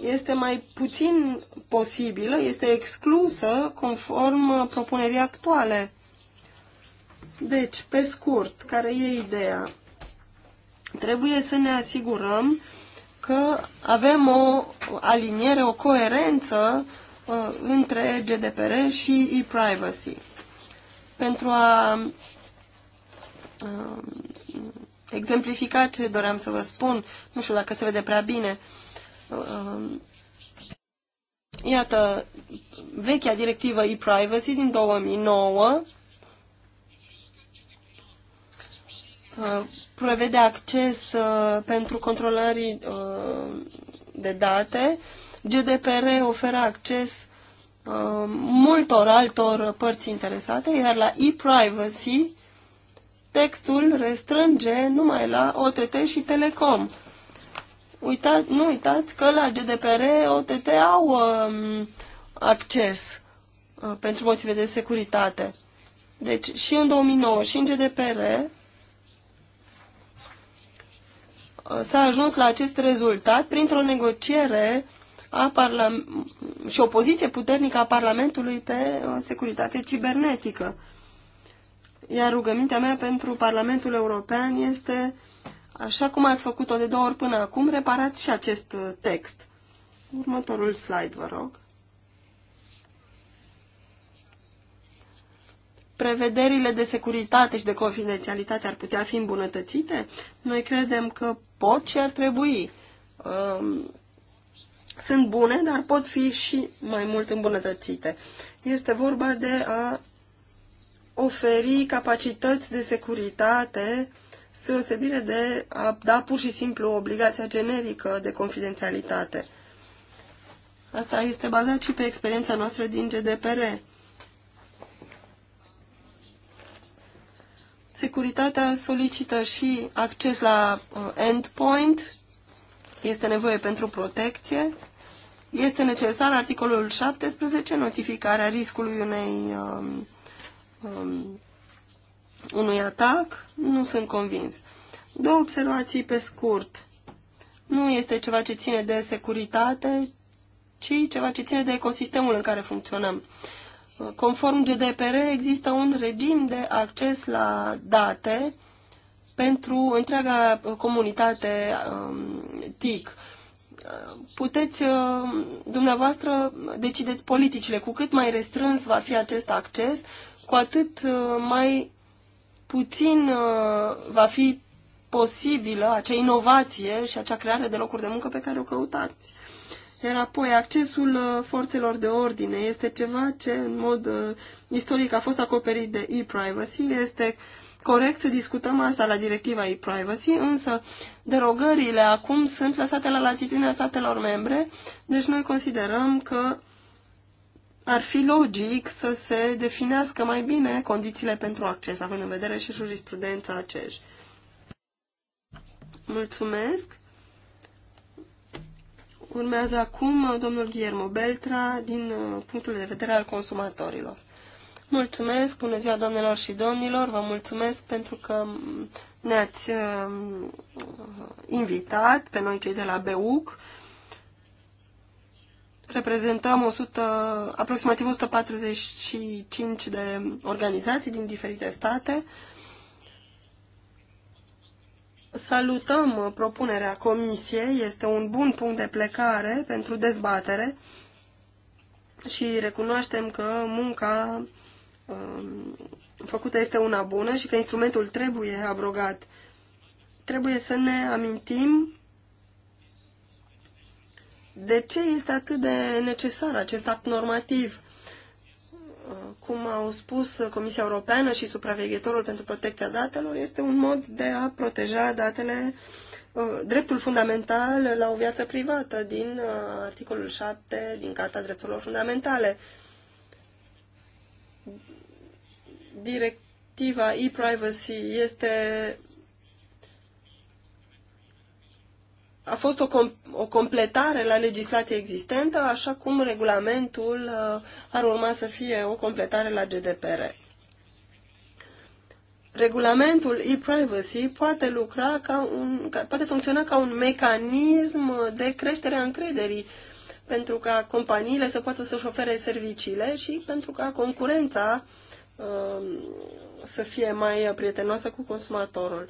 este mai puțin posibilă, este exclusă conform propunerii actuale. Deci, pe scurt, care e ideea? Trebuie să ne asigurăm că avem o aliniere, o coerență uh, între GDPR și e-privacy. Pentru a uh, exemplifica ce doream să vă spun, nu știu dacă se vede prea bine, uh, iată, vechea directivă e-privacy din 2009 uh, prevede acces uh, pentru controlării uh, de date GDPR oferă acces uh, multor altor părți interesate, iar la e-privacy textul restrânge numai la OTT și Telecom. Uita, nu uitați că la GDPR OTT au um, acces uh, pentru motive de securitate. Deci și în 2009 și în GDPR uh, s-a ajuns la acest rezultat printr-o negociere a parlam- și o poziție puternică a Parlamentului pe uh, securitate cibernetică. Iar rugămintea mea pentru Parlamentul European este, așa cum ați făcut-o de două ori până acum, reparați și acest uh, text. Următorul slide, vă rog. prevederile de securitate și de confidențialitate ar putea fi îmbunătățite? Noi credem că pot și ar trebui. Um, sunt bune, dar pot fi și mai mult îmbunătățite. Este vorba de a oferi capacități de securitate spre osebire de a da pur și simplu obligația generică de confidențialitate. Asta este bazat și pe experiența noastră din GDPR. Securitatea solicită și acces la uh, endpoint, este nevoie pentru protecție este necesar articolul 17, notificarea riscului unei, um, um, unui atac? Nu sunt convins. Două observații pe scurt. Nu este ceva ce ține de securitate, ci ceva ce ține de ecosistemul în care funcționăm. Conform GDPR există un regim de acces la date pentru întreaga comunitate um, TIC puteți, uh, dumneavoastră, decideți politicile. Cu cât mai restrâns va fi acest acces, cu atât uh, mai puțin uh, va fi posibilă acea inovație și acea creare de locuri de muncă pe care o căutați. Iar apoi, accesul forțelor de ordine este ceva ce, în mod istoric, a fost acoperit de e-privacy, este corect să discutăm asta la directiva e-privacy, însă derogările acum sunt lăsate la latitudinea statelor membre, deci noi considerăm că ar fi logic să se definească mai bine condițiile pentru acces, având în vedere și jurisprudența acești. Mulțumesc! Urmează acum domnul Guillermo Beltra din uh, punctul de vedere al consumatorilor. Mulțumesc, bună ziua doamnelor și domnilor, vă mulțumesc pentru că ne-ați uh, invitat pe noi cei de la BEUC. Reprezentăm 100, aproximativ 145 de organizații din diferite state. Salutăm propunerea comisiei, este un bun punct de plecare pentru dezbatere și recunoaștem că munca Um, făcută este una bună și că instrumentul trebuie abrogat. Trebuie să ne amintim de ce este atât de necesar acest act normativ. Uh, cum au spus Comisia Europeană și supraveghetorul pentru protecția datelor, este un mod de a proteja datele, uh, dreptul fundamental la o viață privată din uh, articolul 7 din Carta Drepturilor Fundamentale directiva e-privacy este a fost o, com o completare la legislația existentă, așa cum regulamentul uh, ar urma să fie o completare la GDPR. Regulamentul e-privacy poate lucra ca un, ca, poate funcționa ca un mecanism de creștere a încrederii pentru ca companiile să poată să-și ofere serviciile și pentru ca concurența uh, Um, să fie mai prietenoasă cu consumatorul.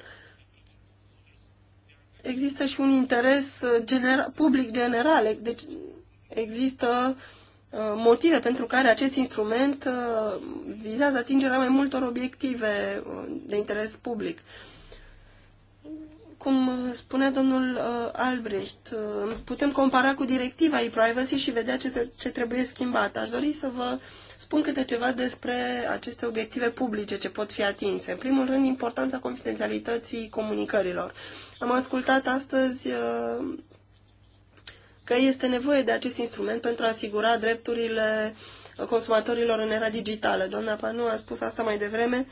Există și un interes general, public general, deci există uh, motive pentru care acest instrument uh, vizează atingerea mai multor obiective uh, de interes public. Cum spunea domnul Albrecht, putem compara cu directiva e-privacy și vedea ce, se, ce trebuie schimbat. Aș dori să vă spun câte ceva despre aceste obiective publice ce pot fi atinse. În primul rând, importanța confidențialității comunicărilor. Am ascultat astăzi uh, că este nevoie de acest instrument pentru a asigura drepturile consumatorilor în era digitală. Doamna Panu a spus asta mai devreme.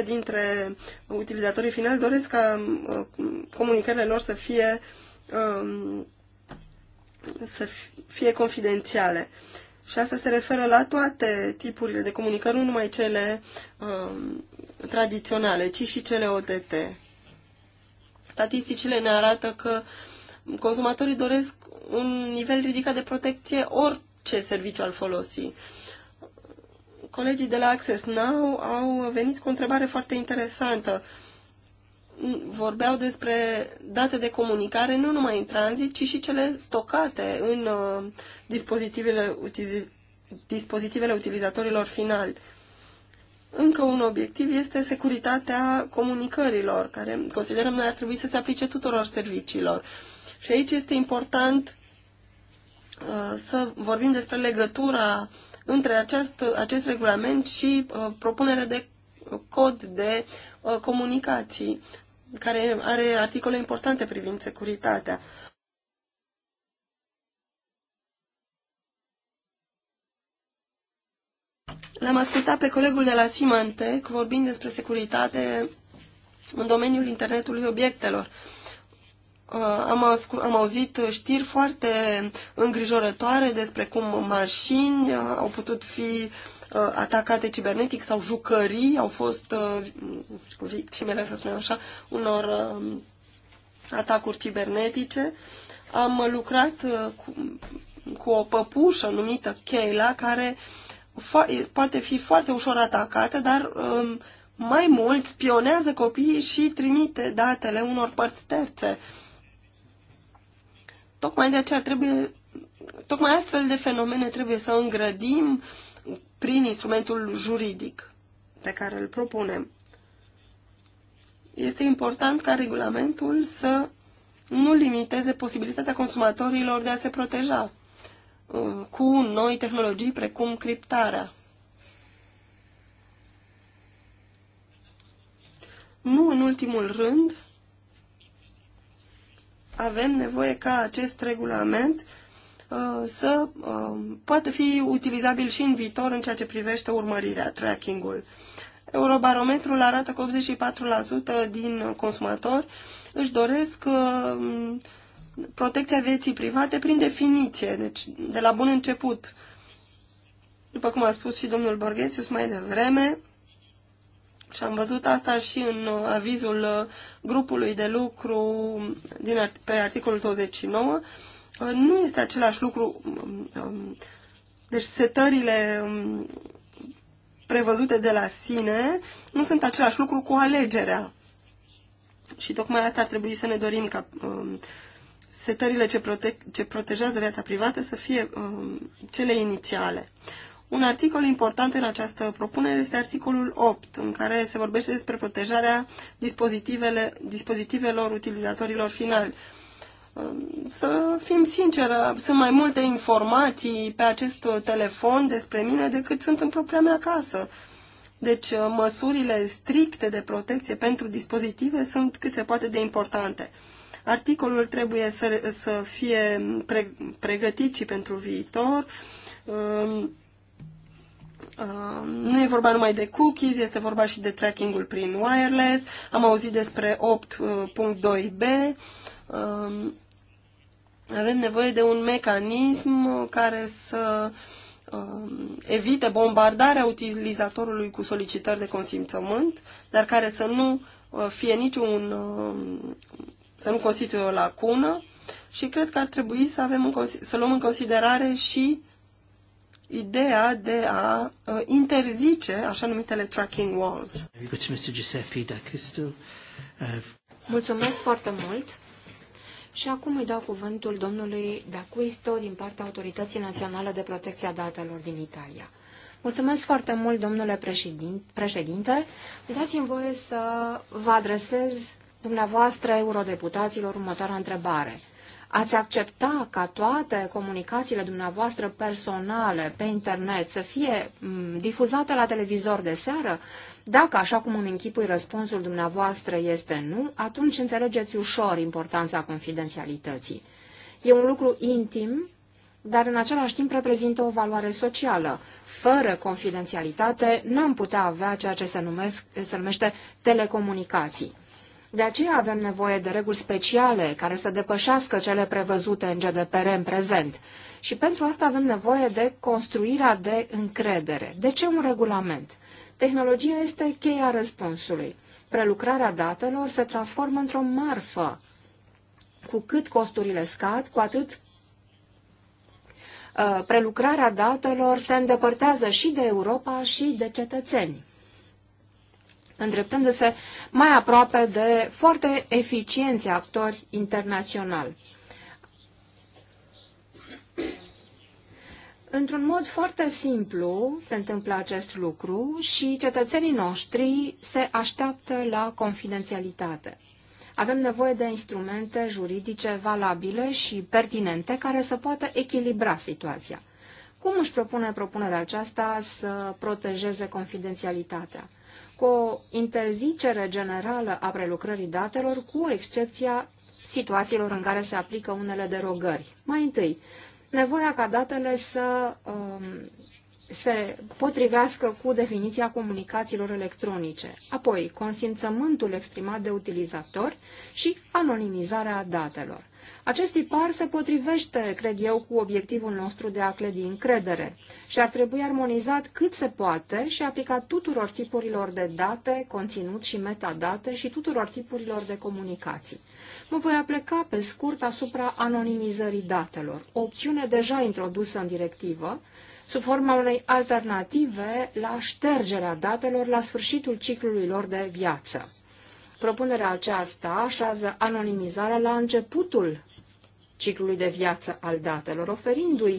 92%, dintre utilizatorii finali doresc ca uh, comunicările lor să fie um, să fie confidențiale. Și asta se referă la toate tipurile de comunicări, nu numai cele um, tradiționale, ci și cele OTT. Statisticile ne arată că consumatorii doresc un nivel ridicat de protecție orice serviciu al folosi. Colegii de la Access Now au venit cu o întrebare foarte interesantă. Uh, vorbeau despre date de comunicare nu numai în tranzit, ci și cele stocate în uh, dispozitivele, utizi, dispozitivele utilizatorilor finali. Încă un obiectiv este securitatea comunicărilor, care considerăm noi ar trebui să se aplice tuturor serviciilor. Și aici este important uh, să vorbim despre legătura între acest, acest regulament și uh, propunerea de cod de uh, comunicații care are articole importante privind securitatea. L-am ascultat pe colegul de la Simantec vorbind despre securitate în domeniul internetului obiectelor. Uh, am, am auzit știri foarte îngrijorătoare despre cum mașini uh, au putut fi uh, Uh, atacate cibernetic sau jucării au fost uh, victimele, să spunem așa, unor um, atacuri cibernetice. Am lucrat uh, cu, cu o păpușă numită Keila, care poate fi foarte ușor atacată, dar um, mai mult spionează copiii și trimite datele unor părți terțe. Tocmai de aceea trebuie, tocmai astfel de fenomene trebuie să îngrădim prin instrumentul juridic pe care îl propunem. Este important ca regulamentul să nu limiteze posibilitatea consumatorilor de a se proteja uh, cu noi tehnologii precum criptarea. Nu în ultimul rând, avem nevoie ca acest regulament Uh, să uh, poată fi utilizabil și în viitor în ceea ce privește urmărirea, tracking-ul. Eurobarometrul arată că 84% din consumatori își doresc uh, protecția vieții private prin definiție, deci de la bun început. După cum a spus și domnul Borghesius mai devreme, și am văzut asta și în avizul grupului de lucru din, pe articolul 29, nu este același lucru. Um, um, deci setările um, prevăzute de la sine nu sunt același lucru cu alegerea. Și tocmai asta ar trebui să ne dorim ca setările ce, prote- ce protejează viața privată să fie cele inițiale. Un articol important în această propunere este articolul 8, în care se vorbește despre protejarea dispozitivelor utilizatorilor finali. Um, să fim sinceră, sunt mai multe informații pe acest telefon despre mine decât sunt în propria mea casă. Deci uh, măsurile stricte de protecție pentru dispozitive sunt cât se poate de importante. Articolul trebuie să, să fie pre, pregătit și pentru viitor. Um, um, nu e vorba numai de cookies, este vorba și de tracking-ul prin wireless. Am auzit despre 8.2b. Avem nevoie de un mecanism care să um, evite bombardarea utilizatorului cu solicitări de consimțământ, dar care să nu uh, fie niciun, um, să nu constituie o lacună și cred că ar trebui să, avem în, să luăm în considerare și ideea de a uh, interzice așa numitele tracking walls. Uh, Mulțumesc foarte mult! Și acum îi dau cuvântul domnului Dacuisto din partea Autorității Naționale de Protecție a Datelor din Italia. Mulțumesc foarte mult, domnule președinte. Dați-mi voie să vă adresez dumneavoastră, eurodeputaților, următoarea întrebare. Ați accepta ca toate comunicațiile dumneavoastră personale pe internet să fie difuzate la televizor de seară? Dacă, așa cum îmi închipui, răspunsul dumneavoastră este nu, atunci înțelegeți ușor importanța confidențialității. E un lucru intim, dar în același timp reprezintă o valoare socială. Fără confidențialitate n-am putea avea ceea ce se, numesc, se numește telecomunicații. De aceea avem nevoie de reguli speciale care să depășească cele prevăzute în GDPR în prezent. Și pentru asta avem nevoie de construirea de încredere. De ce un regulament? Tehnologia este cheia răspunsului. Prelucrarea datelor se transformă într-o marfă. Cu cât costurile scad, cu atât uh, prelucrarea datelor se îndepărtează și de Europa și de cetățeni îndreptându-se mai aproape de foarte eficienți actori internaționali. Într-un mod foarte simplu se întâmplă acest lucru și cetățenii noștri se așteaptă la confidențialitate. Avem nevoie de instrumente juridice valabile și pertinente care să poată echilibra situația. Cum își propune propunerea aceasta să protejeze confidențialitatea? Cu o interzicere generală a prelucrării datelor, cu excepția situațiilor în care se aplică unele derogări. Mai întâi, nevoia ca datele să um, se potrivească cu definiția comunicațiilor electronice, apoi consimțământul exprimat de utilizator și anonimizarea datelor. Acest tipar se potrivește, cred eu, cu obiectivul nostru de a clădi încredere și ar trebui armonizat cât se poate și aplicat tuturor tipurilor de date, conținut și metadate și tuturor tipurilor de comunicații. Mă voi apleca pe scurt asupra anonimizării datelor, o opțiune deja introdusă în directivă, sub forma unei alternative la ștergerea datelor la sfârșitul ciclului lor de viață. Propunerea aceasta așează anonimizarea la începutul ciclului de viață al datelor, oferindu-i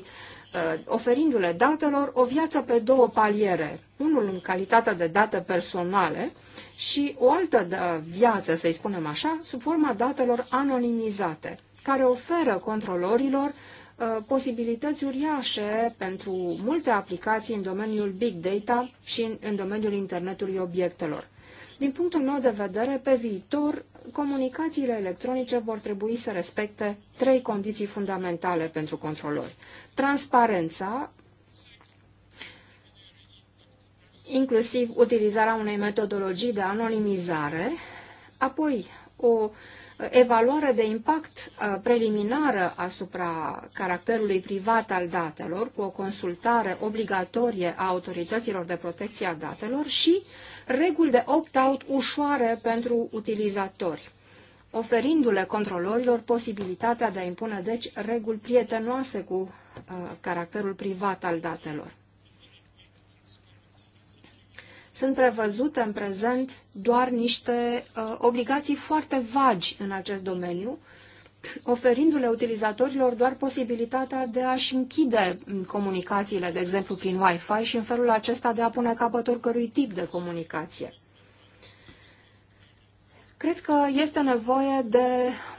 uh, oferindu-le datelor o viață pe două paliere, unul în calitate de date personale și o altă uh, viață, să-i spunem așa, sub forma datelor anonimizate, care oferă controlorilor uh, posibilități uriașe pentru multe aplicații în domeniul big data și în, domeniul internetului obiectelor. Din punctul meu de vedere, pe viitor, comunicațiile electronice vor trebui să respecte trei condiții fundamentale pentru controlori. Transparența, inclusiv utilizarea unei metodologii de anonimizare, apoi o evaluare de impact uh, preliminară asupra caracterului privat al datelor, cu o consultare obligatorie a autorităților de protecție a datelor și reguli de opt-out ușoare pentru utilizatori, oferindu-le controlorilor posibilitatea de a impune, deci, reguli prietenoase cu uh, caracterul privat al datelor. Sunt prevăzute în prezent doar niște uh, obligații foarte vagi în acest domeniu, oferindu-le utilizatorilor doar posibilitatea de a-și închide comunicațiile, de exemplu prin Wi-Fi, și în felul acesta de a pune capăt oricărui tip de comunicație. Cred că este nevoie de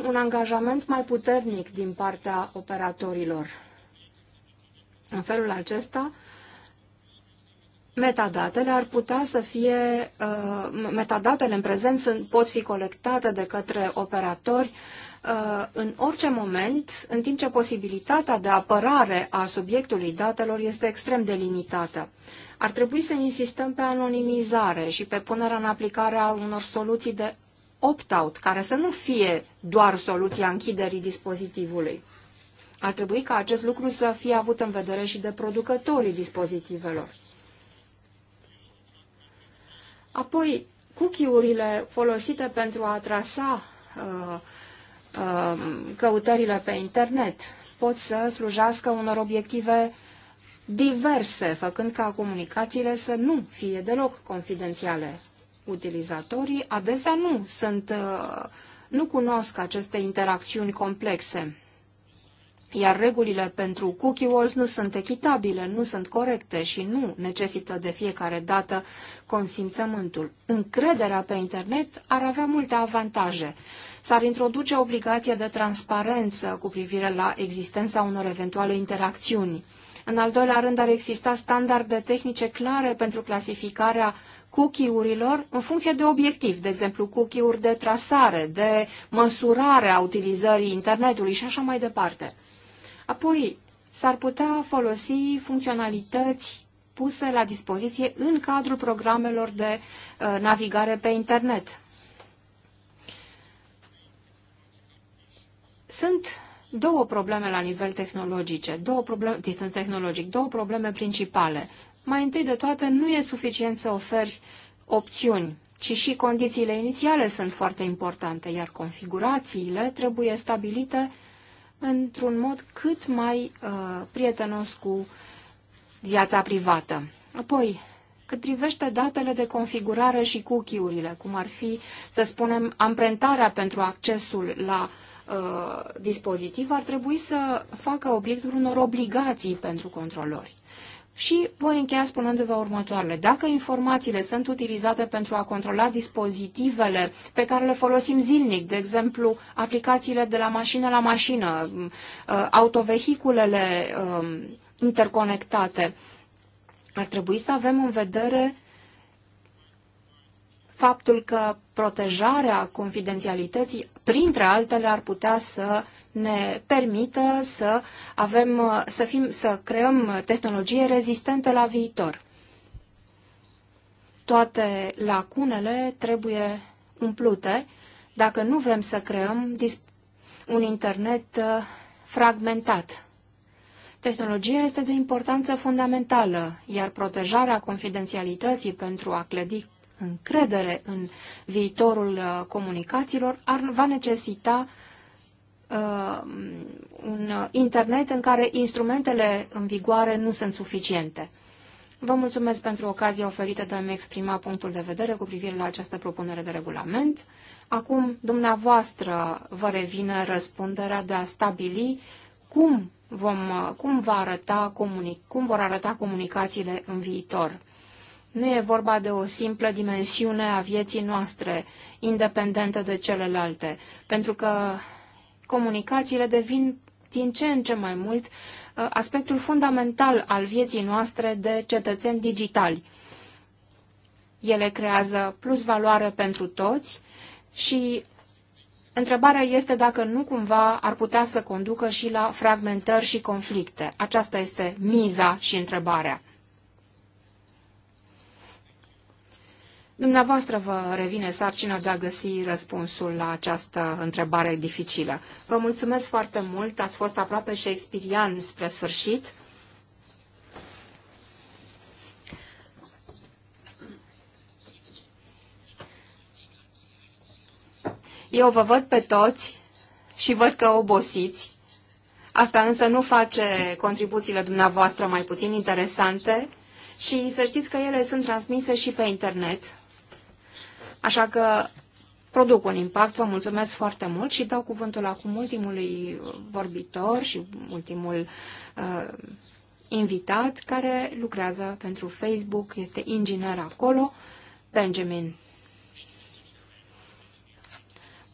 un angajament mai puternic din partea operatorilor. În felul acesta, Metadatele ar putea să fie, uh, metadatele în prezent sunt, pot fi colectate de către operatori Uh, în orice moment, în timp ce posibilitatea de apărare a subiectului datelor este extrem de limitată. Ar trebui să insistăm pe anonimizare și pe punerea în aplicare a unor soluții de opt-out, care să nu fie doar soluția închiderii dispozitivului. Ar trebui ca acest lucru să fie avut în vedere și de producătorii dispozitivelor. Apoi, cookie-urile folosite pentru a trasa uh, Um, căutările pe internet pot să slujească unor obiective diverse, făcând ca comunicațiile să nu fie deloc confidențiale. Utilizatorii adesea nu sunt, uh, nu cunosc aceste interacțiuni complexe iar regulile pentru cookie walls nu sunt echitabile, nu sunt corecte și nu necesită de fiecare dată consimțământul. Încrederea pe internet ar avea multe avantaje. S-ar introduce obligația de transparență cu privire la existența unor eventuale interacțiuni. În al doilea rând, ar exista standarde tehnice clare pentru clasificarea cookie-urilor în funcție de obiectiv, de exemplu cookie-uri de trasare, de măsurare a utilizării internetului și așa mai departe. Apoi, s-ar putea folosi funcționalități puse la dispoziție în cadrul programelor de uh, navigare pe internet. Sunt două probleme la nivel tehnologice, două probleme, tehnologic, două probleme principale. Mai întâi de toate, nu e suficient să oferi opțiuni, ci și condițiile inițiale sunt foarte importante, iar configurațiile trebuie stabilite într-un mod cât mai uh, prietenos cu viața privată. Apoi, cât privește datele de configurare și cookie-urile, cum ar fi, să spunem, amprentarea pentru accesul la uh, dispozitiv, ar trebui să facă obiectul unor obligații pentru controlori. Și voi încheia spunându-vă următoarele. Dacă informațiile sunt utilizate pentru a controla dispozitivele pe care le folosim zilnic, de exemplu, aplicațiile de la mașină la mașină, uh, autovehiculele um, interconectate, ar trebui să avem în vedere faptul că protejarea confidențialității, printre altele, ar putea să ne permită să, avem, să, fim, să creăm tehnologie rezistente la viitor. Toate lacunele trebuie umplute dacă nu vrem să creăm un internet uh, fragmentat. Tehnologia este de importanță fundamentală, iar protejarea confidențialității pentru a clădi încredere în viitorul uh, comunicațiilor ar, va necesita uh, un internet în care instrumentele în vigoare nu sunt suficiente. Vă mulțumesc pentru ocazia oferită de a-mi exprima punctul de vedere cu privire la această propunere de regulament. Acum, dumneavoastră, vă revine răspunderea de a stabili cum, vom, cum, va arăta, cum vor arăta comunicațiile în viitor. Nu e vorba de o simplă dimensiune a vieții noastre, independentă de celelalte, pentru că comunicațiile devin din ce în ce mai mult uh, aspectul fundamental al vieții noastre de cetățeni digitali. Ele creează plus valoare pentru toți și întrebarea este dacă nu cumva ar putea să conducă și la fragmentări și conflicte. Aceasta este miza și întrebarea. Dumneavoastră vă revine sarcina de a găsi răspunsul la această întrebare dificilă. Vă mulțumesc foarte mult, ați fost aproape shakespearian spre sfârșit. Eu vă văd pe toți și văd că obosiți. Asta însă nu face contribuțiile dumneavoastră mai puțin interesante și să știți că ele sunt transmise și pe internet. Așa că produc un impact. Vă mulțumesc foarte mult și dau cuvântul acum ultimului vorbitor și ultimul uh, invitat care lucrează pentru Facebook, este inginer acolo, Benjamin.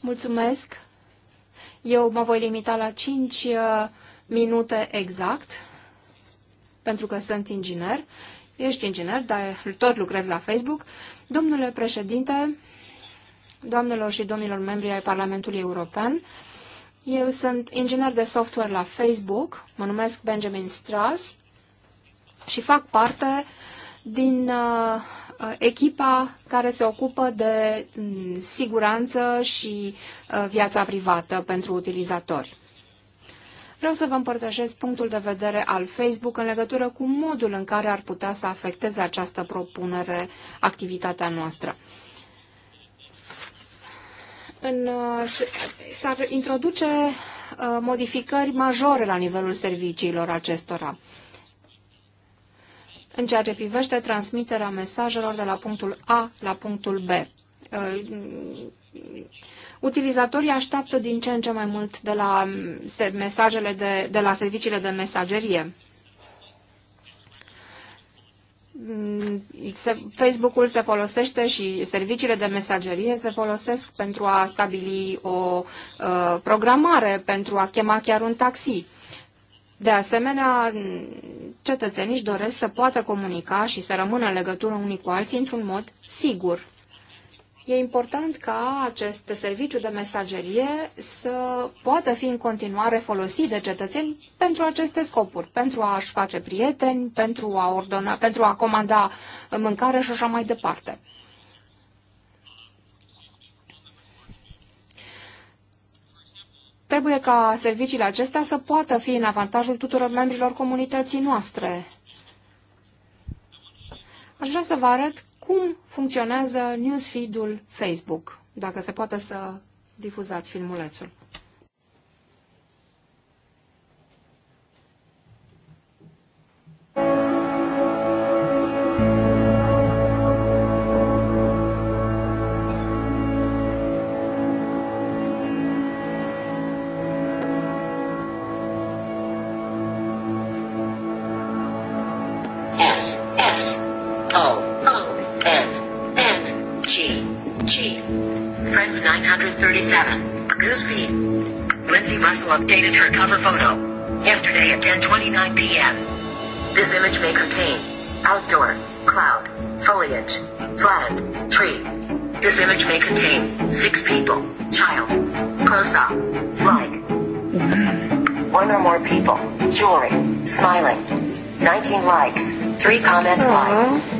Mulțumesc. Eu mă voi limita la 5 uh, minute exact, pentru că sunt inginer. Ești inginer, dar tot lucrez la Facebook. Domnule președinte, doamnelor și domnilor membri ai Parlamentului European, eu sunt inginer de software la Facebook, mă numesc Benjamin Strass și fac parte din uh, echipa care se ocupă de mm, siguranță și uh, viața privată pentru utilizatori. Vreau să vă împărtășesc punctul de vedere al Facebook în legătură cu modul în care ar putea să afecteze această propunere activitatea noastră în, uh, s-ar introduce uh, modificări majore la nivelul serviciilor acestora în ceea ce privește transmiterea mesajelor de la punctul A la punctul B. Uh, utilizatorii așteaptă din ce în ce mai mult de la, mm, mesajele de, de la serviciile de mesagerie. Mm, Facebook-ul se folosește și serviciile de mesagerie se folosesc pentru a stabili o uh, programare, pentru a chema chiar un taxi. De asemenea, mm, cetățenii își doresc să poată comunica și să rămână în legătură unii cu alții într-un mod sigur. E important ca acest serviciu de mesagerie să poată fi în continuare folosit de cetățeni pentru aceste scopuri, pentru a-și face prieteni, pentru a, ordona, pentru a comanda mâncare și așa mai departe. Trebuie ca serviciile acestea să poată fi în avantajul tuturor membrilor comunității noastre. Aș vrea să vă arăt cum funcționează newsfeed-ul Facebook, dacă se poate să difuzați filmulețul. 37. Newsfeed. Lindsay Russell updated her cover photo. Yesterday at 10.29 p.m. This image may contain outdoor, cloud, foliage, flag, tree. This image may contain six people, child, close up, like, one or more people, jewelry, smiling, 19 likes, three comments Aww. like.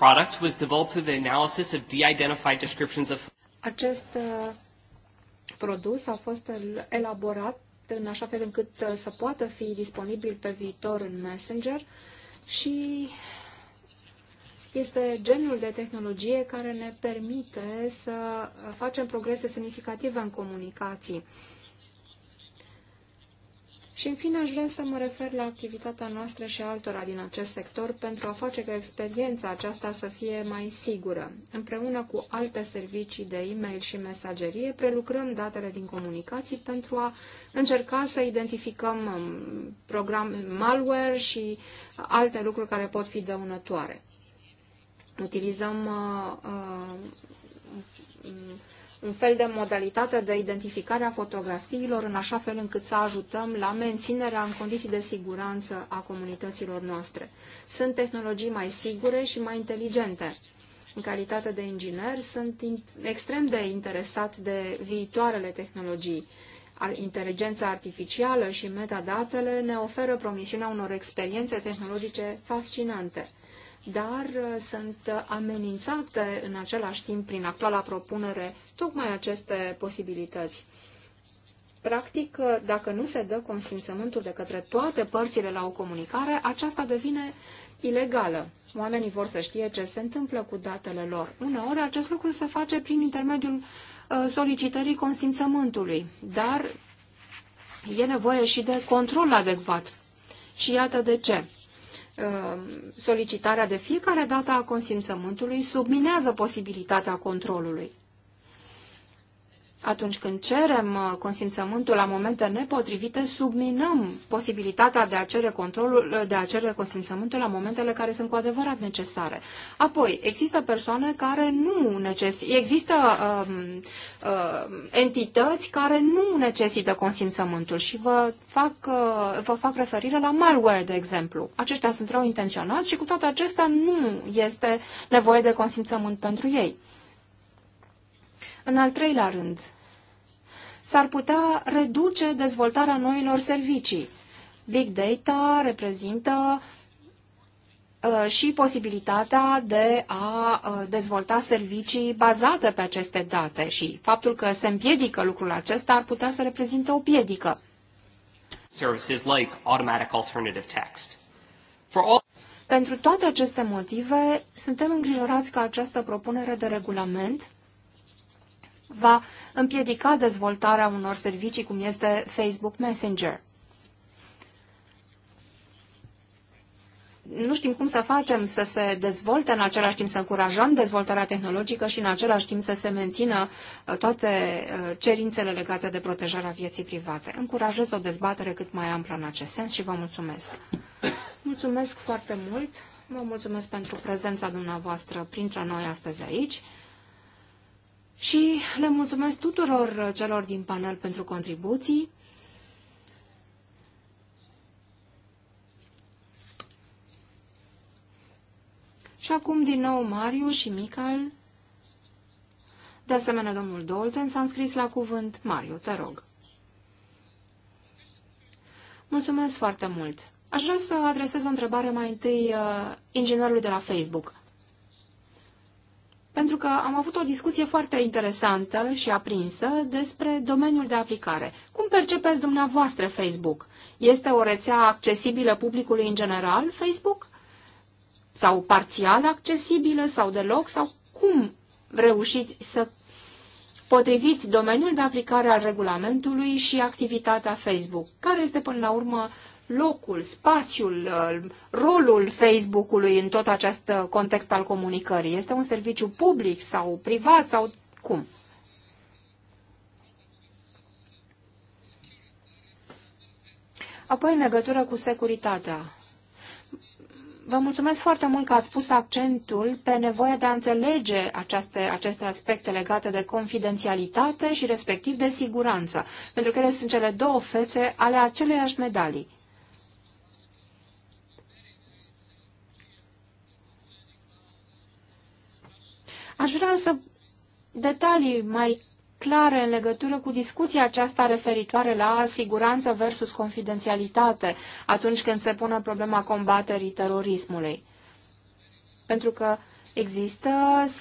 product was developed through the analysis of de-identified descriptions of Acest uh, produs a fost elaborat în așa fel încât uh, să poată fi disponibil pe viitor în Messenger și este genul de tehnologie care ne permite să uh, facem progrese semnificative în comunicații. Și, în fine, aș vrea să mă refer la activitatea noastră și altora din acest sector pentru a face ca experiența aceasta să fie mai sigură. Împreună cu alte servicii de e-mail și mesagerie, prelucrăm datele din comunicații pentru a încerca să identificăm um, program malware și alte lucruri care pot fi dăunătoare. Utilizăm uh, uh, un fel de modalitate de identificare a fotografiilor, în așa fel încât să ajutăm la menținerea în condiții de siguranță a comunităților noastre. Sunt tehnologii mai sigure și mai inteligente. În calitate de inginer, sunt extrem de interesat de viitoarele tehnologii. Inteligența artificială și metadatele ne oferă promisiunea unor experiențe tehnologice fascinante dar uh, sunt amenințate în același timp prin actuala propunere tocmai aceste posibilități. Practic, uh, dacă nu se dă consimțământul de către toate părțile la o comunicare, aceasta devine ilegală. Oamenii vor să știe ce se întâmplă cu datele lor. Uneori acest lucru se face prin intermediul uh, solicitării consimțământului, dar e nevoie și de control adecvat. Și iată de ce. Um, solicitarea de fiecare dată a consimțământului subminează posibilitatea controlului atunci când cerem uh, consimțământul la momente nepotrivite, subminăm posibilitatea de a cere controlul, uh, de a cere consimțământul la momentele care sunt cu adevărat necesare. Apoi, există persoane care nu necesită, există um, uh, entități care nu necesită consimțământul și vă fac, uh, vă fac referire la malware, de exemplu. Aceștia sunt rău intenționați și cu toate acestea nu este nevoie de consimțământ pentru ei. În al treilea rând, s-ar putea reduce dezvoltarea noilor servicii. Big data reprezintă uh, și posibilitatea de a uh, dezvolta servicii bazate pe aceste date și faptul că se împiedică lucrul acesta ar putea să reprezinte o piedică. Services like automatic alternative text. For all... Pentru toate aceste motive, suntem îngrijorați că această propunere de regulament va împiedica dezvoltarea unor servicii cum este Facebook Messenger. nu știm cum să facem să se dezvolte în același timp, să încurajăm dezvoltarea tehnologică și în același timp să se mențină uh, toate uh, cerințele legate de protejarea vieții private. Încurajez o dezbatere cât mai amplă în acest sens și vă mulțumesc. Mulțumesc foarte mult, vă mulțumesc pentru prezența dumneavoastră printre noi astăzi aici și le mulțumesc tuturor celor din panel pentru contribuții. Și acum din nou Mariu și Mical. De asemenea, domnul Dolten s-a înscris la cuvânt. Mariu, te rog. Mulțumesc foarte mult. Aș vrea să adresez o întrebare mai întâi uh, inginerului de la Facebook pentru că am avut o discuție foarte interesantă și aprinsă despre domeniul de aplicare. Cum percepeți dumneavoastră Facebook? Este o rețea accesibilă publicului în general, Facebook? Sau parțial accesibilă, sau deloc? Sau cum reușiți să potriviți domeniul de aplicare al regulamentului și activitatea Facebook? Care este, până la urmă, locul, spațiul, uh, rolul Facebook-ului în tot acest uh, context al comunicării? Este un serviciu public sau privat sau cum? Apoi, în legătură cu securitatea. Vă mulțumesc foarte mult că ați pus accentul pe nevoia de a înțelege aceste, aceste aspecte legate de confidențialitate și respectiv de siguranță, pentru că ele sunt cele două fețe ale aceleiași medalii. Aș vrea însă detalii mai clare în legătură cu discuția aceasta referitoare la siguranță versus confidențialitate atunci când se pune problema combaterii terorismului. Pentru că există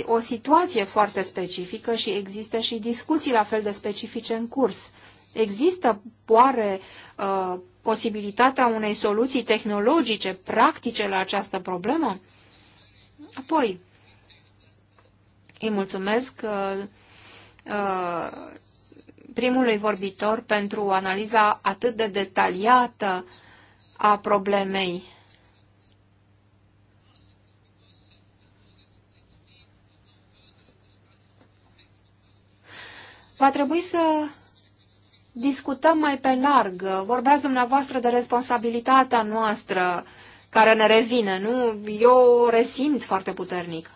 o situație foarte specifică și există și discuții la fel de specifice în curs. Există, oare, uh, posibilitatea unei soluții tehnologice, practice la această problemă? Apoi, îi mulțumesc uh, uh, primului vorbitor pentru analiza atât de detaliată a problemei. Va trebui să discutăm mai pe larg. Vorbeați dumneavoastră de responsabilitatea noastră care ne revine, nu? Eu o resimt foarte puternic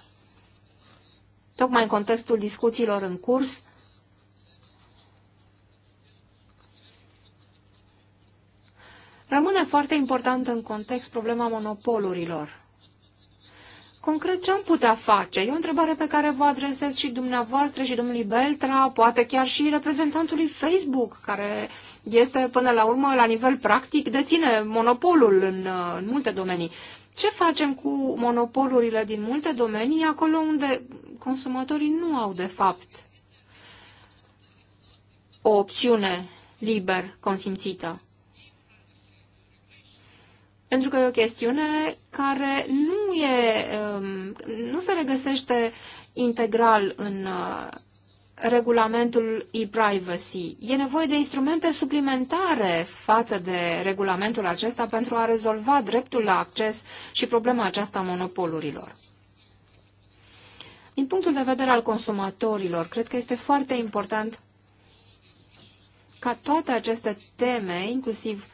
tocmai în contextul discuțiilor în curs, rămâne foarte importantă în context problema monopolurilor. Concret, ce am putea face? E o întrebare pe care vă adresez și dumneavoastră și domnului Beltra, poate chiar și reprezentantului Facebook, care este până la urmă, la nivel practic, deține monopolul în, în multe domenii. Ce facem cu monopolurile din multe domenii, acolo unde consumatorii nu au, de fapt, o opțiune liber consimțită? Pentru că e o chestiune care nu, e, um, nu se regăsește integral în uh, regulamentul e-privacy. E nevoie de instrumente suplimentare față de regulamentul acesta pentru a rezolva dreptul la acces și problema aceasta a monopolurilor. Din punctul de vedere al consumatorilor, cred că este foarte important ca toate aceste teme, inclusiv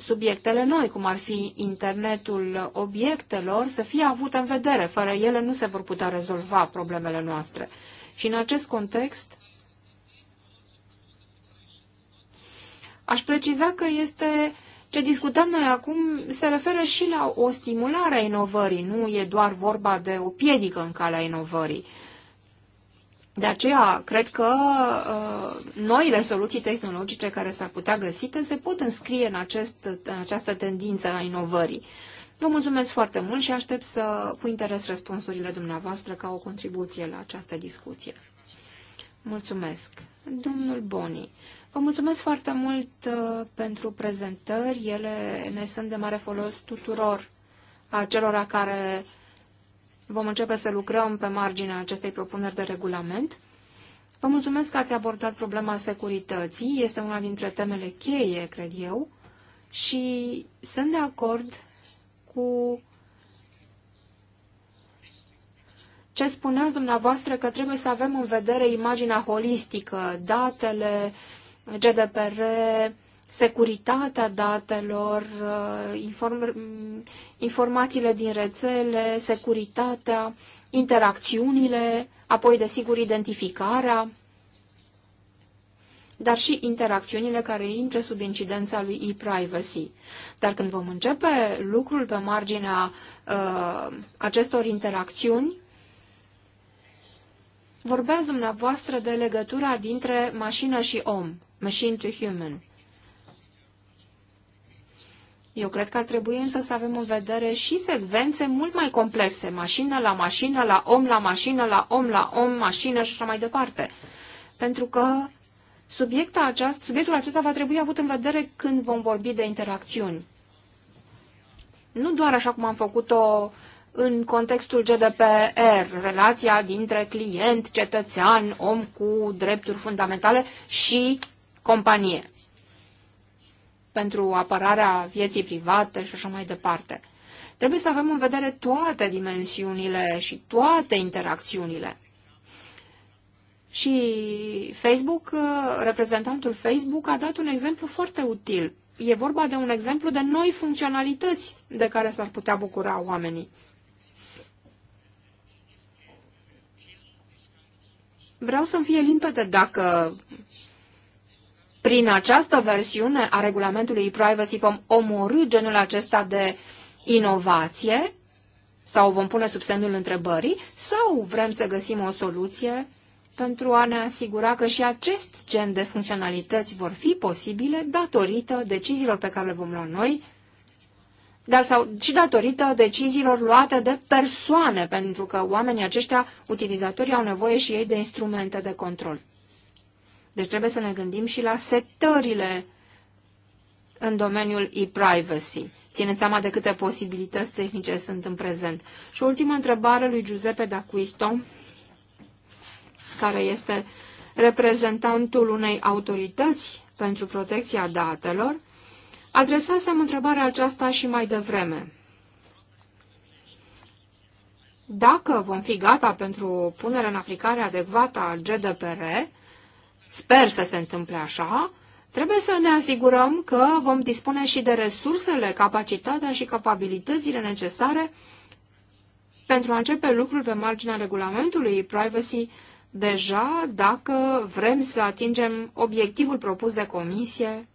subiectele noi, cum ar fi internetul obiectelor, să fie avut în vedere. Fără ele nu se vor putea rezolva problemele noastre. Și în acest context, aș preciza că este ce discutăm noi acum se referă și la o stimulare a inovării, nu e doar vorba de o piedică în calea inovării. De aceea, cred că uh, noile soluții tehnologice care s-ar putea găsite se pot înscrie în, acest, în această tendință a inovării. Vă mulțumesc foarte mult și aștept să cu interes răspunsurile dumneavoastră ca o contribuție la această discuție. Mulțumesc. Domnul Boni, vă mulțumesc foarte mult uh, pentru prezentări. Ele ne sunt de mare folos tuturor acelora care Vom începe să lucrăm pe marginea acestei propuneri de regulament. Vă mulțumesc că ați abordat problema securității. Este una dintre temele cheie, cred eu, și sunt de acord cu ce spuneați dumneavoastră că trebuie să avem în vedere imaginea holistică, datele, GDPR, securitatea datelor, uh, inform, informațiile din rețele, securitatea, interacțiunile, apoi, desigur, identificarea, dar și interacțiunile care intră sub incidența lui e-privacy. Dar când vom începe lucrul pe marginea uh, acestor interacțiuni, vorbeați dumneavoastră de legătura dintre mașină și om, machine to human. Eu cred că ar trebui însă să avem în vedere și secvențe mult mai complexe, mașină la mașină, la om la mașină, la om la om, mașină și așa mai departe. Pentru că subiectul acesta, subiectul acesta va trebui avut în vedere când vom vorbi de interacțiuni. Nu doar așa cum am făcut-o în contextul GDPR, relația dintre client, cetățean, om cu drepturi fundamentale și companie pentru apărarea vieții private și așa mai departe. Trebuie să avem în vedere toate dimensiunile și toate interacțiunile. Și Facebook, uh, reprezentantul Facebook a dat un exemplu foarte util. E vorba de un exemplu de noi funcționalități de care s-ar putea bucura oamenii. Vreau să-mi fie limpede dacă prin această versiune a regulamentului privacy vom omorâ genul acesta de inovație sau vom pune sub semnul întrebării sau vrem să găsim o soluție pentru a ne asigura că și acest gen de funcționalități vor fi posibile datorită deciziilor pe care le vom lua noi, dar sau și datorită deciziilor luate de persoane, pentru că oamenii aceștia, utilizatorii, au nevoie și ei de instrumente de control. Deci trebuie să ne gândim și la setările în domeniul e-privacy. Țineți seama de câte posibilități tehnice sunt în prezent. Și ultima întrebare lui Giuseppe D'Aquisto, care este reprezentantul unei autorități pentru protecția datelor, adresasem întrebarea aceasta și mai devreme. Dacă vom fi gata pentru punerea în aplicare adecvată a GDPR, sper să se întâmple așa, trebuie să ne asigurăm că vom dispune și de resursele, capacitatea și capabilitățile necesare pentru a începe lucruri pe marginea regulamentului privacy deja dacă vrem să atingem obiectivul propus de comisie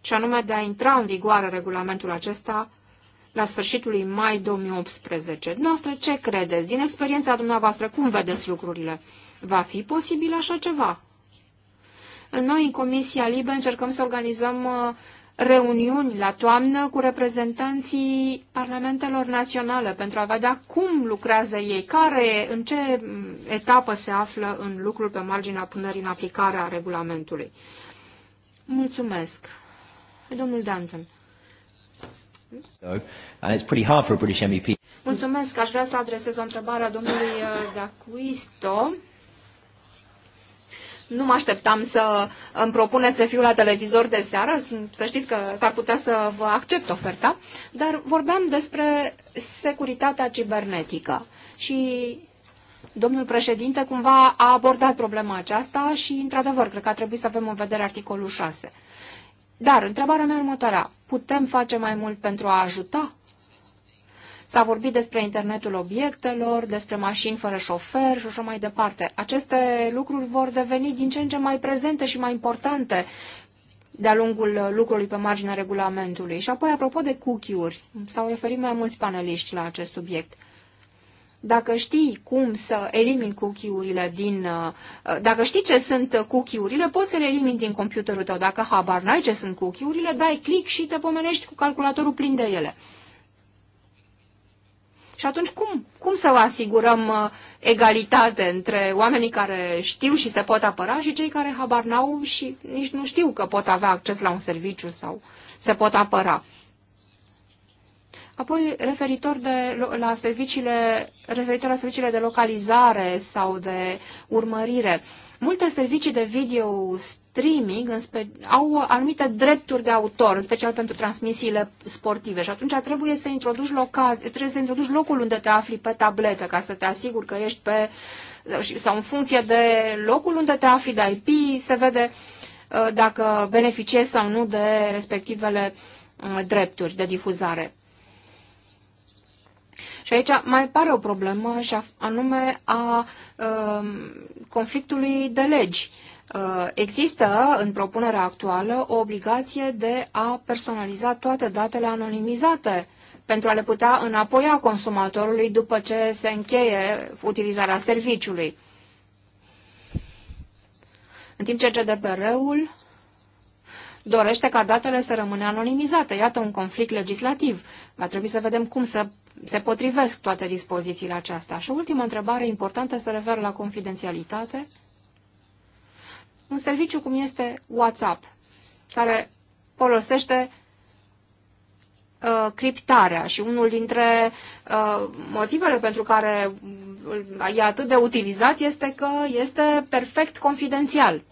și anume de a intra în vigoare regulamentul acesta la sfârșitul lui mai 2018. Noastră, ce credeți? Din experiența dumneavoastră, cum vedeți lucrurile? Va fi posibil așa ceva? Noi, în Comisia Libă, încercăm să organizăm uh, reuniuni la toamnă cu reprezentanții parlamentelor naționale pentru a vedea cum lucrează ei, care, în ce mm, etapă se află în lucrul pe marginea punerii în aplicare a regulamentului. Mulțumesc. Domnul Danton. Mulțumesc. Aș vrea să adresez o întrebare a domnului uh, Dacuisto. Nu mă așteptam să îmi propuneți să fiu la televizor de seară, să știți că s-ar putea să vă accept oferta, dar vorbeam despre securitatea cibernetică și domnul președinte cumva a abordat problema aceasta și, într-adevăr, cred că ar trebui să avem în vedere articolul 6. Dar întrebarea mea următoarea, putem face mai mult pentru a ajuta? S-a vorbit despre internetul obiectelor, despre mașini fără șofer și așa mai departe. Aceste lucruri vor deveni din ce în ce mai prezente și mai importante de-a lungul lucrului pe marginea regulamentului. Și apoi, apropo de cookie-uri, s-au referit mai mulți paneliști la acest subiect. Dacă știi cum să elimini cookie-urile din... Uh, dacă știi ce sunt cookie-urile, poți să le elimini din computerul tău. Dacă habar n-ai ce sunt cookie-urile, dai click și te pomenești cu calculatorul plin de ele. Și atunci cum, cum să vă asigurăm uh, egalitate între oamenii care știu și se pot apăra și cei care habar n-au și nici nu știu că pot avea acces la un serviciu sau se pot apăra? Apoi, referitor, de, la serviciile, referitor la serviciile de localizare sau de urmărire, multe servicii de video streaming în spe, au anumite drepturi de autor, în special pentru transmisiile sportive și atunci trebuie să introduci, loca, trebuie să introduci locul unde te afli pe tabletă ca să te asiguri că ești pe, sau în funcție de locul unde te afli, de IP, se vede uh, dacă beneficiezi sau nu de respectivele uh, drepturi de difuzare. Și aici mai pare o problemă și anume a um, conflictului de legi. Uh, există în propunerea actuală o obligație de a personaliza toate datele anonimizate pentru a le putea înapoia consumatorului după ce se încheie utilizarea serviciului. În timp ce GDPR-ul dorește ca datele să rămână anonimizate. Iată un conflict legislativ. Va trebui să vedem cum să se potrivesc toate dispozițiile acestea. Și ultima întrebare importantă se referă la confidențialitate. Un serviciu cum este WhatsApp, care folosește uh, criptarea și unul dintre uh, motivele pentru care e atât de utilizat este că este perfect confidențial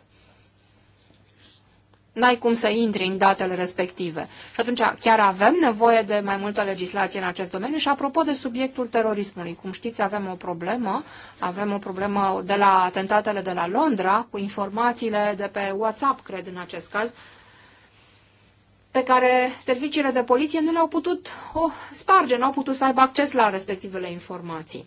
n-ai cum să intri în datele respective. Și atunci chiar avem nevoie de mai multă legislație în acest domeniu și apropo de subiectul terorismului. Cum știți, avem o problemă, avem o problemă de la atentatele de la Londra cu informațiile de pe WhatsApp, cred în acest caz, pe care serviciile de poliție nu le-au putut o sparge, nu au putut să aibă acces la respectivele informații.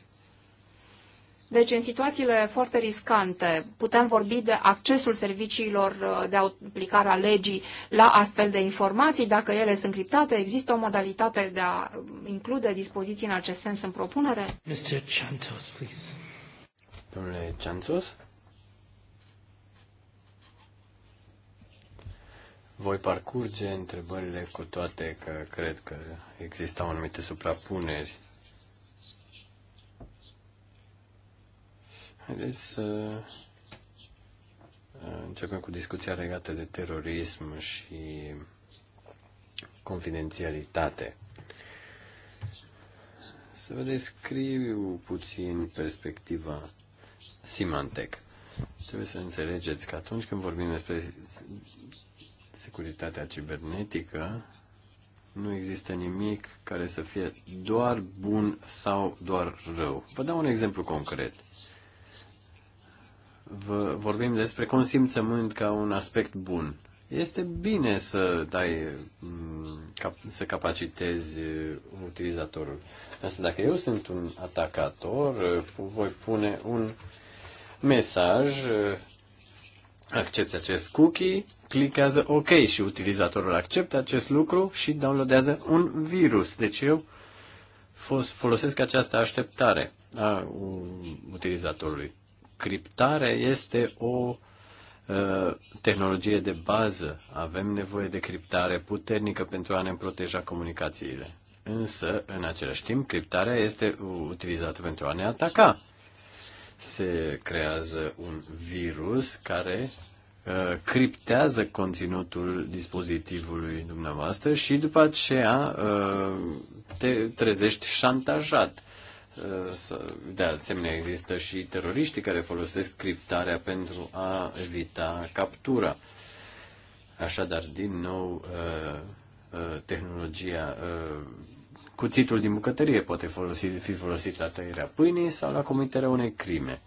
Deci, în situațiile foarte riscante, putem vorbi de accesul serviciilor uh, de aplicare a legii la astfel de informații. Dacă ele sunt criptate, există o modalitate de a uh, include dispoziții în acest sens în propunere? Mr. Chantos, please. Domnule Chantos? Voi parcurge întrebările cu toate că cred că există anumite suprapuneri Haideți să uh, începem cu discuția legată de terorism și confidențialitate. Să vă descriu puțin perspectiva Simantec. Trebuie să înțelegeți că atunci când vorbim despre securitatea cibernetică, nu există nimic care să fie doar bun sau doar rău. Vă dau un exemplu concret vorbim despre consimțământ ca un aspect bun. Este bine să dai, mm, să capacitezi uh, utilizatorul. Asta dacă eu sunt un atacator, uh, voi pune un mesaj, uh, accepti acest cookie, clicează OK și utilizatorul acceptă acest lucru și downloadează un virus. Deci eu folosesc această așteptare a utilizatorului criptare este o uh, tehnologie de bază. Avem nevoie de criptare puternică pentru a ne proteja comunicațiile. Însă, în același timp, criptarea este utilizată pentru a ne ataca. Se creează un virus care uh, criptează conținutul dispozitivului dumneavoastră și după aceea uh, te trezești șantajat de asemenea, există și teroriștii care folosesc criptarea pentru a evita captura. Așadar, din nou, uh, uh, tehnologia, uh, cuțitul din bucătărie poate folosi, fi folosit la tăierea pâinii sau la comiterea unei crime.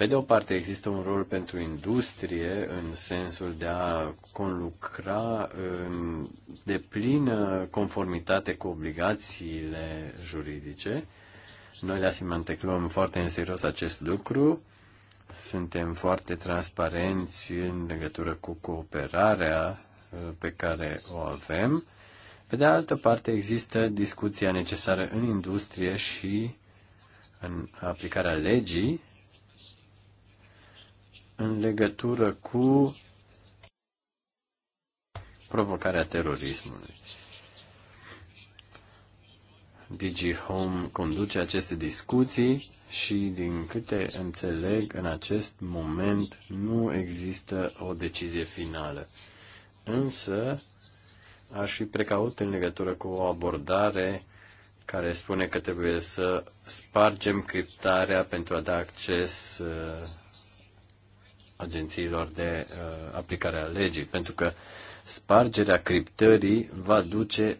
Pe de o parte, există un rol pentru industrie în sensul de a conlucra în deplină conformitate cu obligațiile juridice. Noi la Simantec foarte în serios acest lucru. Suntem foarte transparenți în legătură cu cooperarea uh, pe care o avem. Pe de altă parte, există discuția necesară în industrie și în aplicarea legii în legătură cu provocarea terorismului. Digi Home conduce aceste discuții și, din câte înțeleg, în acest moment nu există o decizie finală. Însă, aș fi precaut în legătură cu o abordare care spune că trebuie să spargem criptarea pentru a da acces uh, agențiilor de uh, aplicare a legii, pentru că spargerea criptării va duce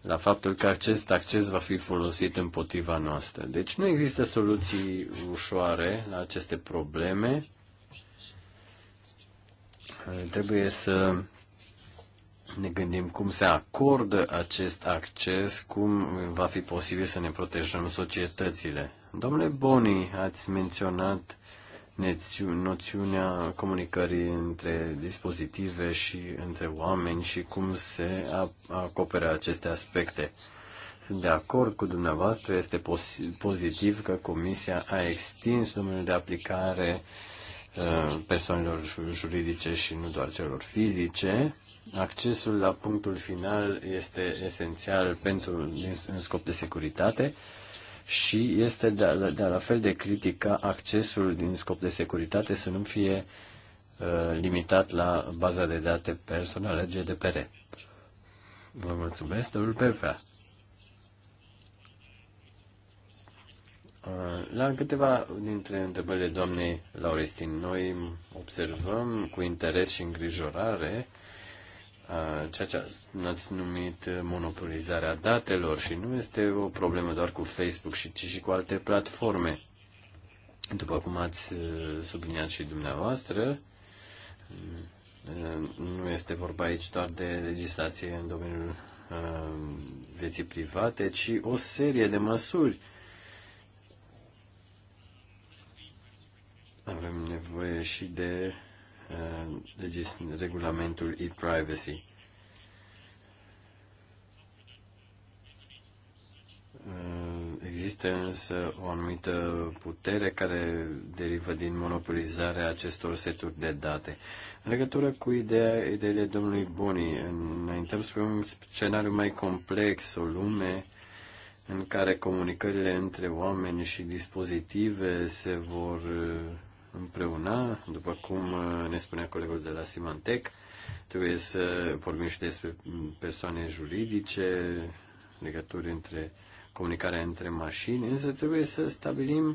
la faptul că acest acces va fi folosit împotriva noastră. Deci nu există soluții ușoare la aceste probleme. Uh, trebuie să ne gândim cum se acordă acest acces, cum va fi posibil să ne protejăm societățile. Domnule Boni, ați menționat noțiunea comunicării între dispozitive și între oameni și cum se acoperă aceste aspecte. Sunt de acord cu dumneavoastră, este pozitiv că Comisia a extins domeniul de aplicare uh, persoanelor juridice și nu doar celor fizice. Accesul la punctul final este esențial pentru în scop de securitate și este de, la, de la fel de critic ca accesul din scop de securitate să nu fie uh, limitat la baza de date personală GDPR. Vă mulțumesc, domnul Perfea. Uh, la câteva dintre întrebările doamnei Laurestin, noi observăm cu interes și îngrijorare Uh, ceea ce ați numit monopolizarea datelor și nu este o problemă doar cu Facebook, ci și cu alte platforme. După cum ați uh, subliniat și dumneavoastră, uh, nu este vorba aici doar de legislație în domeniul vieții private, ci o serie de măsuri. Avem nevoie și de Uh, regulamentul e-privacy. Uh, există însă o anumită putere care derivă din monopolizarea acestor seturi de date. În legătură cu ideea, ideile domnului Boni, înaintăm spre un scenariu mai complex, o lume în care comunicările între oameni și dispozitive se vor uh, împreună, după cum uh, ne spunea colegul de la Simantec, trebuie să vorbim și despre persoane juridice, legături între comunicarea între mașini, însă trebuie să stabilim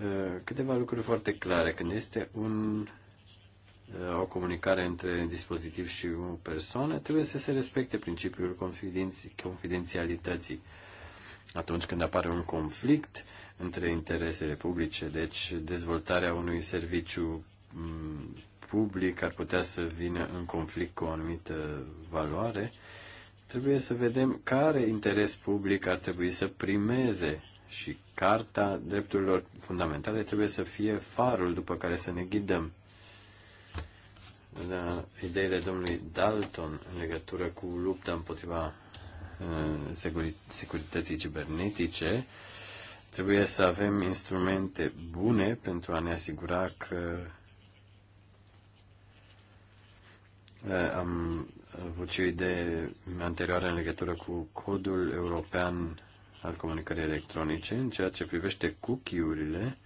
uh, câteva lucruri foarte clare. Când este un, uh, o comunicare între dispozitiv și o persoană, trebuie să se respecte principiul confidențialității atunci când apare un conflict între interesele publice. Deci dezvoltarea unui serviciu mm, public ar putea să vină în conflict cu o anumită valoare. Trebuie să vedem care interes public ar trebui să primeze și Carta Drepturilor Fundamentale trebuie să fie farul după care să ne ghidăm. La ideile domnului Dalton în legătură cu lupta împotriva Uh, securității cibernetice, trebuie să avem instrumente bune pentru a ne asigura că uh, am avut și o idee anterioară în legătură cu codul european al comunicării electronice, în ceea ce privește cookie-urile,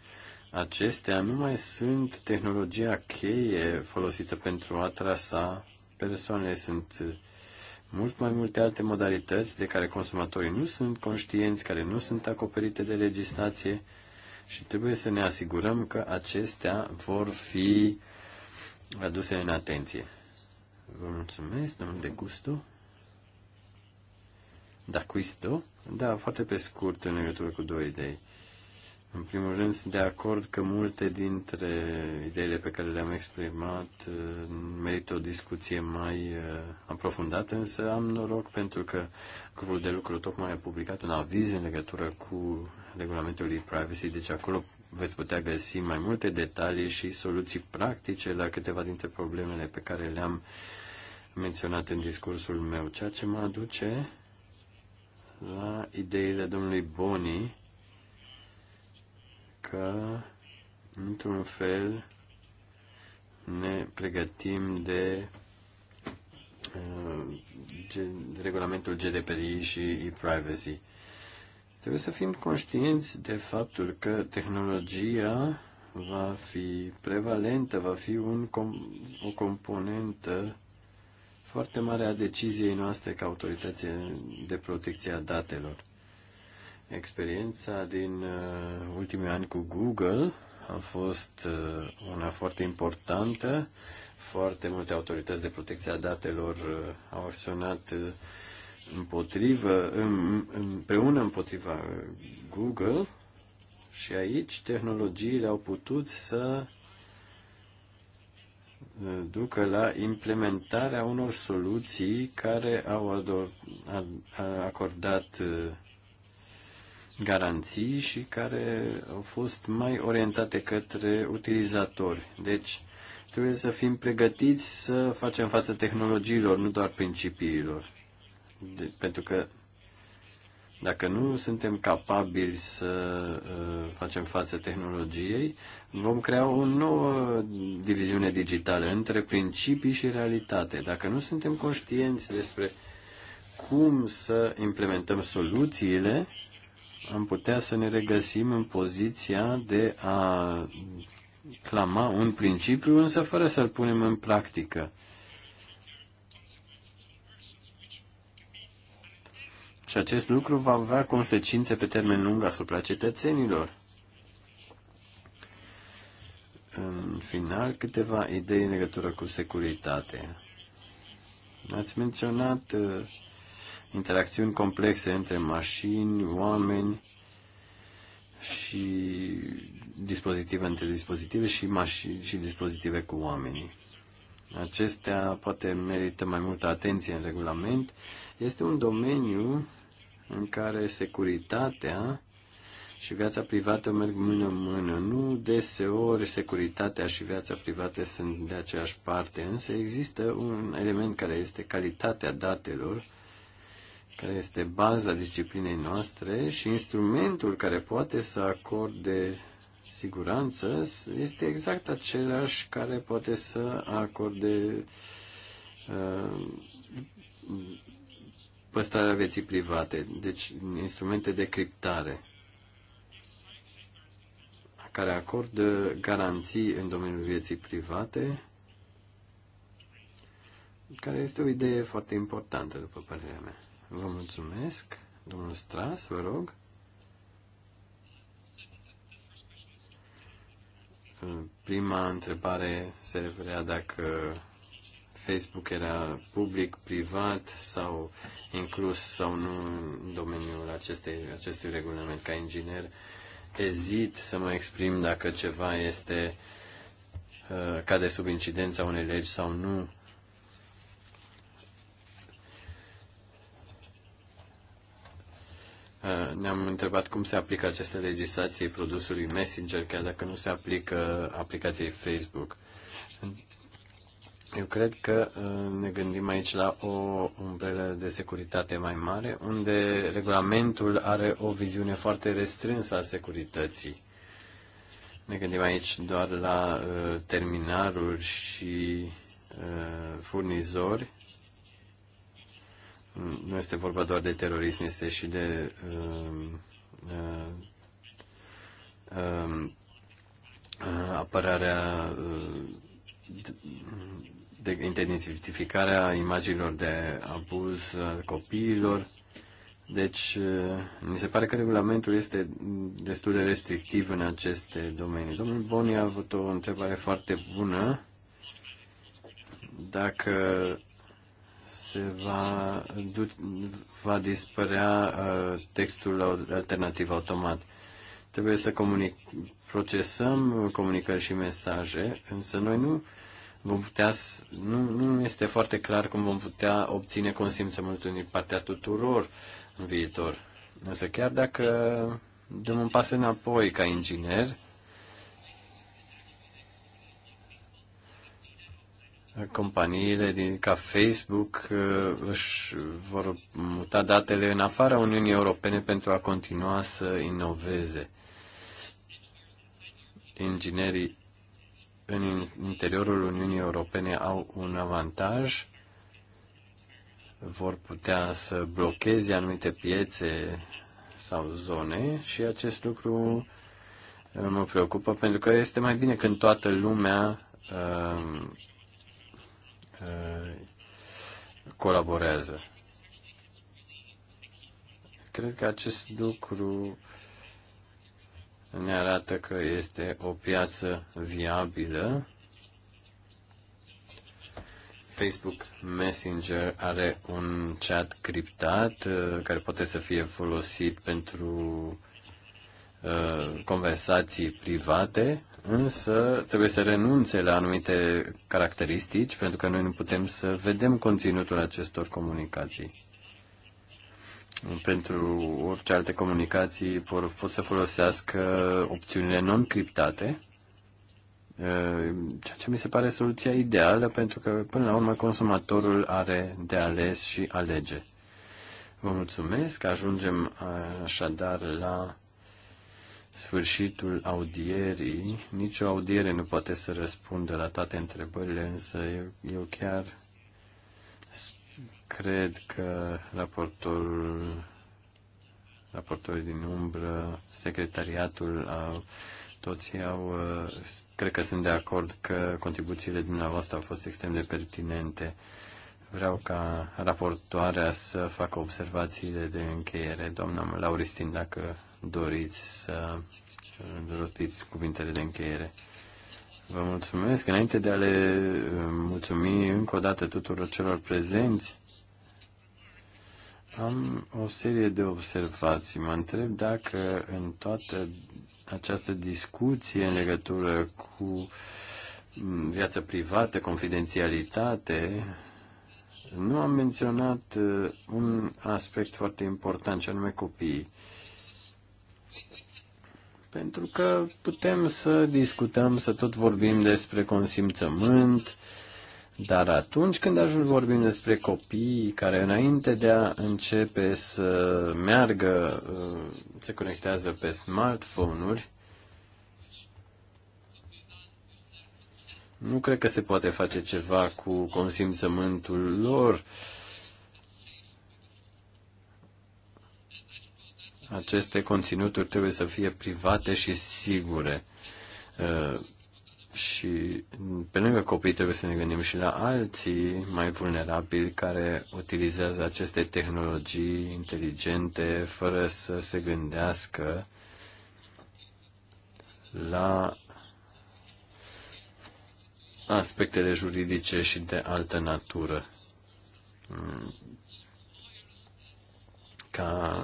acestea nu mai sunt tehnologia cheie folosită pentru a trasa persoanele, sunt uh, mult mai multe alte modalități de care consumatorii nu sunt conștienți, care nu sunt acoperite de legislație și trebuie să ne asigurăm că acestea vor fi aduse în atenție. Vă mulțumesc, domnul de gustu. Da, cuisto. Da, foarte pe scurt în legătură cu două idei. În primul rând, sunt de acord că multe dintre ideile pe care le-am exprimat uh, merită o discuție mai uh, aprofundată, însă am noroc pentru că grupul de lucru tocmai a publicat un aviz în legătură cu regulamentul e-privacy, deci acolo veți putea găsi mai multe detalii și soluții practice la câteva dintre problemele pe care le-am menționat în discursul meu, ceea ce mă aduce la ideile domnului Boni că, într-un fel, ne pregătim de uh, regulamentul GDPRI și e-privacy. Trebuie să fim conștienți de faptul că tehnologia va fi prevalentă, va fi un com- o componentă foarte mare a deciziei noastre ca autorități de protecție a datelor. Experiența din uh, ultimii ani cu Google a fost uh, una foarte importantă. Foarte multe autorități de protecție a datelor uh, au acționat împotrivă, împreună împotriva Google și aici tehnologiile au putut să ducă la implementarea unor soluții care au acordat garanții și care au fost mai orientate către utilizatori. Deci, trebuie să fim pregătiți să facem față tehnologiilor, nu doar principiilor. De, pentru că dacă nu suntem capabili să uh, facem față tehnologiei, vom crea o nouă diviziune digitală între principii și realitate. Dacă nu suntem conștienți despre cum să implementăm soluțiile, am putea să ne regăsim în poziția de a clama un principiu, însă fără să-l punem în practică. Și acest lucru va avea consecințe pe termen lung asupra cetățenilor. În final, câteva idei în legătură cu securitatea. Ați menționat uh, interacțiuni complexe între mașini, oameni și dispozitive între dispozitive și mașini și dispozitive cu oamenii. Acestea poate merită mai multă atenție în regulament. Este un domeniu în care securitatea și viața privată merg mână în mână. Nu deseori securitatea și viața privată sunt de aceeași parte, însă există un element care este calitatea datelor care este baza disciplinei noastre și instrumentul care poate să acorde siguranță este exact același care poate să acorde uh, păstrarea vieții private, deci instrumente de criptare care acordă garanții în domeniul vieții private, care este o idee foarte importantă, după părerea mea. Vă mulțumesc. Domnul Stras, vă rog. Prima întrebare se referea dacă Facebook era public, privat sau inclus sau nu în domeniul acestei, acestui regulament. Ca inginer ezit să mă exprim dacă ceva este uh, cade sub incidența unei legi sau nu Uh, ne-am întrebat cum se aplică aceste legislații produsului Messenger, chiar dacă nu se aplică aplicației Facebook. Eu cred că uh, ne gândim aici la o umbrelă de securitate mai mare, unde regulamentul are o viziune foarte restrânsă a securității. Ne gândim aici doar la uh, terminaruri și furnizori nu este vorba doar de terorism, este și de um, uh, uh, uh, apărarea de, uh, de identificarea imaginilor de abuz al copiilor. Deci, uh, mi se pare că regulamentul este destul de restrictiv în aceste domenii. Domnul Boni a avut o întrebare foarte bună. Dacă se va, va dispărea uh, textul alternativ automat. Trebuie să comunic, procesăm comunicări și mesaje, însă noi nu vom putea, nu, nu este foarte clar cum vom putea obține consimțământul din partea tuturor în viitor. Însă chiar dacă dăm un pas înapoi ca inginer, companiile din, ca Facebook uh, își vor muta datele în afara Uniunii Europene pentru a continua să inoveze. Inginerii în interiorul Uniunii Europene au un avantaj, vor putea să blocheze anumite piețe sau zone și acest lucru uh, mă preocupă pentru că este mai bine când toată lumea uh, Uh, colaborează. Cred că acest lucru ne arată că este o piață viabilă. Facebook Messenger are un chat criptat uh, care poate să fie folosit pentru uh, conversații private însă trebuie să renunțe la anumite caracteristici, pentru că noi nu putem să vedem conținutul acestor comunicații. Pentru orice alte comunicații pot să folosească opțiunile non-criptate, ceea ce mi se pare soluția ideală, pentru că până la urmă consumatorul are de ales și alege. Vă mulțumesc, ajungem așadar la sfârșitul audierii. Nicio audiere nu poate să răspundă la toate întrebările, însă eu, eu chiar cred că raportorul, raportorii din umbră, secretariatul, au, toți au, cred că sunt de acord că contribuțiile dumneavoastră au fost extrem de pertinente. Vreau ca raportoarea să facă observațiile de încheiere. Doamna Lauristin, dacă doriți să rostiți cuvintele de încheiere. Vă mulțumesc. Înainte de a le uh, mulțumi încă o dată tuturor celor prezenți, am o serie de observații. Mă întreb dacă în toată această discuție în legătură cu mm, viața privată, confidențialitate, nu am menționat uh, un aspect foarte important, și anume copiii. Pentru că putem să discutăm, să tot vorbim despre consimțământ, dar atunci când ajung vorbim despre copii care înainte de a începe să meargă, uh, se conectează pe smartphone-uri, nu cred că se poate face ceva cu consimțământul lor. Uh, aceste conținuturi trebuie să fie private și sigure. Uh, și pe lângă copii trebuie să ne gândim și la alții mai vulnerabili care utilizează aceste tehnologii inteligente fără să se gândească la aspectele juridice și de altă natură. Mm. Ca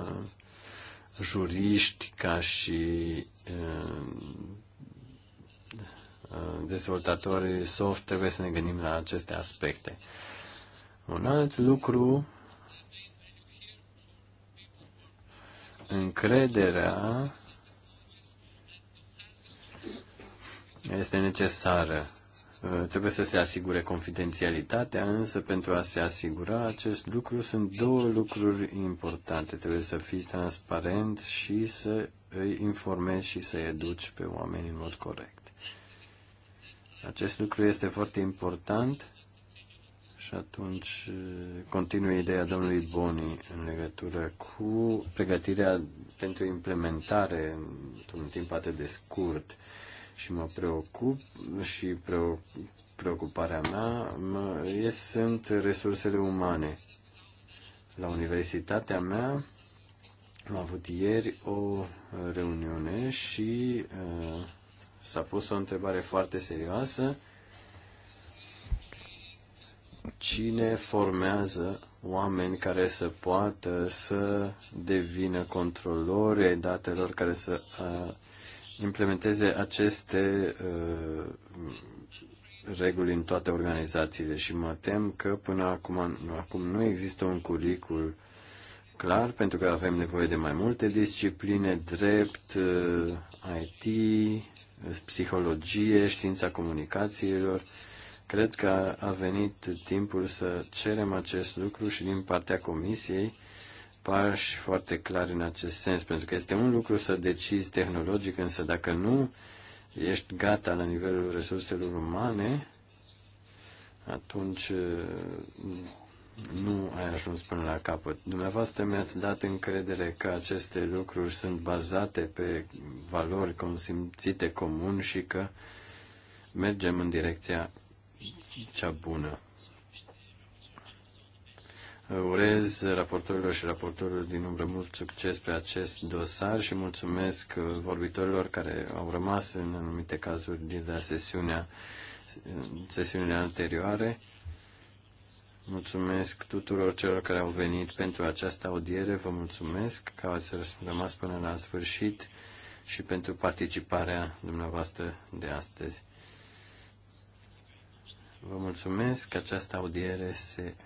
juriști, ca și uh, uh, dezvoltatori soft, trebuie să ne gândim la aceste aspecte. Un alt lucru, încrederea este necesară Uh, trebuie să se asigure confidențialitatea, însă pentru a se asigura acest lucru sunt două lucruri importante. Trebuie să fii transparent și să îi informezi și să educi pe oameni în mod corect. Acest lucru este foarte important și atunci uh, continuă ideea domnului Boni în legătură cu pregătirea pentru implementare într-un timp atât de scurt și mă preocup și preocuparea mea mă, e, sunt resursele umane. La universitatea mea am avut ieri o reuniune și uh, s-a pus o întrebare foarte serioasă. Cine formează oameni care să poată să devină controlori ai datelor, care să uh, implementeze aceste uh, reguli în toate organizațiile și mă tem că până acum, acum nu există un curicul clar pentru că avem nevoie de mai multe discipline, drept, uh, IT, psihologie, știința comunicațiilor. Cred că a venit timpul să cerem acest lucru și din partea Comisiei pași foarte clari în acest sens, pentru că este un lucru să decizi tehnologic, însă dacă nu ești gata la nivelul resurselor umane, atunci nu ai ajuns până la capăt. Dumneavoastră mi-ați dat încredere că aceste lucruri sunt bazate pe valori consimțite comun și că mergem în direcția cea bună. Urez raportorilor și raportorilor din umbră mult succes pe acest dosar și mulțumesc uh, vorbitorilor care au rămas în anumite cazuri din la sesiunea, sesiunile anterioare. Mulțumesc tuturor celor care au venit pentru această audiere. Vă mulțumesc că ați rămas până la sfârșit și pentru participarea dumneavoastră de astăzi. Vă mulțumesc că această audiere se